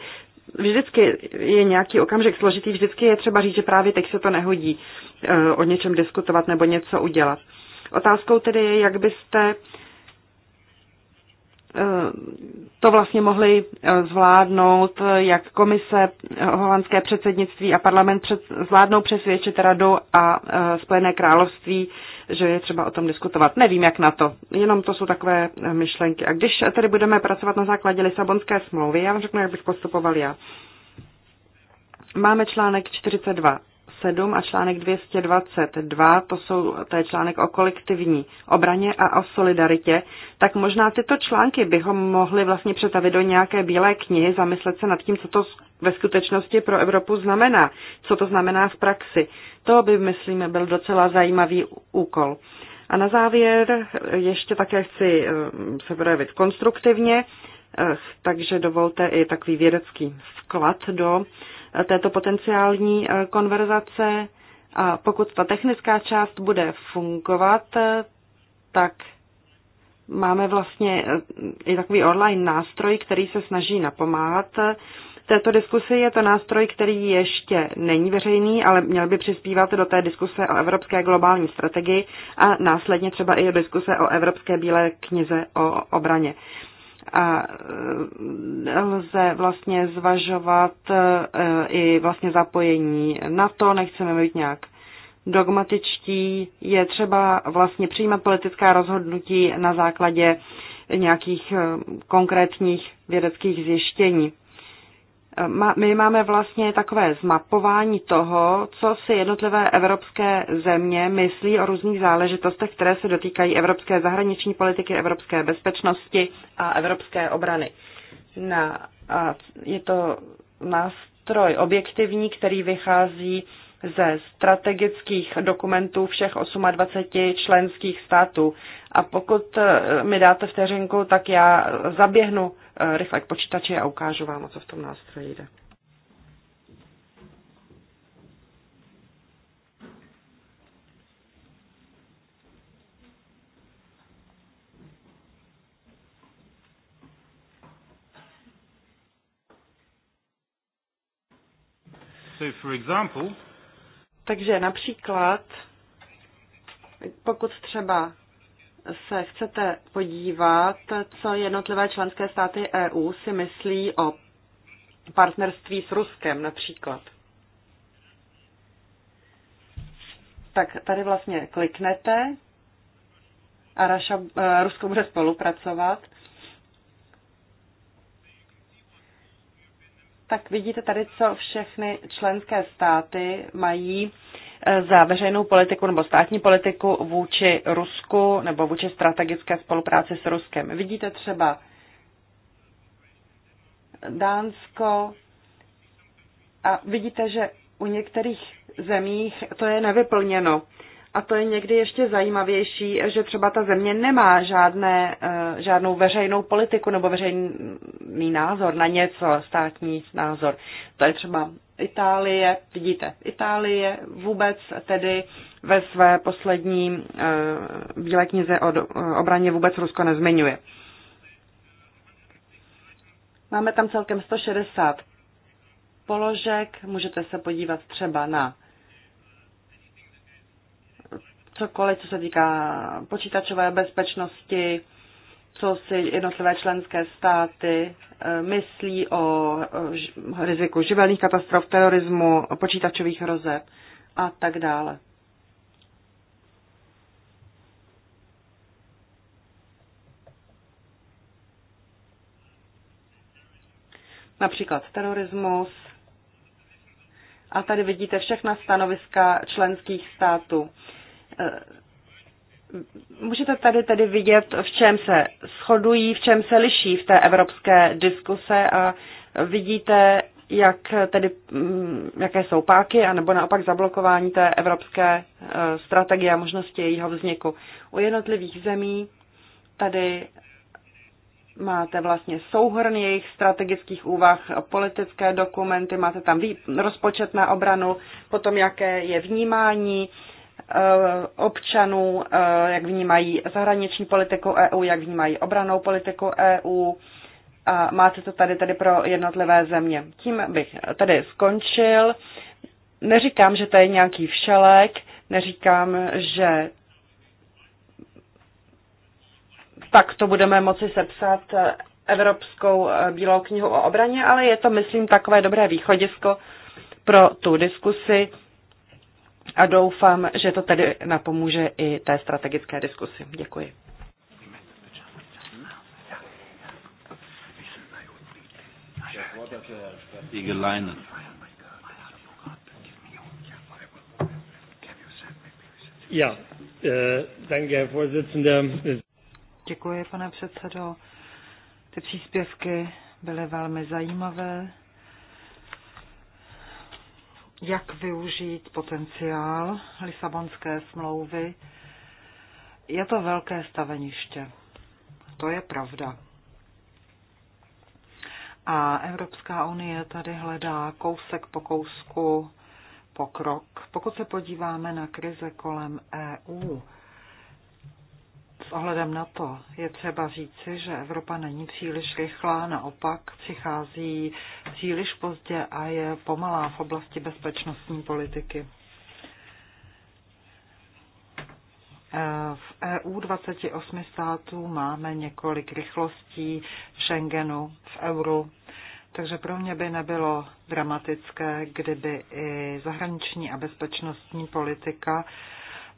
Vždycky je nějaký okamžik složitý, vždycky je třeba říct, že právě teď se to nehodí eh, o něčem diskutovat nebo něco udělat. Otázkou tedy je, jak byste Eh, to vlastně mohli eh, zvládnout, eh, jak komise holandské předsednictví a parlament před, zvládnou přesvědčit radu a Spojené království, že je třeba o tom diskutovat. Nevím, jak na to. Jenom to jsou takové myšlenky. A když tedy budeme pracovat na základě Lisabonské smlouvy, já vám řeknu, jak bych postupoval já. Máme článek 42 227 a článek 222, to, jsou, to je článek o kolektivní obraně a o solidaritě, tak možná tyto články bychom mohli vlastně přetavit do nějaké bílé knihy, zamyslet se nad tím, co to ve skutečnosti pro Evropu znamená, co to znamená v praxi. To by, myslím, byl docela zajímavý úkol. A na závěr ještě také chci eh, se projevit konstruktivně, eh, takže dovolte i takový vědecký vklad do této potenciální eh, konverzace. A pokud ta technická část bude fungovat, eh, tak máme vlastně eh, i takový online nástroj, který se snaží napomáhat této diskusi. Je to nástroj, který ještě není veřejný, ale měl by přispívat do té diskuse o evropské globální strategii a následně třeba i do diskuse o evropské bílé knize o obraně a e, lze vlastně zvažovat e, i vlastně zapojení na to, nechceme být nějak dogmatičtí, je třeba vlastně přijímat politická rozhodnutí na základě nějakých e, konkrétních vědeckých zjištění. Eh, my máme vlastně takové zmapování toho, co si jednotlivé evropské země myslí o různých záležitostech, které se dotýkají evropské zahraniční politiky, evropské bezpečnosti a evropské obrany. Na, a je to nástroj objektivní, který vychází ze strategických dokumentů všech 28 členských států. A pokud eh, mi dáte vteřinku, tak já zaběhnu eh, rychle k počítači a ukážu vám, o co v tom nástroji jde. So for example, takže například, pokud třeba se chcete podívat, co jednotlivé členské státy EU si myslí o partnerství s Ruskem například. Tak tady vlastně kliknete a Raša, eh, Rusko bude spolupracovat tak vidíte tady, co všechny členské státy mají e, za veřejnou politiku nebo státní politiku vůči Rusku nebo vůči strategické spolupráci s Ruskem. Vidíte třeba Dánsko a vidíte, že u některých zemích to je nevyplněno. A to je někdy ještě zajímavější, že třeba ta země nemá žádné, eh, žádnou veřejnou politiku nebo veřejný názor na něco, státní názor. To je třeba Itálie, vidíte, Itálie vůbec tedy ve své poslední eh, bílé knize o obraně vůbec Rusko nezmiňuje. Máme tam celkem 160 položek, můžete se podívat třeba na cokoliv, co se týká počítačové bezpečnosti, co si jednotlivé členské státy eh, myslí o eh, riziku živelných katastrof, terorismu, počítačových hrozeb a tak dále. Například terorismus. A tady vidíte všechna stanoviska členských států. Eh, můžete tady tedy vidět, v čem se shodují, v čem se liší v té evropské diskuse a vidíte, jak tedy, mm, jaké jsou páky, anebo naopak zablokování té evropské eh, strategie a možnosti jejího vzniku. U jednotlivých zemí tady máte vlastně souhrn jejich strategických úvah, politické dokumenty, máte tam rozpočet na obranu, potom jaké je vnímání Eh, občanů, eh, jak vnímají zahraniční politiku EU, jak vnímají obranou politiku EU a máte to tady tady pro jednotlivé země. Tím bych tady skončil. Neříkám, že to je nějaký všelek, neříkám, že tak to budeme moci sepsat eh, Evropskou bílou knihu o obraně, ale je to, myslím, takové dobré východisko pro tu diskusi a doufám, že to tedy napomůže i té strategické diskusi. Děkuji. Äh, Děkuji, pane předsedo. Ty příspěvky byly velmi zajímavé jak využít potenciál Lisabonské smlouvy. Je to velké staveniště. To je pravda. A Evropská unie tady hledá kousek po kousku pokrok. Pokud se podíváme na krize kolem EU, ohledem na to je třeba říci, že Evropa není příliš rychlá, naopak přichází příliš pozdě a je pomalá v oblasti bezpečnostní politiky. V EU 28 států máme několik rychlostí v Schengenu, v euru, takže pro mě by nebylo dramatické, kdyby i zahraniční a bezpečnostní politika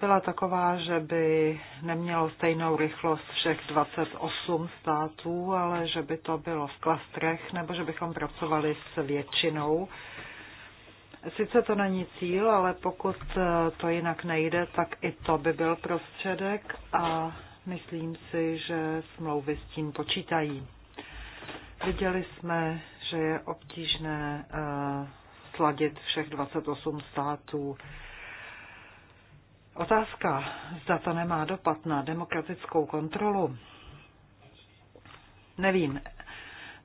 byla taková, že by nemělo stejnou rychlost všech 28 států, ale že by to bylo v klastrech nebo že bychom pracovali s většinou. Sice to není cíl, ale pokud to jinak nejde, tak i to by byl prostředek a myslím si, že smlouvy s tím počítají. Viděli jsme, že je obtížné eh, sladit všech 28 států Otázka, zda to nemá dopad na demokratickou kontrolu, nevím.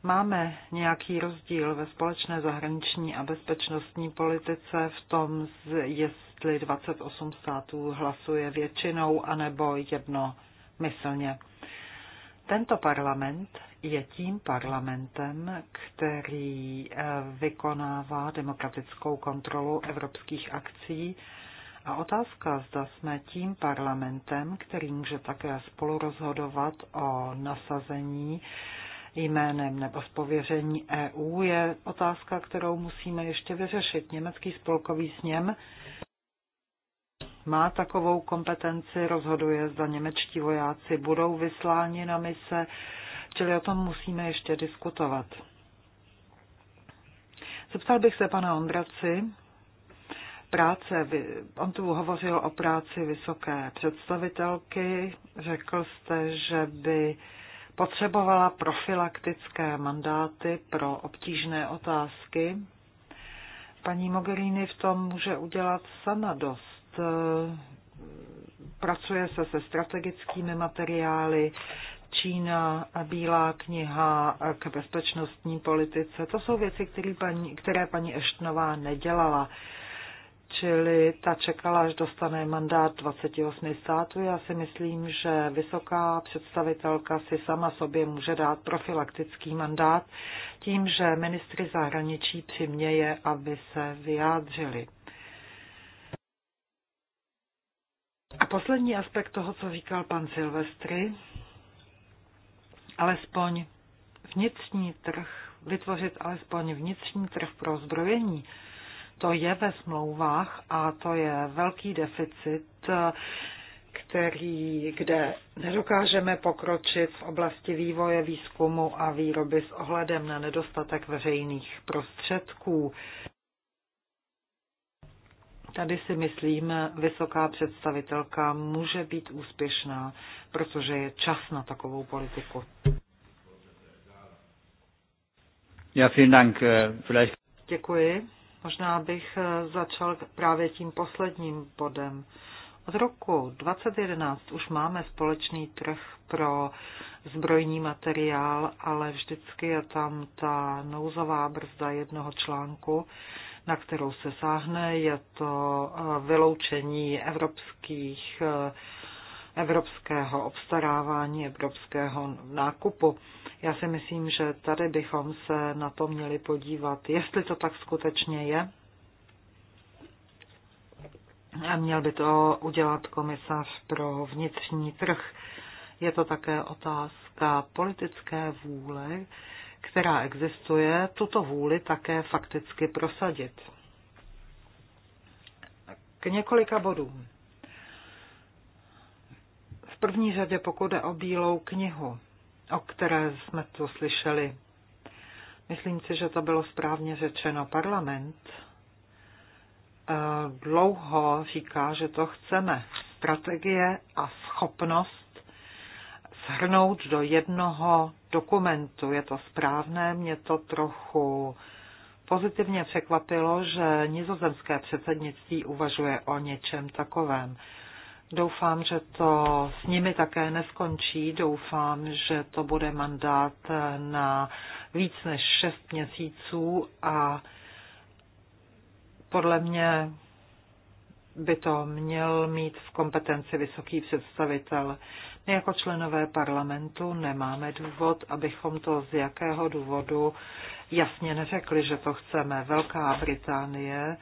Máme nějaký rozdíl ve společné zahraniční a bezpečnostní politice v tom, jestli 28 států hlasuje většinou anebo jednomyslně. Tento parlament je tím parlamentem, který eh, vykonává demokratickou kontrolu evropských akcí a otázka, zda jsme tím parlamentem, který může také spolu rozhodovat o nasazení jménem nebo z pověření EU, je otázka, kterou musíme ještě vyřešit. Německý spolkový sněm má takovou kompetenci, rozhoduje, zda němečtí vojáci budou vysláni na mise, čili o tom musíme ještě diskutovat. Zeptal bych se pana Ondraci, práce, on tu hovořil o práci vysoké představitelky, řekl jste, že by potřebovala profilaktické mandáty pro obtížné otázky. Paní Mogherini v tom může udělat sama dost. Pracuje se se strategickými materiály, Čína, Bílá kniha k bezpečnostní politice. To jsou věci, které paní, které paní Eštnová nedělala čili ta čekala, až dostane mandát 28 států. Já si myslím, že vysoká představitelka si sama sobě může dát profilaktický mandát tím, že ministry zahraničí přiměje, aby se vyjádřili. A poslední aspekt toho, co říkal pan Silvestry, alespoň vnitřní trh, vytvořit alespoň vnitřní trh pro zbrojení, to je ve smlouvách a to je velký deficit, který, kde nedokážeme pokročit v oblasti vývoje, výzkumu a výroby s ohledem na nedostatek veřejných prostředků. Tady si myslím, vysoká představitelka může být úspěšná, protože je čas na takovou politiku. Ja, vielen Dank. Äh, vielleicht... Děkuji. Možná bych eh, začal právě tím posledním bodem. Od roku 2011 už máme společný trh pro zbrojní materiál, ale vždycky je tam ta nouzová brzda jednoho článku, na kterou se sáhne. Je to eh, vyloučení evropských eh, evropského obstarávání, evropského nákupu. Já si myslím, že tady bychom se na to měli podívat, jestli to tak skutečně je. A měl by to udělat komisař pro vnitřní trh. Je to také otázka politické vůle, která existuje, tuto vůli také fakticky prosadit. K několika bodům. V první řadě, pokud je o bílou knihu, o které jsme to slyšeli, myslím si, že to bylo správně řečeno. Parlament eh, dlouho říká, že to chceme. Strategie a schopnost shrnout do jednoho dokumentu. Je to správné, mě to trochu pozitivně překvapilo, že nizozemské předsednictví uvažuje o něčem takovém. Doufám, že to s nimi také neskončí. Doufám, že to bude mandát na víc než šest měsíců a podle mě by to měl mít v kompetenci vysoký představitel. My jako členové parlamentu nemáme důvod, abychom to z jakého důvodu jasně neřekli, že to chceme. Velká Británie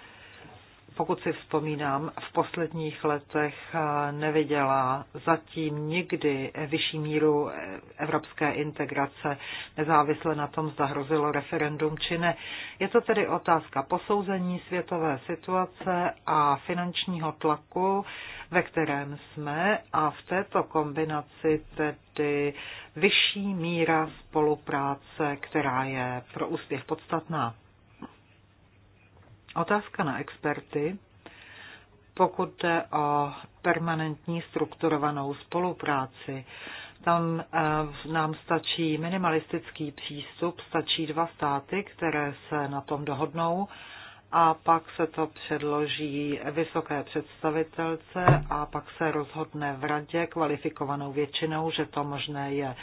pokud si vzpomínám, v posledních letech eh, neviděla zatím nikdy vyšší míru eh, evropské integrace, nezávisle na tom, zda hrozilo referendum či ne. Je to tedy otázka posouzení světové situace a finančního tlaku, ve kterém jsme a v této kombinaci tedy vyšší míra spolupráce, která je pro úspěch podstatná. Otázka na experty. Pokud jde o permanentní strukturovanou spolupráci, tam eh, nám stačí minimalistický přístup, stačí dva státy, které se na tom dohodnou a pak se to předloží vysoké představitelce a pak se rozhodne v radě kvalifikovanou většinou, že to možné je.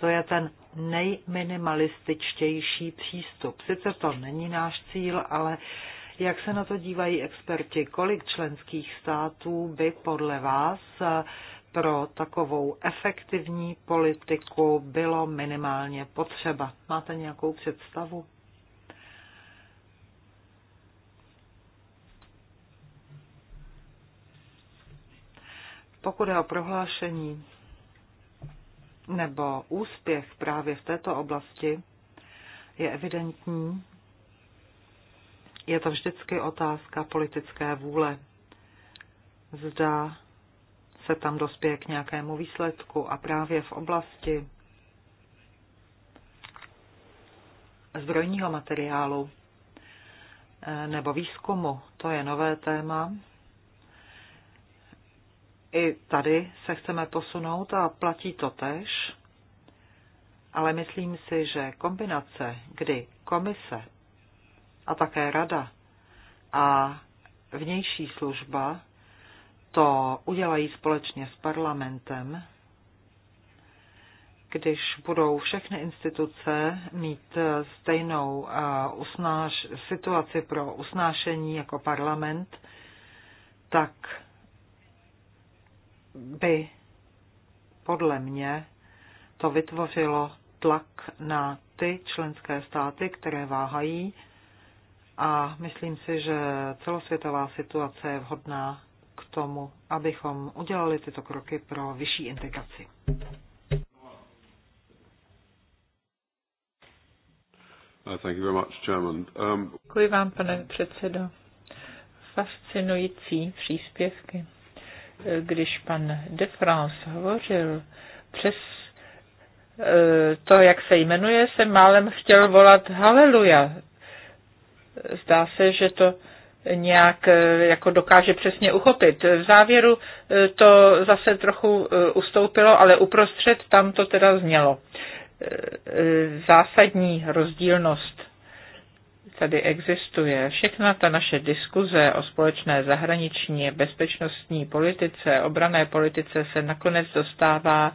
To je ten nejminimalističtější přístup. Sice to není náš cíl, ale jak se na to dívají experti? Kolik členských států by podle vás eh, pro takovou efektivní politiku bylo minimálně potřeba? Máte nějakou představu? Pokud je o prohlášení nebo úspěch právě v této oblasti, je evidentní, je to vždycky otázka politické vůle. Zda se tam dospěje k nějakému výsledku a právě v oblasti zbrojního materiálu eh, nebo výzkumu, to je nové téma. I tady se chceme posunout a platí to tež, ale myslím si, že kombinace, kdy komise a také rada a vnější služba to udělají společně s parlamentem, když budou všechny instituce mít stejnou eh, usnáš, situaci pro usnášení jako parlament, tak by podle mě to vytvořilo tlak na ty členské státy, které váhají a myslím si, že celosvětová situace je vhodná k tomu, abychom udělali tyto kroky pro vyšší integraci. Uh, thank you very much, Chairman. Um, Děkuji vám, pane předsedo. Fascinující příspěvky. Když pan de France hovořil přes eh, to, jak se jmenuje, jsem málem chtěl volat Haleluja zdá se, že to nějak eh, jako dokáže přesně uchopit. V závěru eh, to zase trochu eh, ustoupilo, ale uprostřed tam to teda znělo. Zásadní rozdílnost tady existuje. Všechna ta naše diskuze o společné zahraniční bezpečnostní politice, obrané politice se nakonec dostává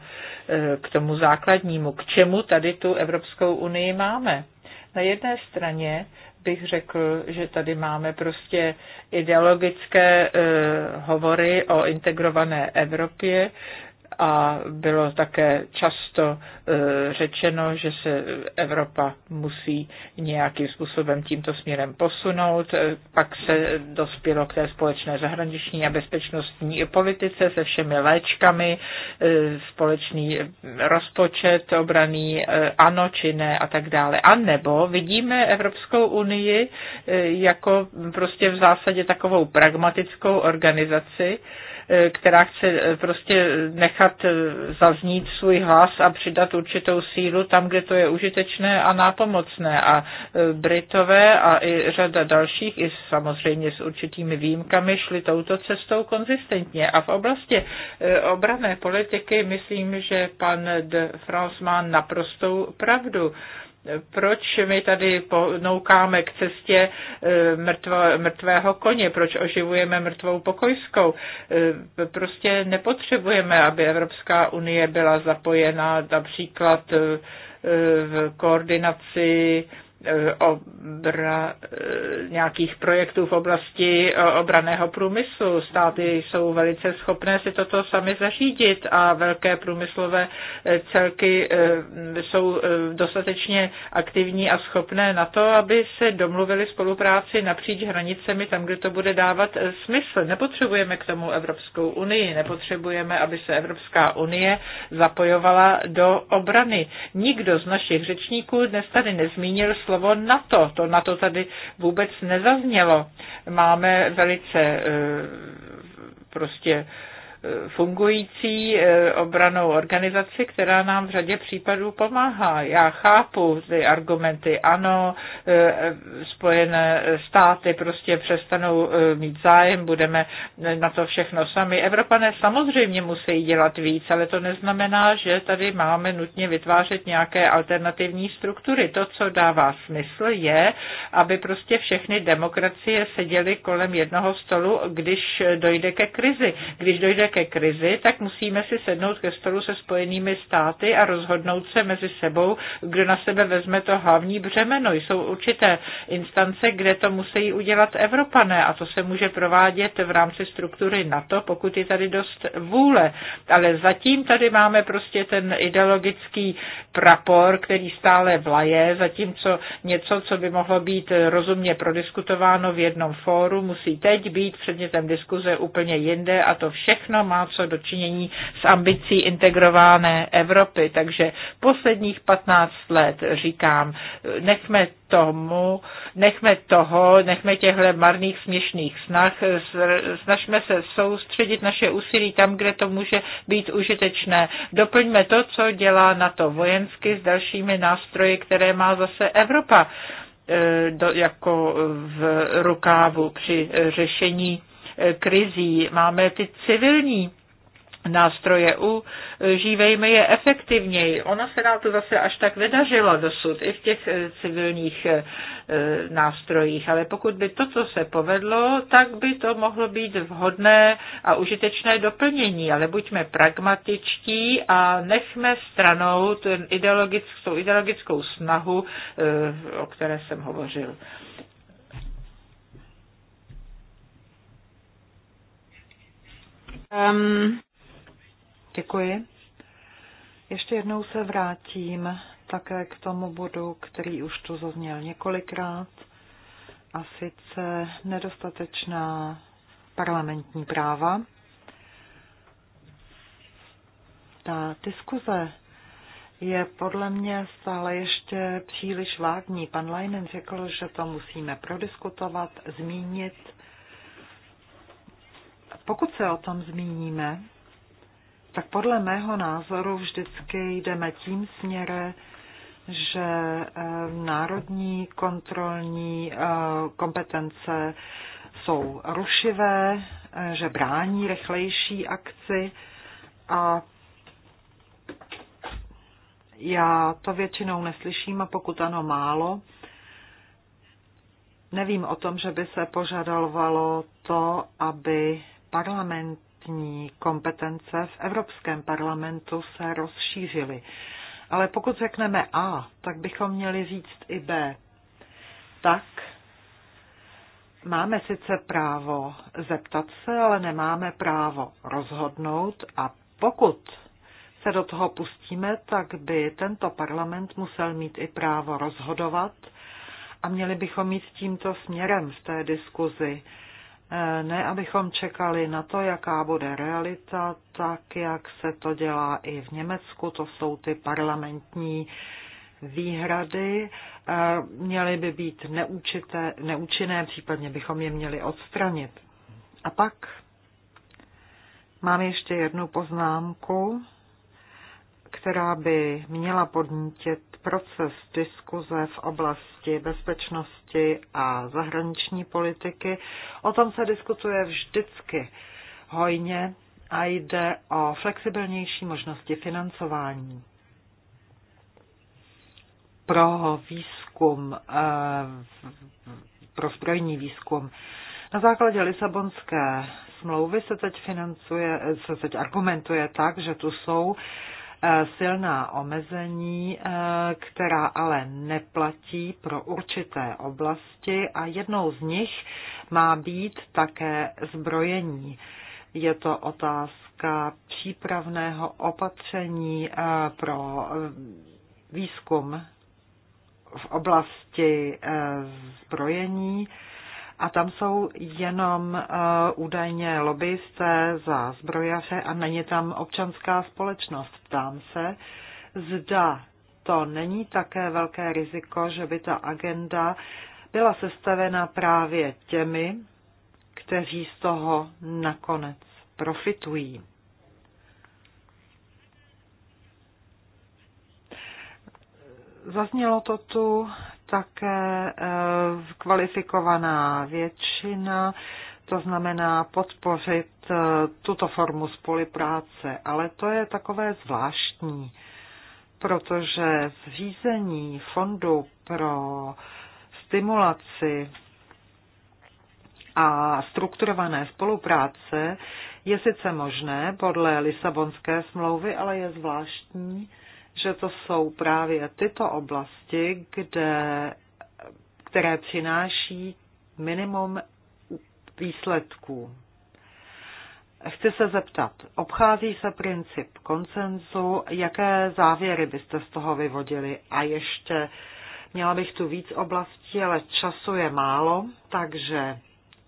k tomu základnímu, k čemu tady tu Evropskou unii máme. Na jedné straně bych řekl, že tady máme prostě ideologické eh, hovory o integrované Evropě, a bylo také často e, řečeno, že se Evropa musí nějakým způsobem tímto směrem posunout. E, pak se dospělo k té společné zahraniční a bezpečnostní politice se všemi léčkami, e, společný rozpočet obraný, ano či ne a tak dále. A nebo vidíme Evropskou unii jako prostě v zásadě takovou pragmatickou organizaci, která chce eh, prostě nechat eh, zaznít svůj hlas a přidat určitou sílu tam, kde to je užitečné a nápomocné. A eh, Britové a i řada dalších, i samozřejmě s určitými výjimkami, šli touto cestou konzistentně. A v oblasti obrané politiky myslím, že pan de France má naprostou pravdu. Proč my tady ponoukáme k cestě e, mrtvo, mrtvého koně? Proč oživujeme mrtvou pokojskou? E, prostě nepotřebujeme, aby Evropská unie byla zapojena například e, v koordinaci Eh, obra, eh, nějakých projektů v oblasti eh, obraného průmyslu. Státy jsou velice schopné si toto sami zařídit a velké průmyslové celky jsou dostatečně aktivní a schopné na to, aby se domluvili spolupráci napříč hranicemi tam, kde to bude dávat smysl. Nepotřebujeme k tomu Evropskou unii, nepotřebujeme, aby se Evropská unie zapojovala do obrany. Nikdo z našich řečníků dnes tady nezmínil slovo NATO. To NATO tady vůbec nezaznělo. Máme velice eh, prostě fungující eh, obranou organizaci, která nám v řadě případů pomáhá. Já chápu ty argumenty, ano, eh, spojené státy prostě přestanou eh, mít zájem, budeme na to všechno sami. Evropané samozřejmě musí dělat víc, ale to neznamená, že tady máme nutně vytvářet nějaké alternativní struktury. To, co dává smysl, je, aby prostě všechny demokracie seděly kolem jednoho stolu, když dojde ke krizi. Když dojde ke krizi, tak musíme si sednout ke stolu se spojenými státy a rozhodnout se mezi sebou, kdo na sebe vezme to hlavní břemeno. Jsou určité instance, kde to musí udělat Evropané a to se může provádět v rámci struktury NATO, pokud je tady dost vůle. Ale zatím tady máme prostě ten ideologický prapor, který stále vlaje, zatímco něco, co by mohlo být rozumně prodiskutováno v jednom fóru, musí teď být předmětem diskuze úplně jinde a to všechno všechno má co dočinění s ambicí integrované Evropy. Takže posledních 15 let říkám, nechme tomu, nechme toho, nechme těchto marných směšných snah, snažme se soustředit naše úsilí tam, kde to může být užitečné. Doplňme to, co dělá na to vojensky s dalšími nástroji, které má zase Evropa eh, do, jako v rukávu při řešení krizí. Máme ty civilní nástroje, užívejme je efektivněji. Ono se nám to zase až tak nedařilo dosud i v těch eh, civilních eh, nástrojích, ale pokud by to, co se povedlo, tak by to mohlo být vhodné a užitečné doplnění, ale buďme pragmatičtí a nechme stranou ten ideologickou, ideologickou snahu, eh, o které jsem hovořil. Um, děkuji. Ještě jednou se vrátím také k tomu bodu, který už tu zazněl několikrát, a sice nedostatečná parlamentní práva. Ta diskuze je podle mě stále ještě příliš vágní. Pan Leinen řekl, že to musíme prodiskutovat, zmínit pokud se o tom zmíníme, tak podle mého názoru vždycky jdeme tím směrem, že eh, národní kontrolní eh, kompetence jsou rušivé, eh, že brání rychlejší akci a já to většinou neslyším a pokud ano málo, nevím o tom, že by se požadovalo to, aby parlamentní kompetence v Evropském parlamentu se rozšířily. Ale pokud řekneme A, tak bychom měli říct i B. Tak máme sice právo zeptat se, ale nemáme právo rozhodnout a pokud se do toho pustíme, tak by tento parlament musel mít i právo rozhodovat a měli bychom mít tímto směrem v té diskuzi ne, abychom čekali na to, jaká bude realita, tak jak se to dělá i v Německu, to jsou ty parlamentní výhrady, eh, měly by být neúčité, neúčinné, případně bychom je měli odstranit. A pak mám ještě jednu poznámku která by měla podnítit proces diskuze v oblasti bezpečnosti a zahraniční politiky. O tom se diskutuje vždycky hojně a jde o flexibilnější možnosti financování pro výzkum, eh, pro zbrojní výzkum. Na základě Lisabonské smlouvy se teď, financuje, se teď argumentuje tak, že tu jsou Eh, silná omezení, eh, která ale neplatí pro určité oblasti a jednou z nich má být také zbrojení. Je to otázka přípravného opatření eh, pro výzkum v oblasti zbrojení a tam jsou jenom uh, údajně lobbyisté za zbrojaře a není tam občanská společnost. Ptám se, zda to není také velké riziko, že by ta agenda byla sestavena právě těmi, kteří z toho nakonec profitují. Zaznělo to tu, také eh, kvalifikovaná většina, to znamená podpořit eh, tuto formu spolupráce. Ale to je takové zvláštní, protože zřízení fondu pro stimulaci a strukturované spolupráce je sice možné podle Lisabonské smlouvy, ale je zvláštní, že to jsou právě tyto oblasti, kde, které přináší minimum výsledků. Chci se zeptat, obchází se princip konsenzu, jaké závěry byste z toho vyvodili? A ještě měla bych tu víc oblastí, ale času je málo, takže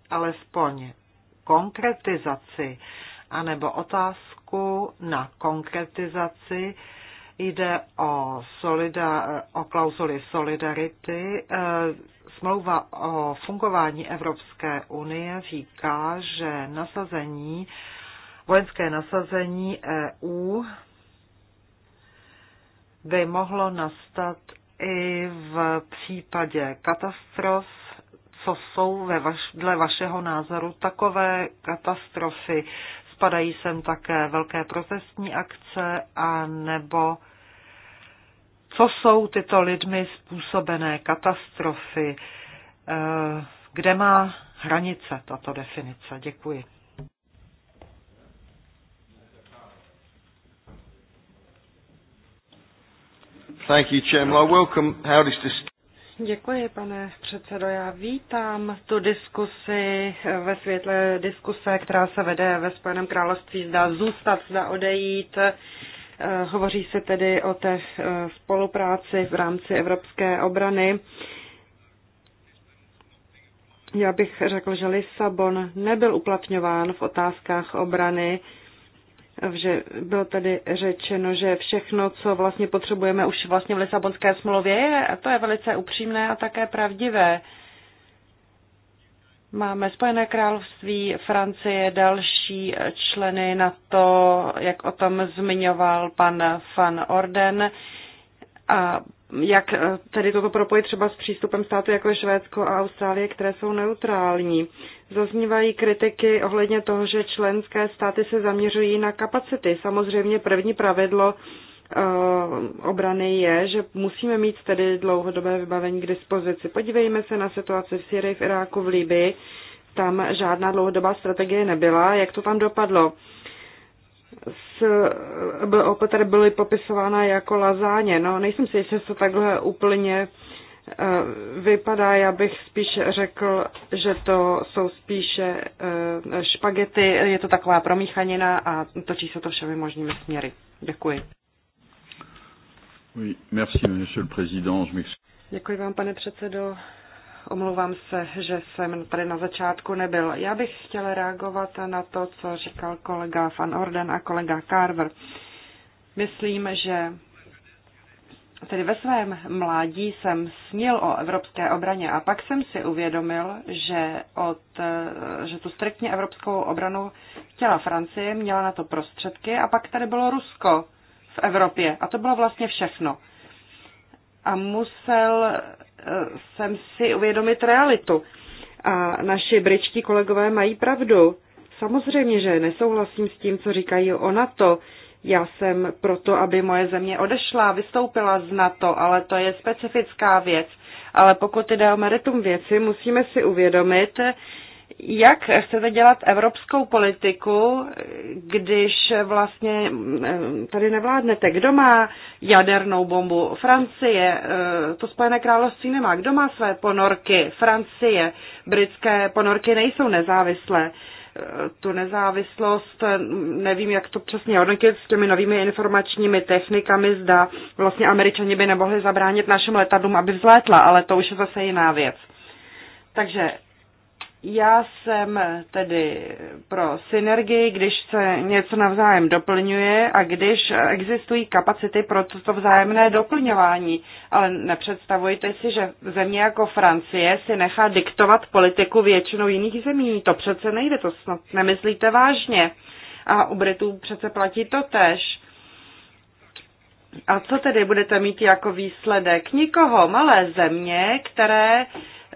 alespoň konkretizaci anebo otázku na konkretizaci Jde o, solida, o klauzuli solidarity. Smlouva o fungování Evropské unie říká, že nasazení, vojenské nasazení EU by mohlo nastat i v případě katastrof, co jsou ve vaš, dle vašeho názoru takové katastrofy. Spadají sem také velké protestní akce a nebo co jsou tyto lidmi způsobené katastrofy, eh, kde má hranice tato definice. Děkuji. Thank you, Chairman. welcome how this Děkuji, pane předsedo. Já vítám tu diskusi eh, ve světle diskuse, která se vede ve Spojeném království, zda zůstat, zda odejít. Eh, hovoří se tedy o té eh, spolupráci v rámci evropské obrany. Já bych řekl, že Lisabon nebyl uplatňován v otázkách obrany, že bylo tady řečeno, že všechno, co vlastně potřebujeme už vlastně v Lisabonské smlouvě je, a to je velice upřímné a také pravdivé. Máme Spojené království, Francie, další členy na to, jak o tom zmiňoval pan Van Orden. A jak eh, tedy toto propojit třeba s přístupem státu jako je Švédsko a Austrálie, které jsou neutrální. Zaznívají kritiky ohledně toho, že členské státy se zaměřují na kapacity. Samozřejmě první pravidlo Eh, obrany je, že musíme mít tedy dlouhodobé vybavení k dispozici. Podívejme se na situaci v Syrii, v Iráku, v Libii. Tam žádná dlouhodobá strategie nebyla. Jak to tam dopadlo? S, eh, bylo, tady byly popisována jako lazáně. No, nejsem si jistě, to takhle úplně eh, vypadá, já bych spíš řekl, že to jsou spíše špagety, je to taková promíchanina a točí se to všemi možnými směry. Děkuji. Oui, merci, monsieur le président. Je Děkuji vám, pane předsedo. Omlouvám se, že jsem tady na začátku nebyl. Já bych chtěl reagovat na to, co říkal kolega Van Orden a kolega Carver. Myslím, že tedy ve svém mládí jsem snil o evropské obraně a pak jsem si uvědomil, že, od, že tu striktně evropskou obranu chtěla Francie, měla na to prostředky a pak tady bylo Rusko v Evropě. A to bylo vlastně všechno. A musel eh, jsem si uvědomit realitu. A naši britští kolegové mají pravdu. Samozřejmě, že nesouhlasím s tím, co říkají o NATO. Já jsem proto, aby moje země odešla, vystoupila z NATO, ale to je specifická věc. Ale pokud jde o meritum věci, musíme si uvědomit, jak chcete dělat evropskou politiku, když vlastně eh, tady nevládnete? Kdo má jadernou bombu? Francie, eh, to Spojené království nemá. Kdo má své ponorky? Francie, britské ponorky nejsou nezávislé. Eh, tu nezávislost, nevím, jak to přesně hodnotit s těmi novými informačními technikami, zda vlastně američani by nemohli zabránit našim letadlům, aby vzlétla, ale to už je zase jiná věc. Takže já jsem tedy pro synergii, když se něco navzájem doplňuje a když existují kapacity pro toto vzájemné doplňování. Ale nepředstavujte si, že země jako Francie si nechá diktovat politiku většinou jiných zemí. To přece nejde, to snad nemyslíte vážně. A u Britů přece platí to tež. A co tedy budete mít jako výsledek? Nikoho, malé země, které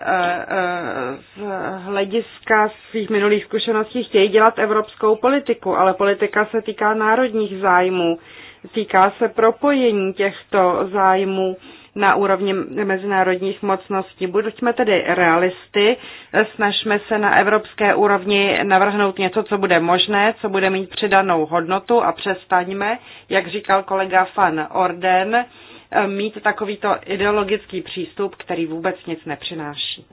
Eh, eh, z hlediska svých minulých zkušeností chtějí dělat evropskou politiku, ale politika se týká národních zájmů, týká se propojení těchto zájmů na úrovni mezinárodních mocností. Buďme tedy realisty, snažme se na evropské úrovni navrhnout něco, co bude možné, co bude mít přidanou hodnotu a přestaňme, jak říkal kolega Fan Orden, mít takovýto ideologický přístup, který vůbec nic nepřináší.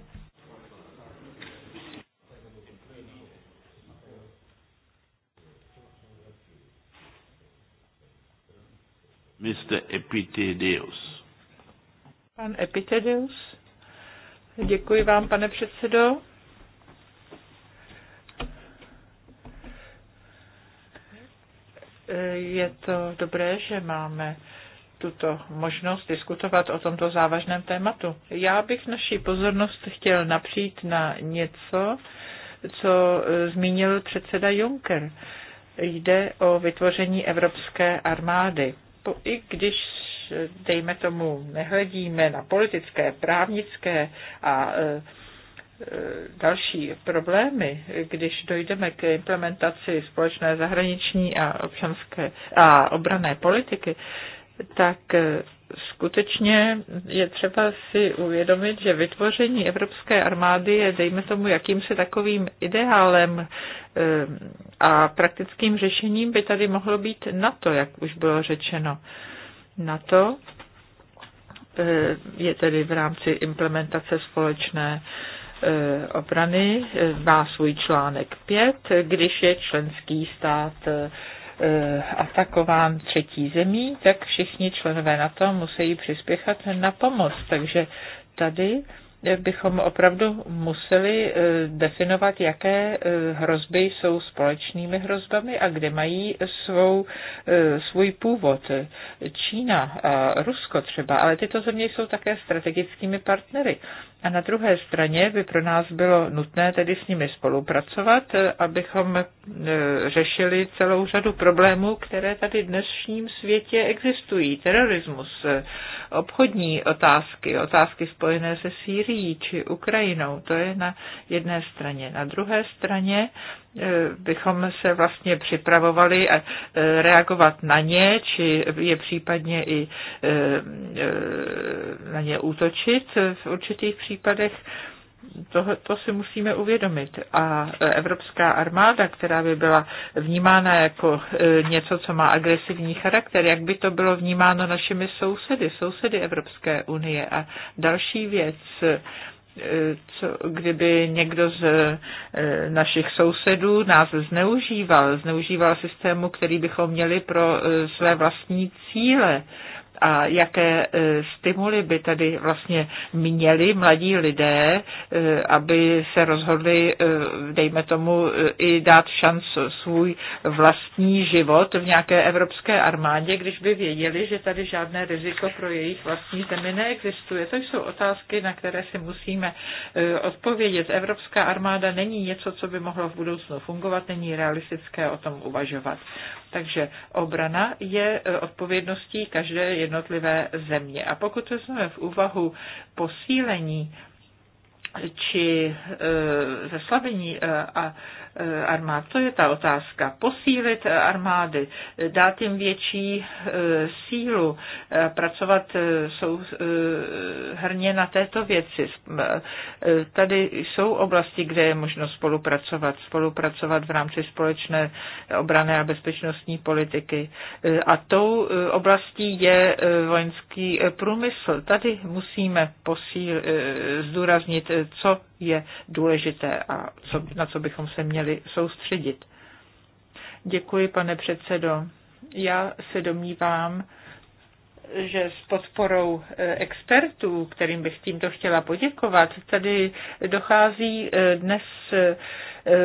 Mr. Epitidius. Pan Epitidius. Děkuji vám, pane předsedo. Je to dobré, že máme tuto možnost diskutovat o tomto závažném tématu. Já bych naší pozornost chtěl napřít na něco, co e, zmínil předseda Juncker. Jde o vytvoření evropské armády. Po, I když e, dejme tomu, nehledíme na politické, právnické a e, další problémy, když dojdeme k implementaci společné zahraniční a občanské a obrané politiky, tak e, skutečně je třeba si uvědomit, že vytvoření evropské armády je, dejme tomu, jakýmsi takovým ideálem e, a praktickým řešením by tady mohlo být NATO, jak už bylo řečeno. NATO e, je tedy v rámci implementace společné obrany, má svůj článek 5, když je členský stát Eh, atakován třetí zemí, tak všichni členové na to musí přispěchat na pomoc. Takže tady bychom opravdu museli eh, definovat, jaké eh, hrozby jsou společnými hrozbami a kde mají svou, svůj původ. Čína a Rusko třeba, ale tyto země jsou také strategickými partnery. A na druhé straně by pro nás bylo nutné tedy s nimi spolupracovat, abychom e, řešili celou řadu problémů, které tady v dnešním světě existují. Terorismus, e, obchodní otázky, otázky spojené se Sýrií či Ukrajinou, to je na jedné straně. Na druhé straně E, bychom se vlastně připravovali a e, reagovat na ně, či je případně i e, na ně útočit v určitých případech. To, to si musíme uvědomit. A evropská armáda, která by byla vnímána jako něco, co má agresivní charakter, jak by to bylo vnímáno našimi sousedy, sousedy Evropské unie. A další věc, co, kdyby někdo z eh, našich sousedů nás zneužíval, zneužíval systému, který bychom měli pro eh, své vlastní cíle a jaké e, stimuly by tady vlastně měli mladí lidé, e, aby se rozhodli, e, dejme tomu, i dát šanc svůj vlastní život v nějaké evropské armádě, když by věděli, že tady žádné riziko pro jejich vlastní zemi neexistuje. To jsou otázky, na které si musíme odpovědět. Evropská armáda není něco, co by mohlo v budoucnu fungovat, není realistické o tom uvažovat. Takže obrana je odpovědností každé jedné jednotlivé země. A pokud vezmeme v úvahu posílení či e, zeslabení e, a Eh, armád. To je ta otázka. Posílit eh, armády, eh, dát jim větší sílu, pracovat jsou hrně na této věci. Tady jsou oblasti, kde je možno spolupracovat, spolupracovat v rámci společné obrané a bezpečnostní politiky. A tou oblastí je vojenský průmysl. Tady musíme posíl, zdůraznit, co je důležité a co, na co bychom se měli soustředit. Děkuji, pane předsedo. Já se domnívám, že s podporou e, expertů, kterým bych tímto chtěla poděkovat, tady dochází e, dnes e,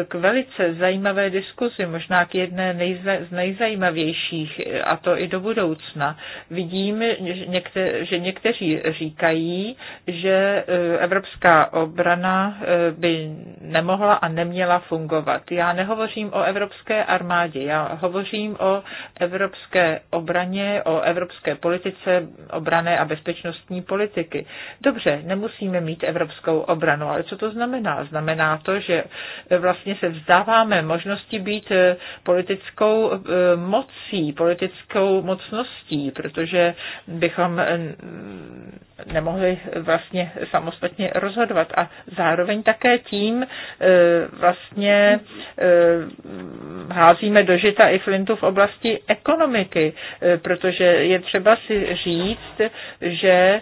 k velice zajímavé diskuzi, možná k jedné nejza, z nejzajímavějších, a to i do budoucna. Vidím, že, někte, že někteří říkají, že eh, evropská obrana eh, by nemohla a neměla fungovat. Já nehovořím o evropské armádě, já hovořím o evropské obraně, o evropské politice obrané a bezpečnostní politiky. Dobře, nemusíme mít evropskou obranu, ale co to znamená? Znamená to, že vlastně se vzdáváme možnosti být eh, politickou eh, mocí, politickou mocností, protože bychom eh, nemohli vlastně samostatně rozhodovat a zároveň také tím vlastně házíme do žita i flintu v oblasti ekonomiky, protože je třeba si říct, že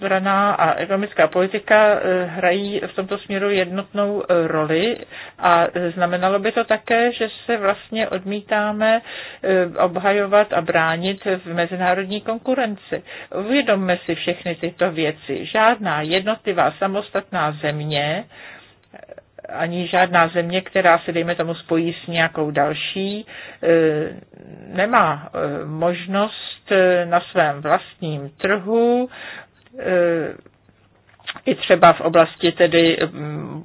obraná a ekonomická politika hrají v tomto směru jednotnou e, roli a znamenalo by to také, že se vlastně odmítáme e, obhajovat a bránit v mezinárodní konkurenci. Uvědomme si všechny tyto věci. Žádná jednotlivá samostatná země ani žádná země, která se, dejme tomu, spojí s nějakou další, e, nemá možnost na svém vlastním trhu i třeba v oblasti tedy mm,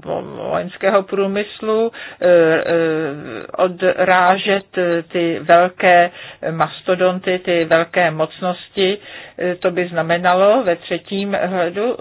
vojenského průmyslu e, e, odrážet e, ty velké mastodonty, ty velké mocnosti. To by znamenalo ve třetím hledu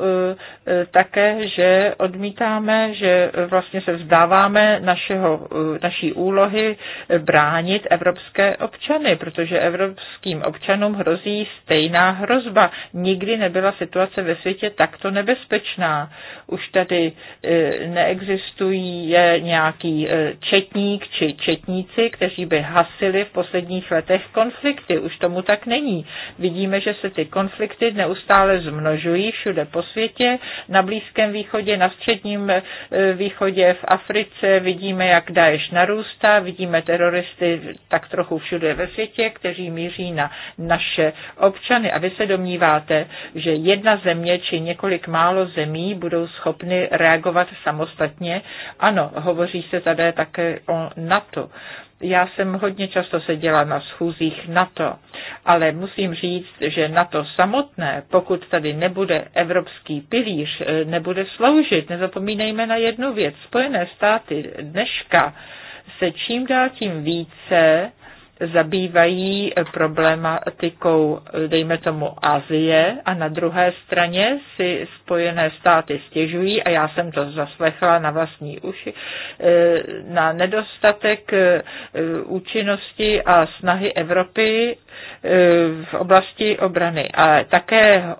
také, že odmítáme, že vlastně se vzdáváme našeho, naší úlohy bránit evropské občany, protože evropským občanům hrozí stejná hrozba. Nikdy nebyla situace ve světě takto nebezpečná skutečná. Už tady e, neexistují nějaký e, četník či četníci, kteří by hasili v posledních letech konflikty. Už tomu tak není. Vidíme, že se ty konflikty neustále zmnožují všude po světě, na Blízkém východě, na středním e, východě, v Africe. Vidíme, jak Daesh narůstá, vidíme teroristy tak trochu všude ve světě, kteří míří na naše občany. A vy se domníváte, že jedna země či několik málo zemí budou schopny reagovat samostatně. Ano, hovoří se tady také o NATO. Já jsem hodně často seděla na schůzích NATO, ale musím říct, že NATO samotné, pokud tady nebude evropský pilíř, eh, nebude sloužit. Nezapomínejme na jednu věc. Spojené státy dneška se čím dál tím více zabývají problematikou, dejme tomu, Azie a na druhé straně si Spojené státy stěžují, a já jsem to zaslechla na vlastní uši, eh, na nedostatek eh, účinnosti a snahy Evropy eh, v oblasti obrany. a také,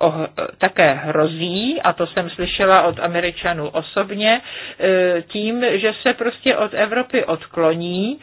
také hrozí, a to jsem slyšela od Američanů osobně, tím, že se prostě od Evropy odkloní,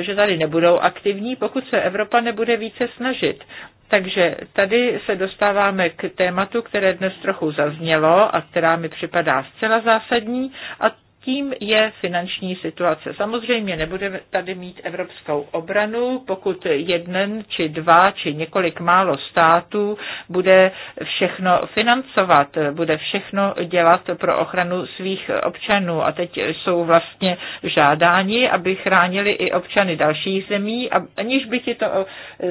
že tady nebudou aktivní není, pokud se Evropa nebude více snažit. Takže tady se dostáváme k tématu, které dnes trochu zaznělo a která mi připadá zcela zásadní, a tím je finanční situace. Samozřejmě nebudeme tady mít evropskou obranu, pokud jeden či dva či několik málo států bude všechno financovat, bude všechno dělat pro ochranu svých občanů. A teď jsou vlastně žádáni, aby chránili i občany dalších zemí, aniž by tyto,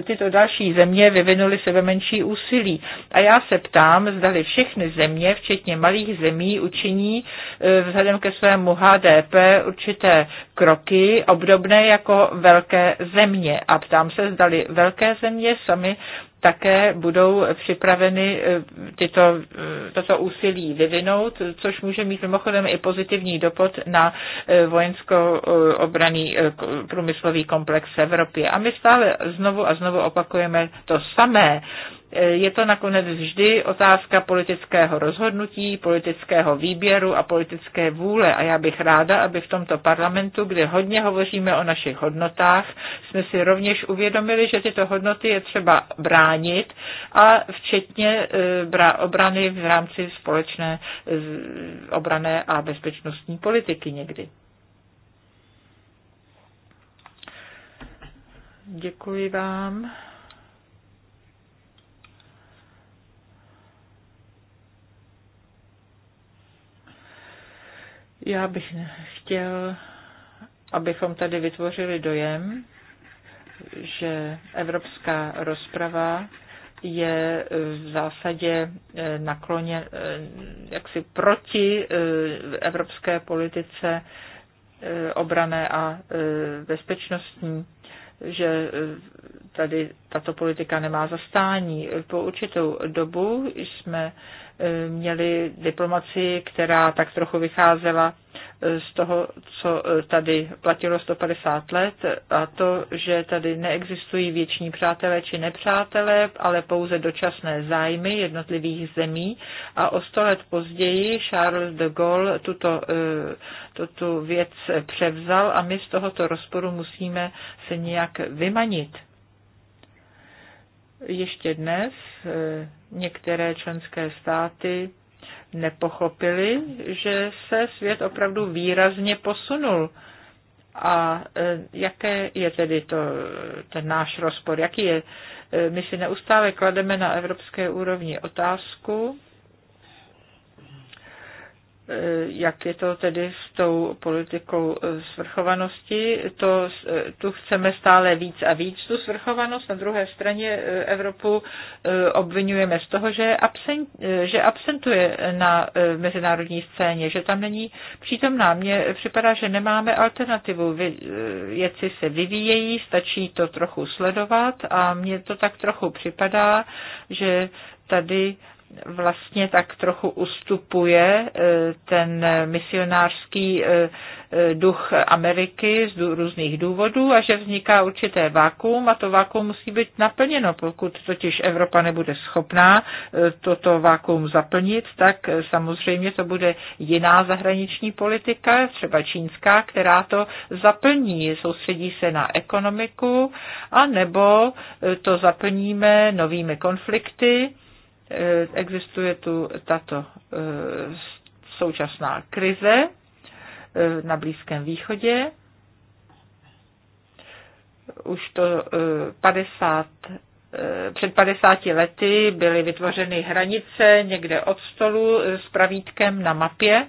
tyto další země vyvinuly sebe menší úsilí. A já se ptám, zdali všechny země, včetně malých zemí, učiní eh, vzhledem ke svému programu HDP určité kroky, obdobné jako velké země. A ptám se, zdali velké země sami také budou připraveny eh, tyto, eh, toto úsilí vyvinout, což může mít mimochodem i pozitivní dopad na eh, vojensko-obraný průmyslový komplex v Evropě. A my stále znovu a znovu opakujeme to samé. E, je to nakonec vždy otázka politického rozhodnutí, politického výběru a politické vůle. A já bych ráda, aby v tomto parlamentu, kde hodně hovoříme o našich hodnotách, jsme si rovněž uvědomili, že tyto hodnoty je třeba bránit a včetně e, obrany v rámci společné e, obrané a bezpečnostní politiky někdy. Děkuji vám. Já bych chtěl, abychom tady vytvořili dojem, že evropská rozprava je v zásadě eh, nakloně eh, jaksi proti eh, evropské politice obrané a bezpečnostní, že tady tato politika nemá zastání. Po určitou dobu jsme měli diplomaci, která tak trochu vycházela z toho, co tady platilo 150 let, a to, že tady neexistují věční přátelé či nepřátelé, ale pouze dočasné zájmy jednotlivých zemí. A o 100 let později Charles de Gaulle tuto, e, tuto věc převzal a my z tohoto rozporu musíme se nějak vymanit ještě dnes eh, některé členské státy nepochopili, že se svět opravdu výrazně posunul. A eh, jaké je tedy to, ten náš rozpor? Jaký je? Eh, my si neustále klademe na evropské úrovni otázku, Eh, jak je to tedy s tou politikou eh, svrchovanosti. To, eh, tu chceme stále víc a víc, tu svrchovanost. Na druhé straně Evropu obvinujeme z toho, že, absent, že absentuje na mezinárodní scéně, že tam není přítomná. Mně připadá, že nemáme alternativu. Věci se vyvíjejí, stačí to trochu sledovat a mně to tak trochu připadá, že tady vlastně tak trochu ustupuje eh, ten misionářský eh, eh, duch Ameriky z různých důvodů a že vzniká určité vákuum a to vákuum musí být naplněno. Pokud totiž Evropa nebude schopná toto vákuum zaplnit, tak samozřejmě to bude jiná zahraniční politika, třeba čínská, která to zaplní, soustředí se na ekonomiku a nebo to zaplníme novými konflikty, Eh, existuje tu tato eh, současná krize eh, na Blízkém východě. Už to 50 před 50 lety byly vytvořeny hranice někde od stolu s pravítkem na mapě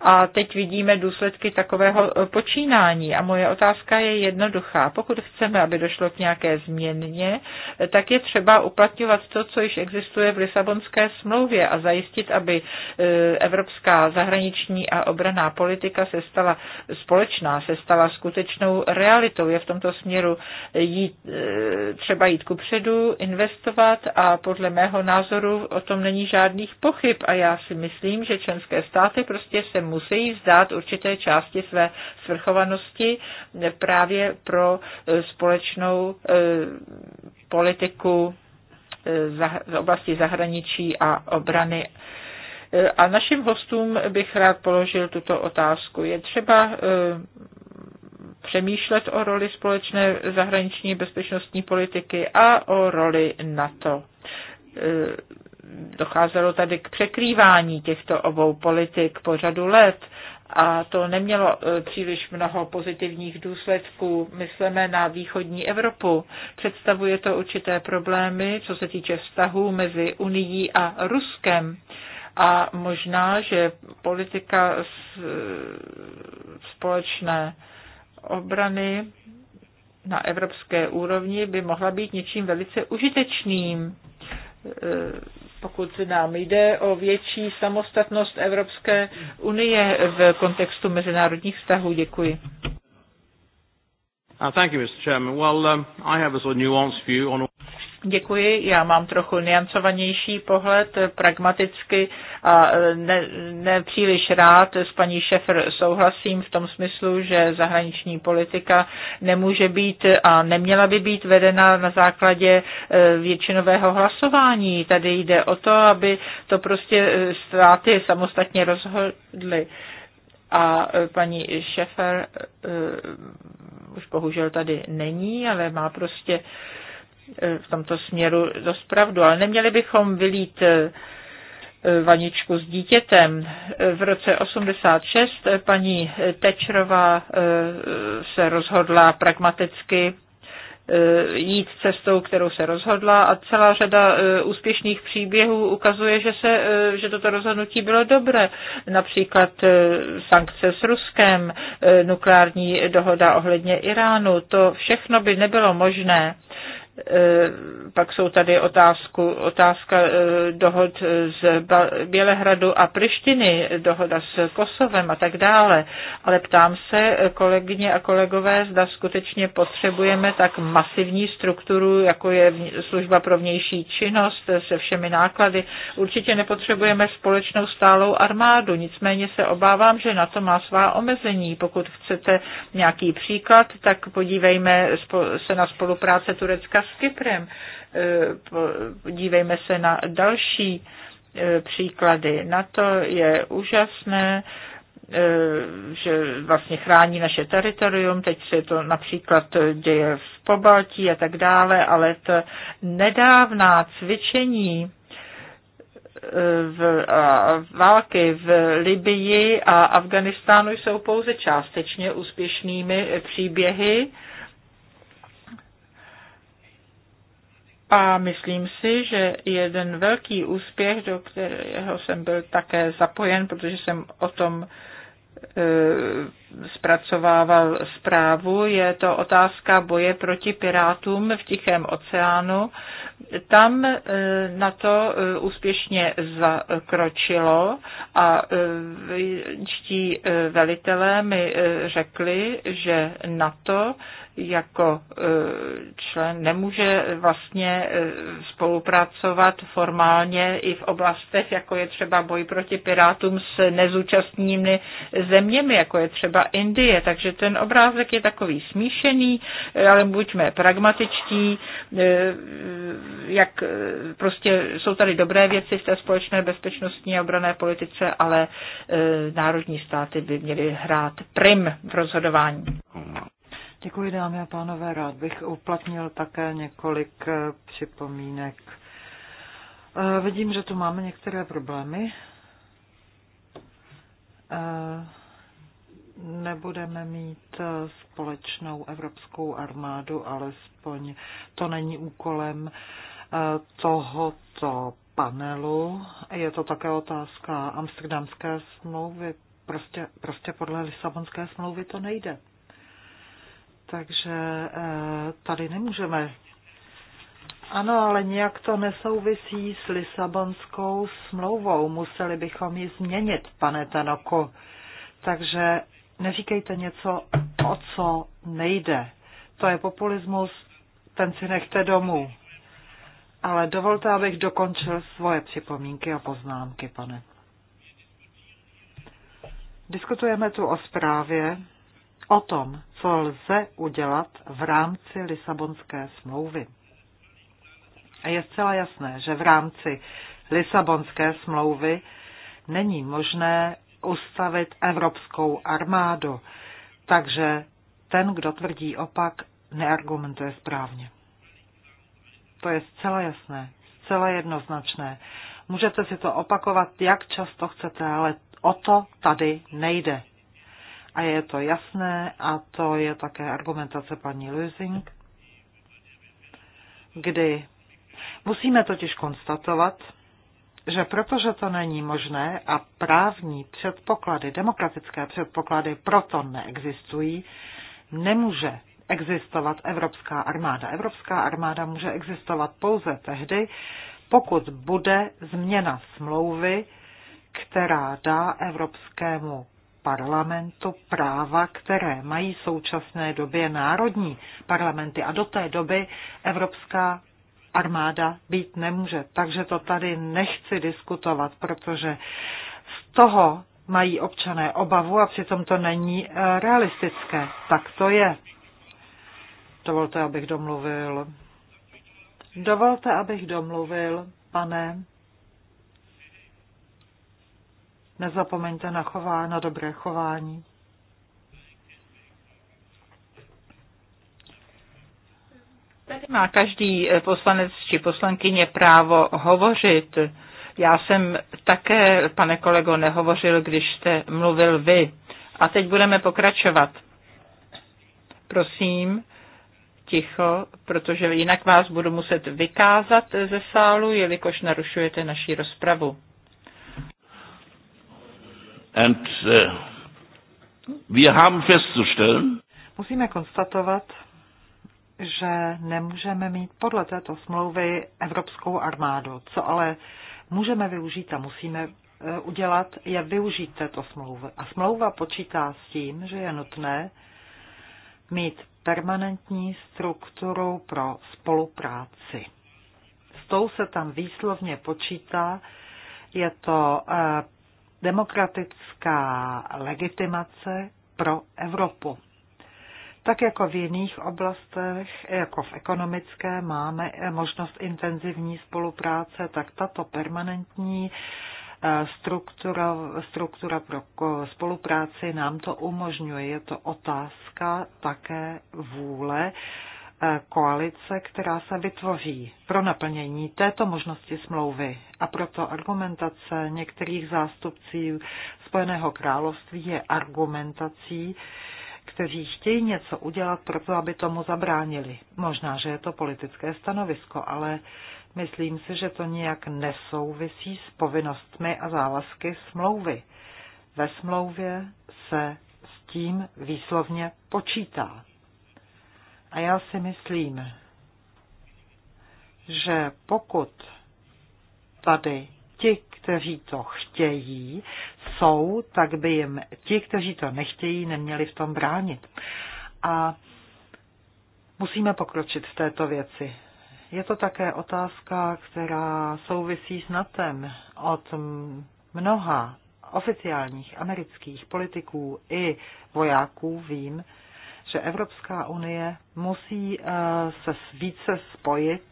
a teď vidíme důsledky takového e, počínání. A moje otázka je jednoduchá. Pokud chceme, aby došlo k nějaké změně, e, tak je třeba uplatňovat to, co již existuje v Lisabonské smlouvě a zajistit, aby e, evropská zahraniční a obraná politika se stala společná, se stala skutečnou realitou. Je v tomto směru jít, třeba jít ku předu, investovat a podle mého názoru o tom není žádných pochyb a já si myslím, že členské státy prostě se musí vzdát určité části své svrchovanosti právě pro e, společnou e, politiku e, v oblasti zahraničí a obrany. A našim hostům bych rád položil tuto otázku. Je třeba přemýšlet o roli společné zahraniční bezpečnostní politiky a o roli NATO docházelo tady k překrývání těchto obou politik po řadu let a to nemělo e, příliš mnoho pozitivních důsledků. Myslíme na východní Evropu. Představuje to určité problémy, co se týče vztahů mezi Unií a Ruskem. A možná, že politika e, společné obrany na evropské úrovni by mohla být něčím velice užitečným e, pokud nám jde o větší samostatnost Evropské unie v kontextu mezinárodních vztahů. Děkuji. Uh, thank you, Mr. Chairman. Well, um, I have a sort of nuanced view on all... Děkuji, já mám trochu niancovanější pohled, pragmaticky a e, ne, ne příliš rád s paní Šefer souhlasím v tom smyslu, že zahraniční politika nemůže být a neměla by být vedena na základě e, většinového hlasování. Tady jde o to, aby to prostě e, státy samostatně rozhodly. A paní Šefer už bohužel tady není, ale má prostě uh, E, v tomto směru dost pravdu, ale neměli bychom vylít e, vaničku s dítětem. E, v roce 86 paní Tečrová se rozhodla pragmaticky jít cestou, kterou se rozhodla a celá řada úspěšných příběhů ukazuje, že, se, že toto rozhodnutí bylo dobré. Například sankce s Ruskem, nukleární dohoda ohledně Iránu, to všechno by nebylo možné Eh, pak jsou tady otázku, otázka eh, dohod z Bělehradu a Prištiny, dohoda s Kosovem a tak dále. Ale ptám se, kolegyně a kolegové, zda skutečně potřebujeme tak masivní strukturu, jako je služba pro vnější činnost se všemi náklady. Určitě nepotřebujeme společnou stálou armádu, nicméně se obávám, že na to má svá omezení. Pokud chcete nějaký příklad, tak podívejme se na spolupráce Turecka s Kyprem. E, dívejme se na další e, příklady. Na to je úžasné, e, že vlastně chrání naše teritorium, teď se to například děje v Pobaltí a tak dále, ale to nedávná cvičení v, a, války v Libii a Afganistánu jsou pouze částečně úspěšnými příběhy. A myslím si, že jeden velký úspěch, do kterého jsem byl také zapojen, protože jsem o tom e, zpracovával zprávu, je to otázka boje proti pirátům v Tichém oceánu. Tam e, na to e, úspěšně zakročilo a čtí velitelé mi řekli, že na to jako e, člen nemůže vlastně e, spolupracovat formálně i v oblastech, jako je třeba boj proti pirátům s nezúčastními zeměmi, jako je třeba Indie. Takže ten obrázek je takový smíšený, e, ale buďme pragmatičtí, jak prostě jsou tady dobré věci v té společné bezpečnostní a obrané politice, ale národní státy by měly hrát prim v rozhodování. Děkuji, dámy a pánové. Rád bych uplatnil také několik eh, připomínek. Eh, vidím, že tu máme některé problémy. Eh, nebudeme mít společnou evropskou armádu, alespoň to není úkolem tohoto panelu. Je to také otázka amsterdamské smlouvy. Prostě, prostě podle Lisabonské smlouvy to nejde. Takže eh, tady nemůžeme. Ano, ale nějak to nesouvisí s Lisabonskou smlouvou. Museli bychom ji změnit, pane Tanoku. Takže neříkejte něco, o co nejde. To je populismus, ten si nechte domů. Ale dovolte, abych dokončil svoje připomínky a poznámky, pane. Diskutujeme tu o zprávě, o tom, co lze udělat v rámci Lisabonské smlouvy. A je zcela jasné, že v rámci Lisabonské smlouvy není možné ustavit evropskou armádu, takže ten, kdo tvrdí opak, neargumentuje správně. To je zcela jasné, zcela jednoznačné. Můžete si to opakovat, jak často chcete, ale o to tady nejde a je to jasné a to je také argumentace paní Lusing, kdy musíme totiž konstatovat, že protože to není možné a právní předpoklady, demokratické předpoklady proto neexistují, nemůže existovat Evropská armáda. Evropská armáda může existovat pouze tehdy, pokud bude změna smlouvy, která dá Evropskému parlamentu práva, které mají v současné době národní parlamenty a do té doby Evropská armáda být nemůže. Takže to tady nechci diskutovat, protože z toho mají občané obavu a přitom to není eh, realistické. Tak to je. Dovolte, abych domluvil. Dovolte, abych domluvil, pane Nezapomeňte na, chová, na dobré chování. Tady má každý eh, poslanec či poslankyně právo hovořit. Já jsem také, pane kolego, nehovořil, když jste mluvil vy. A teď budeme pokračovat. Prosím, ticho, protože jinak vás budu muset vykázat ze sálu, jelikož narušujete naší rozpravu. And, uh, wir haben festzustellen, Musíme konstatovat, že nemůžeme mít podle této smlouvy evropskou armádu. Co ale můžeme využít a musíme eh, udělat, je využít této smlouvy. A smlouva počítá s tím, že je nutné mít permanentní strukturu pro spolupráci. S tou se tam výslovně počítá, je to eh, demokratická legitimace pro Evropu. Tak jako v jiných oblastech, jako v ekonomické, máme možnost intenzivní spolupráce, tak tato permanentní eh, struktura, struktura pro spolupráci nám to umožňuje. Je to otázka také vůle E, koalice, která se vytvoří pro naplnění této možnosti smlouvy. A proto argumentace některých zástupců Spojeného království je argumentací, kteří chtějí něco udělat pro to, aby tomu zabránili. Možná, že je to politické stanovisko, ale myslím si, že to nijak nesouvisí s povinnostmi a závazky smlouvy. Ve smlouvě se s tím výslovně počítá. A já si myslím, že pokud tady ti, kteří to chtějí, jsou, tak by jim ti, kteří to nechtějí, neměli v tom bránit. A musíme pokročit v této věci. Je to také otázka, která souvisí s NATEM od mnoha oficiálních amerických politiků i vojáků vím, že Evropská unie musí eh, se více spojit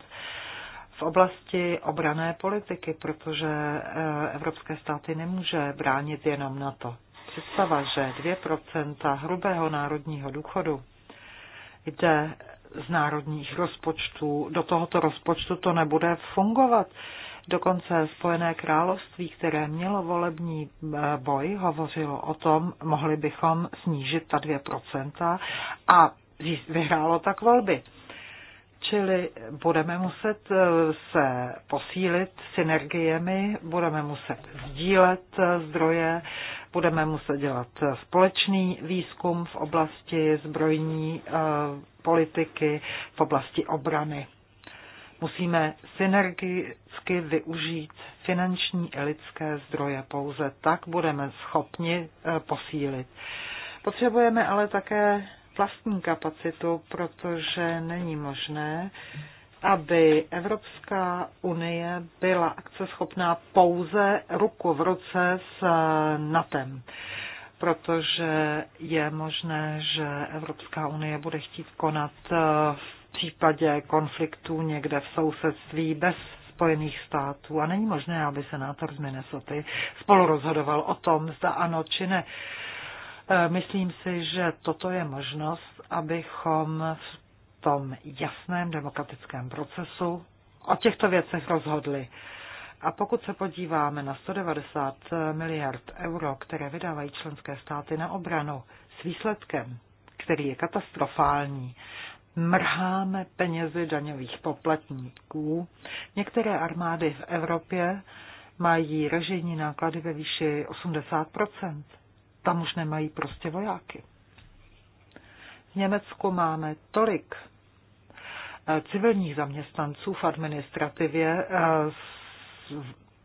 v oblasti obrané politiky, protože eh, evropské státy nemůže bránit jenom na to. Představa, že 2% hrubého národního důchodu jde z národních rozpočtů, do tohoto rozpočtu to nebude fungovat. Dokonce Spojené království, které mělo volební e, boj, hovořilo o tom, mohli bychom snížit ta 2% a vyhrálo tak volby. Čili budeme muset e, se posílit synergiemi, budeme muset sdílet e, zdroje, budeme muset dělat společný výzkum v oblasti zbrojní politiky, v oblasti obrany. Musíme synergicky využít finanční i lidské zdroje. Pouze tak budeme schopni eh, posílit. Potřebujeme ale také vlastní kapacitu, protože není možné, aby Evropská unie byla akceschopná pouze ruku v ruce s eh, NATEM protože je možné, že Evropská unie bude chtít konat eh, případě konfliktů někde v sousedství bez Spojených států a není možné, aby senátor z Minnesota spolu rozhodoval o tom, zda ano či ne. E, myslím si, že toto je možnost, abychom v tom jasném demokratickém procesu o těchto věcech rozhodli. A pokud se podíváme na 190 miliard euro, které vydávají členské státy na obranu s výsledkem, který je katastrofální, mrháme penězi daňových poplatníků. Některé armády v Evropě mají režijní náklady ve výši 80%. Tam už nemají prostě vojáky. V Německu máme tolik eh, civilních zaměstnanců v administrativě eh, z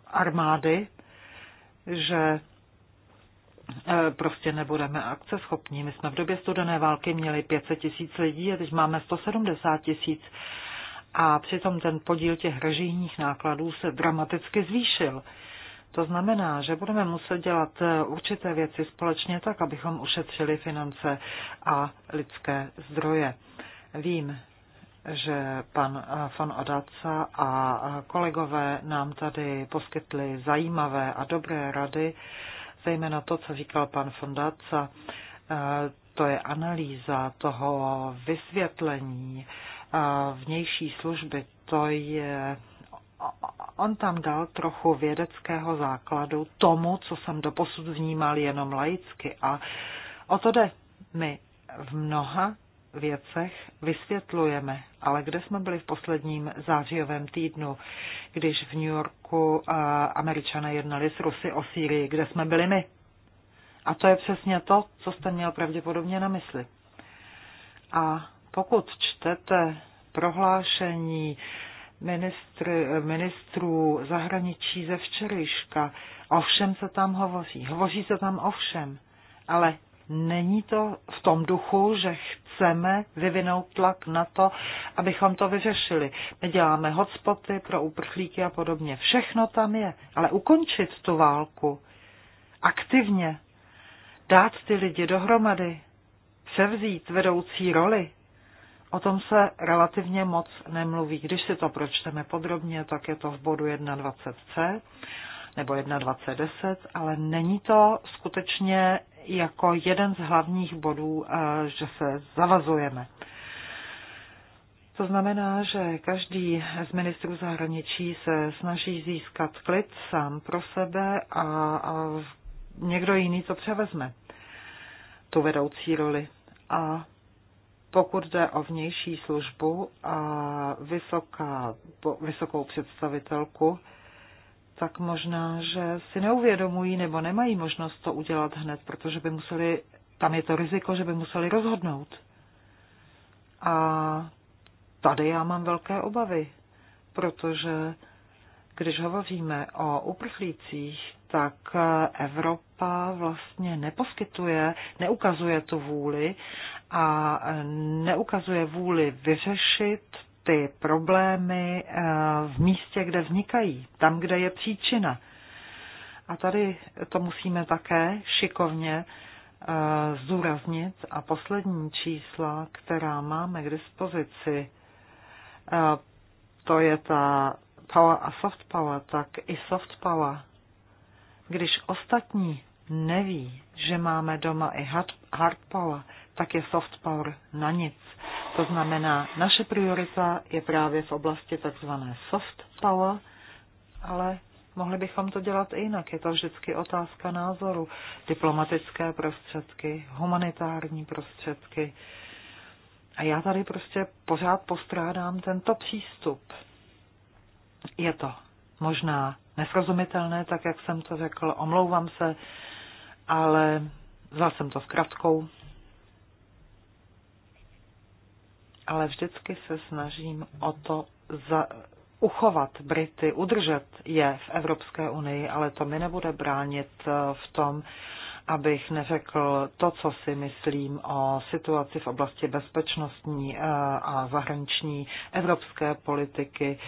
armády, že E, prostě nebudeme akce schopní. My jsme v době studené války měli 500 tisíc lidí a teď máme 170 tisíc. A přitom ten podíl těch režijních nákladů se dramaticky zvýšil. To znamená, že budeme muset dělat e, určité věci společně tak, abychom ušetřili finance a lidské zdroje. Vím, že pan e, von Odaca a kolegové nám tady poskytli zajímavé a dobré rady, zejména to, co říkal pan Fondáca, e, to je analýza toho vysvětlení e, vnější služby, to je on tam dal trochu vědeckého základu tomu, co jsem doposud vnímal jenom laicky. A o to jde. My v mnoha věcech vysvětlujeme, ale kde jsme byli v posledním zářijovém týdnu, když v New Yorku uh, američané jednali s Rusy o Sýrii, kde jsme byli my? A to je přesně to, co jste měl pravděpodobně na mysli. A pokud čtete prohlášení ministr, ministrů zahraničí ze včerejška, o všem se tam hovoří. Hovoří se tam o všem, ale Není to v tom duchu, že chceme vyvinout tlak na to, abychom to vyřešili. My děláme hotspoty pro uprchlíky a podobně. Všechno tam je. Ale ukončit tu válku aktivně, dát ty lidi dohromady, převzít vedoucí roli, o tom se relativně moc nemluví. Když si to pročteme podrobně, tak je to v bodu 21c nebo 21.10, ale není to skutečně jako jeden z hlavních bodů, eh, že se zavazujeme. To znamená, že každý z ministrů zahraničí se snaží získat klid sám pro sebe a, a někdo jiný to převezme, tu vedoucí roli. A pokud jde o vnější službu a vysoká, vysokou představitelku, tak možná, že si neuvědomují nebo nemají možnost to udělat hned, protože by museli, tam je to riziko, že by museli rozhodnout. A tady já mám velké obavy, protože když hovoříme o uprchlících, tak Evropa vlastně neposkytuje, neukazuje tu vůli a neukazuje vůli vyřešit ty problémy eh, v místě, kde vznikají, tam, kde je příčina. A tady to musíme také šikovně eh, zdůraznit. A poslední čísla, která máme k dispozici, eh, to je ta power a soft power, tak i soft power. Když ostatní neví, že máme doma i hard power, tak je soft power na nic. To znamená, naše priorita je právě v oblasti takzvané soft power, ale mohli bychom to dělat i jinak. Je to vždycky otázka názoru. Diplomatické prostředky, humanitární prostředky. A já tady prostě pořád postrádám tento přístup. Je to možná nesrozumitelné, tak jak jsem to řekl, omlouvám se, ale vzal jsem to v kratkou. ale vždycky se snažím o to za, uchovat Brity, udržet je v Evropské unii, ale to mi nebude bránit eh, v tom, abych neřekl to, co si myslím o situaci v oblasti bezpečnostní eh, a zahraniční evropské politiky,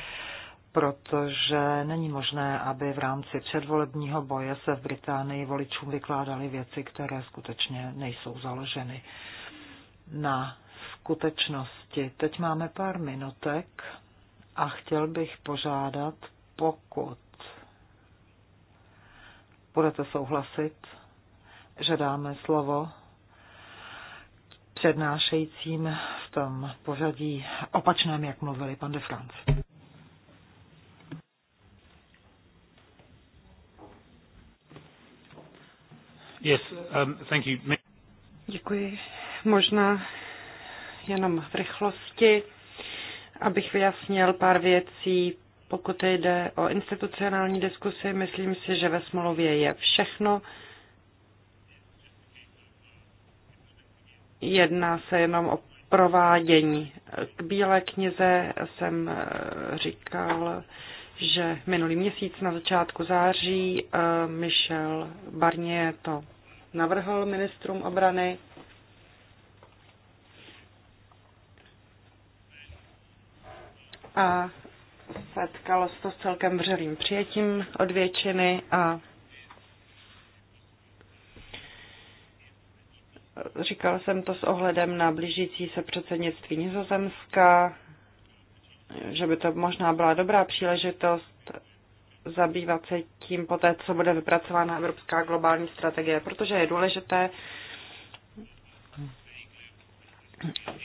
protože není možné, aby v rámci předvolebního boje se v Británii voličům vykládaly věci, které skutečně nejsou založeny na skutečnosti. Teď máme pár minutek a chtěl bych požádat, pokud budete souhlasit, že dáme slovo přednášejícím v tom pořadí opačném, jak mluvili pan de France. Yes, um, thank you. Děkuji. Možná jenom v rychlosti, abych vyjasnil pár věcí. Pokud jde o institucionální diskusi, myslím si, že ve smlouvě je všechno. Jedná se jenom o provádění. K Bílé knize jsem eh, říkal, že minulý měsíc na začátku září eh, Michel Barnier to navrhl ministrům obrany a setkalo se to s celkem vřelým přijetím od většiny a říkal jsem to s ohledem na blížící se předsednictví Nizozemska, že by to možná byla dobrá příležitost zabývat se tím poté, co bude vypracována Evropská globální strategie, protože je důležité,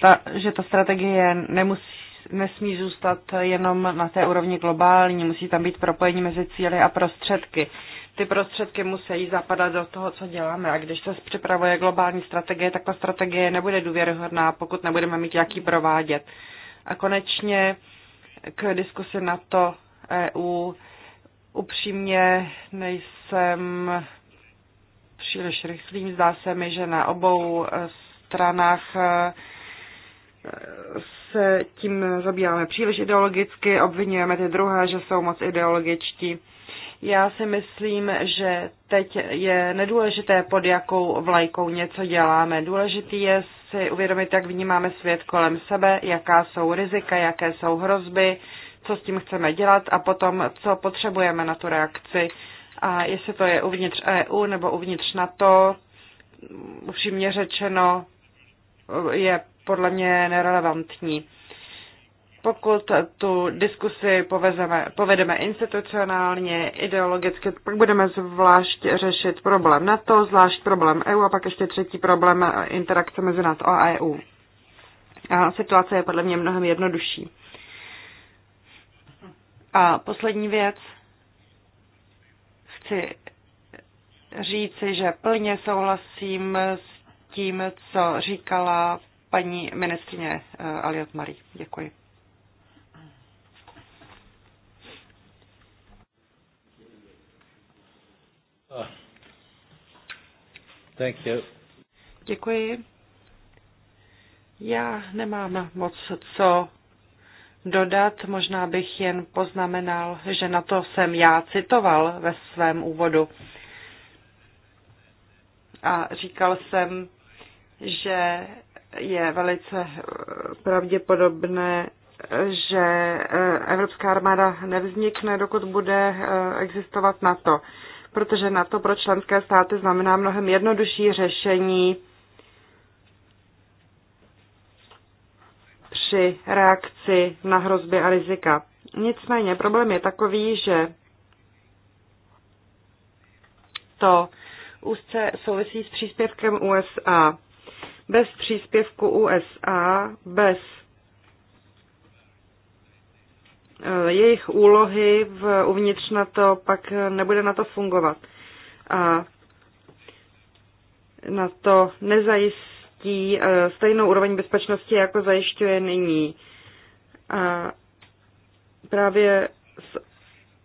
ta, že ta strategie nemusí nesmí zůstat jenom na té úrovni globální, musí tam být propojení mezi cíly a prostředky. Ty prostředky musí zapadat do toho, co děláme. A když se připravuje globální strategie, tak ta strategie nebude důvěryhodná, pokud nebudeme mít jaký provádět. A konečně k diskusi na to EU upřímně nejsem příliš rychlým. Zdá se mi, že na obou stranách se tím zabýváme příliš ideologicky, obvinujeme ty druhé, že jsou moc ideologičtí. Já si myslím, že teď je nedůležité, pod jakou vlajkou něco děláme. Důležitý je si uvědomit, jak vnímáme svět kolem sebe, jaká jsou rizika, jaké jsou hrozby, co s tím chceme dělat a potom, co potřebujeme na tu reakci. A jestli to je uvnitř EU nebo uvnitř NATO, upřímně řečeno, je podle mě nerelevantní. Pokud tu diskusi povezeme, povedeme institucionálně, ideologicky, pak budeme zvlášť řešit problém NATO, zvlášť problém EU a pak ještě třetí problém eh, interakce mezi NATO a EU. A situace je podle mě mnohem jednodušší. A poslední věc. Chci říci, že plně souhlasím s tím, co říkala paní ministrině Aliot eh, Marie. Děkuji. Ah. Thank you. Děkuji. Já nemám moc co dodat, možná bych jen poznamenal, že na to jsem já citoval ve svém úvodu. A říkal jsem, že je velice eh, pravděpodobné, že eh, Evropská armáda nevznikne, dokud bude eh, existovat NATO, protože NATO pro členské státy znamená mnohem jednodušší řešení při reakci na hrozby a rizika. Nicméně problém je takový, že to úzce souvisí s příspěvkem USA bez příspěvku USA, bez eh, jejich úlohy v, uvnitř na to, pak nebude na to fungovat. A na to nezajistí eh, stejnou úroveň bezpečnosti, jako zajišťuje nyní. A právě s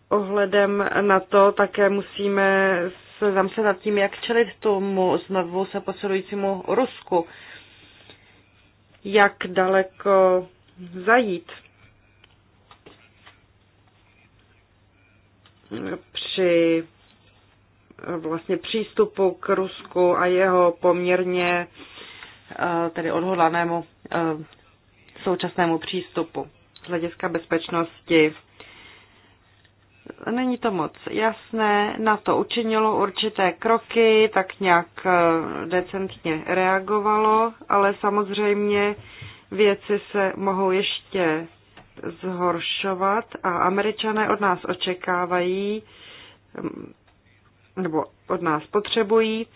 ohledem na to také musíme se zamyslet nad tím, jak čelit tomu znovu se posilujícímu Rusku. Jak daleko zajít při vlastně přístupu k Rusku a jeho poměrně eh, tedy odhodlanému eh, současnému přístupu z hlediska bezpečnosti není to moc jasné. Na to učinilo určité kroky, tak nějak eh, decentně reagovalo, ale samozřejmě věci se mohou ještě zhoršovat a američané od nás očekávají, mm, nebo od nás potřebují,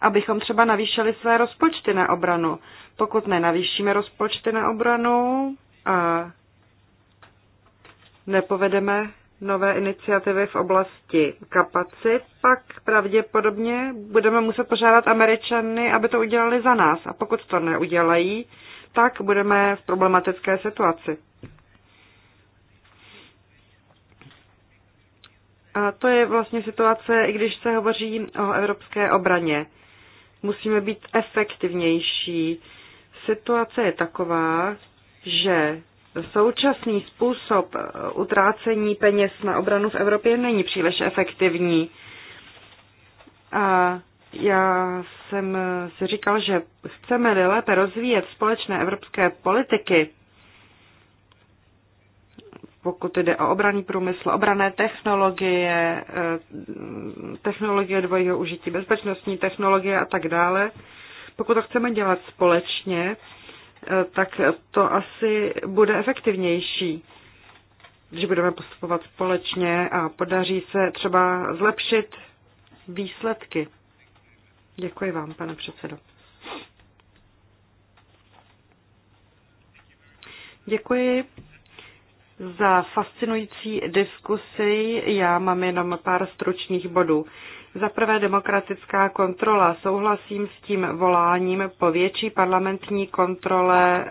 abychom třeba navýšili své rozpočty na obranu. Pokud nenavýšíme rozpočty na obranu a nepovedeme nové iniciativy v oblasti kapacit, pak pravděpodobně budeme muset požádat Američany, aby to udělali za nás. A pokud to neudělají, tak budeme v problematické situaci. A to je vlastně situace, i když se hovoří o evropské obraně. Musíme být efektivnější. Situace je taková, že Současný způsob eh, utrácení peněz na obranu v Evropě není příliš efektivní. A já jsem eh, si říkal, že chceme lépe rozvíjet společné evropské politiky, pokud jde o obraný průmysl, obrané technologie, eh, technologie dvojího užití, bezpečnostní technologie a tak dále. Pokud to chceme dělat společně, Eh, tak to asi bude efektivnější, když budeme postupovat společně a podaří se třeba zlepšit výsledky. Děkuji vám, pane předsedo. Děkuji za fascinující diskusi. Já mám jenom pár stručných bodů. Za prvé demokratická kontrola. Souhlasím s tím voláním po větší parlamentní kontrole e,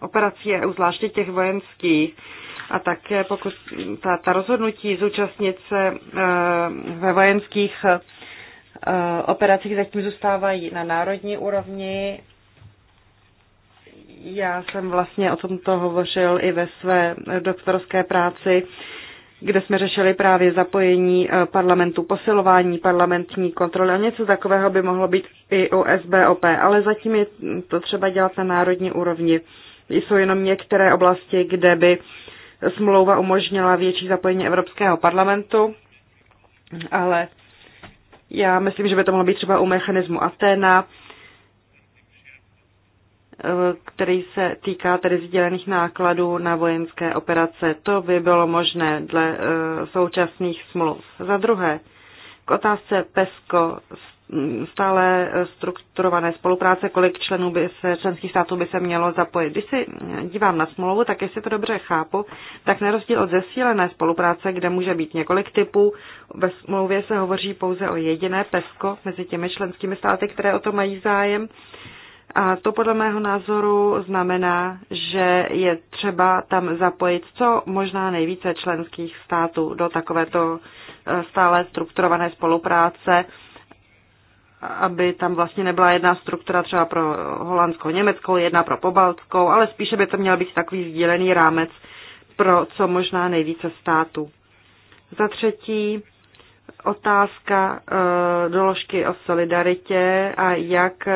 operací EU, zvláště těch vojenských. A také pokud ta, ta rozhodnutí zúčastnit se e, ve vojenských e, operacích zatím zůstávají na národní úrovni. Já jsem vlastně o tomto hovořil i ve své doktorské práci. E, kde jsme řešili právě zapojení eh, parlamentu, posilování parlamentní kontroly a něco takového by mohlo být i u SBOP, ale zatím je to třeba dělat na národní úrovni. Jsou jenom některé oblasti, kde by smlouva umožnila větší zapojení Evropského parlamentu, ale já myslím, že by to mohlo být třeba u mechanismu Atena, který se týká tedy sdělených nákladů na vojenské operace. To by bylo možné dle eh, současných smluv. Za druhé, k otázce PESCO mm, stále eh, strukturované spolupráce, kolik členů by se, členských států by se mělo zapojit. Když si mm, dívám na smlouvu, tak jestli to dobře chápu, tak na rozdíl od zesílené spolupráce, kde může být několik typů, ve smlouvě se hovoří pouze o jediné PESCO mezi těmi členskými státy, které o to mají zájem. Uh, a to podle mého názoru znamená, že je třeba tam zapojit co možná nejvíce členských států do takovéto e, stále strukturované spolupráce, aby tam vlastně nebyla jedna struktura třeba pro holandskou, německou, jedna pro pobaltskou, ale spíše by to měl být takový sdílený rámec pro co možná nejvíce států. Za třetí, otázka e, doložky o solidaritě a jak e,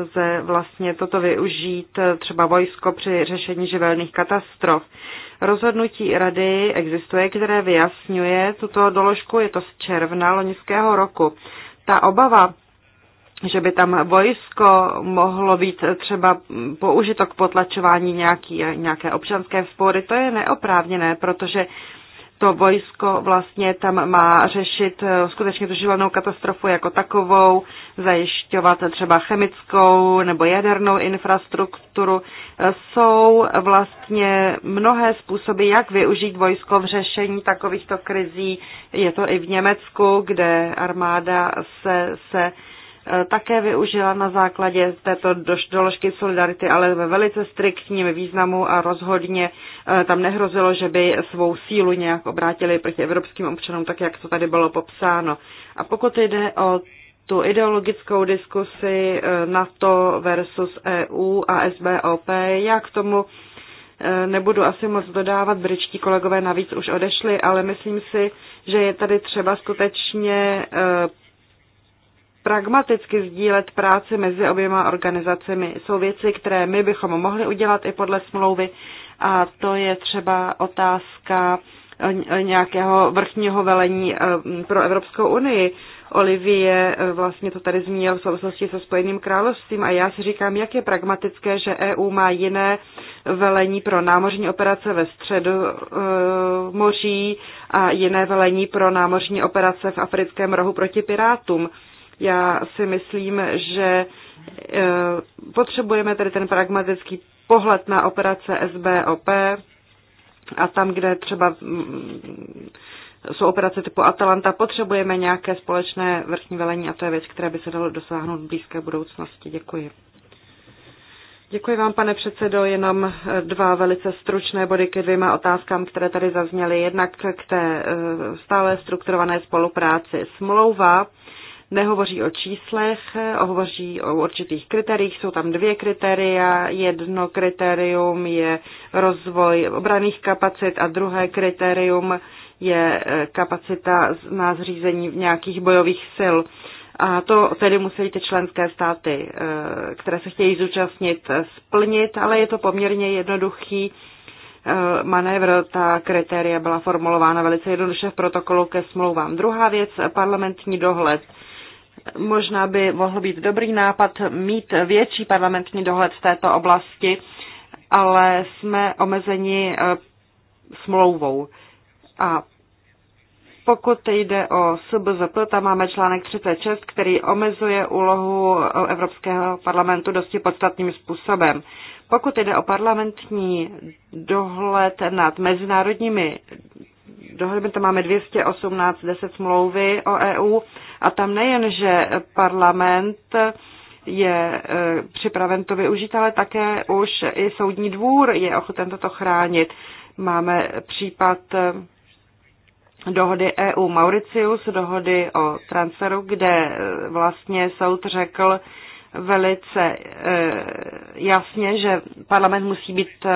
lze vlastně toto využít e, třeba vojsko při řešení živelných katastrof. Rozhodnutí rady existuje, které vyjasňuje tuto doložku, je to z června loňského roku. Ta obava, že by tam vojsko mohlo být třeba použito k potlačování nějaký, nějaké občanské spory, to je neoprávněné, protože to vojsko vlastně tam má řešit eh, skutečně tu živelnou katastrofu jako takovou, zajišťovat třeba chemickou nebo jadernou infrastrukturu. Eh, jsou vlastně mnohé způsoby, jak využít vojsko v řešení takovýchto krizí. Je to i v Německu, kde armáda se, se Eh, také využila na základě této doložky solidarity, ale ve velice striktním významu a rozhodně eh, tam nehrozilo, že by svou sílu nějak obrátili proti evropským občanům, tak jak to tady bylo popsáno. A pokud jde o tu ideologickou diskusi eh, NATO versus EU a SBOP, já k tomu nebudu asi moc dodávat, britští kolegové navíc už odešli, ale myslím si, že je tady třeba skutečně pragmaticky sdílet práci mezi oběma organizacemi. Jsou věci, které my bychom mohli udělat i podle smlouvy a to je třeba otázka nějakého vrchního velení eh, pro Evropskou unii. Olivie eh, vlastně to tady zmínil v souvislosti se Spojeným královstvím a já si říkám, jak je pragmatické, že EU má jiné velení pro námořní operace ve středu e, moří a jiné velení pro námořní operace v africkém rohu proti pirátům. Já si myslím, že eh, potřebujeme tedy ten pragmatický pohled na operace SBOP a tam, kde třeba mm, jsou operace typu Atalanta, potřebujeme nějaké společné vrchní velení a to je věc, které by se dalo dosáhnout v blízké budoucnosti. Děkuji. Děkuji vám, pane předsedo. Jenom eh, dva velice stručné body ke dvěma otázkám, které tady zazněly. Jednak k té eh, stále strukturované spolupráci. Smlouva nehovoří o číslech, hovoří o určitých kritériích. Jsou tam dvě kritéria. Jedno kritérium je rozvoj obraných kapacit a druhé kritérium je eh, kapacita na zřízení nějakých bojových sil. A to tedy musí ty členské státy, eh, které se chtějí zúčastnit, splnit, ale je to poměrně jednoduchý eh, manévr. Ta kritéria byla formulována velice jednoduše v protokolu ke smlouvám. Druhá věc, parlamentní dohled možná by mohl být dobrý nápad mít větší parlamentní dohled v této oblasti, ale jsme omezeni eh, smlouvou. A pokud jde o SBZP, tam máme článek 36, který omezuje úlohu eh, Evropského parlamentu dosti podstatným způsobem. Pokud jde o parlamentní dohled nad mezinárodními dohromady to máme 218, 10 smlouvy o EU a tam nejen, že parlament je e, připraven to využít, ale také už i soudní dvůr je ochoten toto chránit. Máme případ e, dohody EU Mauricius, dohody o transferu, kde e, vlastně soud řekl velice jasně, že parlament musí být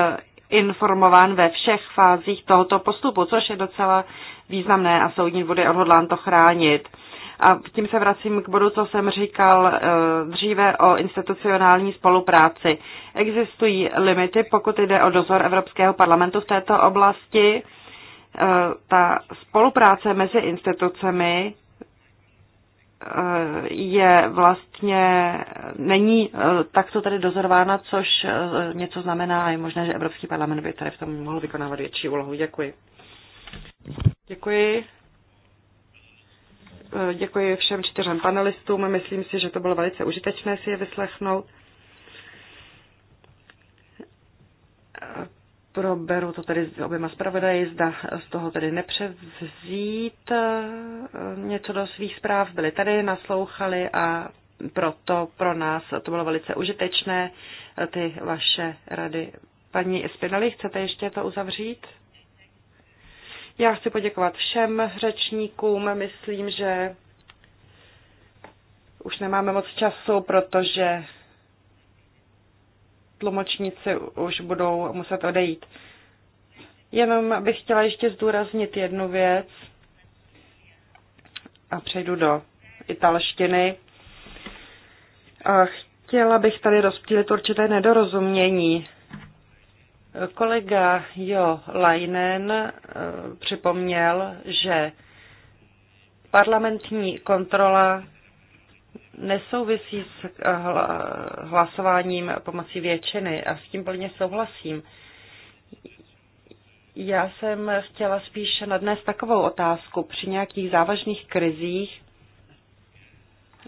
informován ve všech fázích tohoto postupu, což je docela významné a soudní bude odhodlán to chránit. A tím se vracím k bodu, co jsem říkal eh, dříve o institucionální spolupráci. Existují limity, pokud jde o dozor Evropského parlamentu v této oblasti. Eh, ta spolupráce mezi institucemi je vlastně, není eh, takto tady dozorována, což eh, něco znamená a je možné, že Evropský parlament by tady v tom mohl vykonávat větší úlohu. Děkuji. Děkuji. Eh, děkuji všem čtyřem panelistům. Myslím si, že to bylo velice užitečné si je vyslechnout proberu to tedy s oběma zpravodaji, zda z toho tedy nepřevzít eh, něco do svých zpráv. Byli tady, naslouchali a proto pro nás to bylo velice užitečné, eh, ty vaše rady. Paní Spinelli, chcete ještě to uzavřít? Já chci poděkovat všem řečníkům. Myslím, že už nemáme moc času, protože tlumočníci už budou muset odejít. Jenom bych chtěla ještě zdůraznit jednu věc a přejdu do italštiny. A chtěla bych tady rozptýlit určité nedorozumění. Kolega Jo Leinen eh, připomněl, že parlamentní kontrola nesouvisí s eh, hlasováním pomocí většiny a s tím plně souhlasím. Já jsem chtěla spíš nadnést takovou otázku. Při nějakých závažných krizích,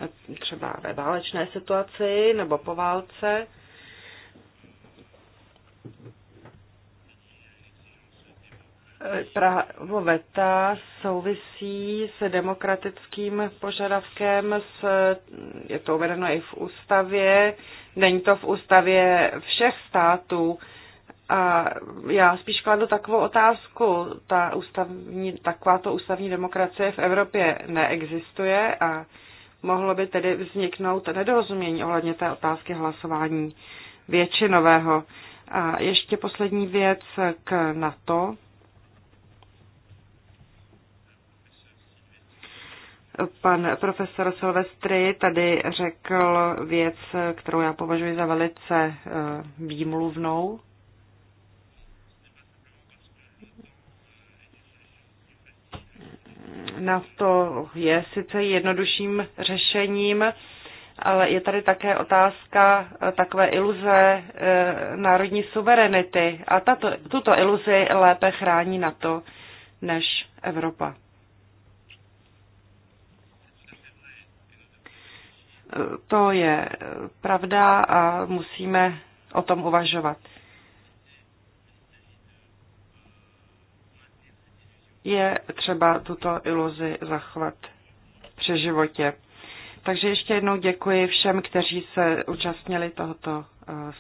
eh, třeba ve válečné situaci nebo po válce, právo VETA souvisí s demokratickým požadavkem, s, je to uvedeno i v ústavě, není to v ústavě všech států. A já spíš kladu takovou otázku, ta ústavní, takováto ústavní demokracie v Evropě neexistuje a mohlo by tedy vzniknout nedorozumění ohledně té otázky hlasování většinového. A ještě poslední věc k NATO. Pan profesor Silvestry tady řekl věc, kterou já považuji za velice eh, výmluvnou. Na to je sice jednodušším řešením, ale je tady také otázka eh, takové iluze eh, národní suverenity. A tato, tuto iluzi lépe chrání na to než Evropa. To je pravda a musíme o tom uvažovat. Je třeba tuto iluzi zachovat při životě. Takže ještě jednou děkuji všem, kteří se účastnili tohoto eh,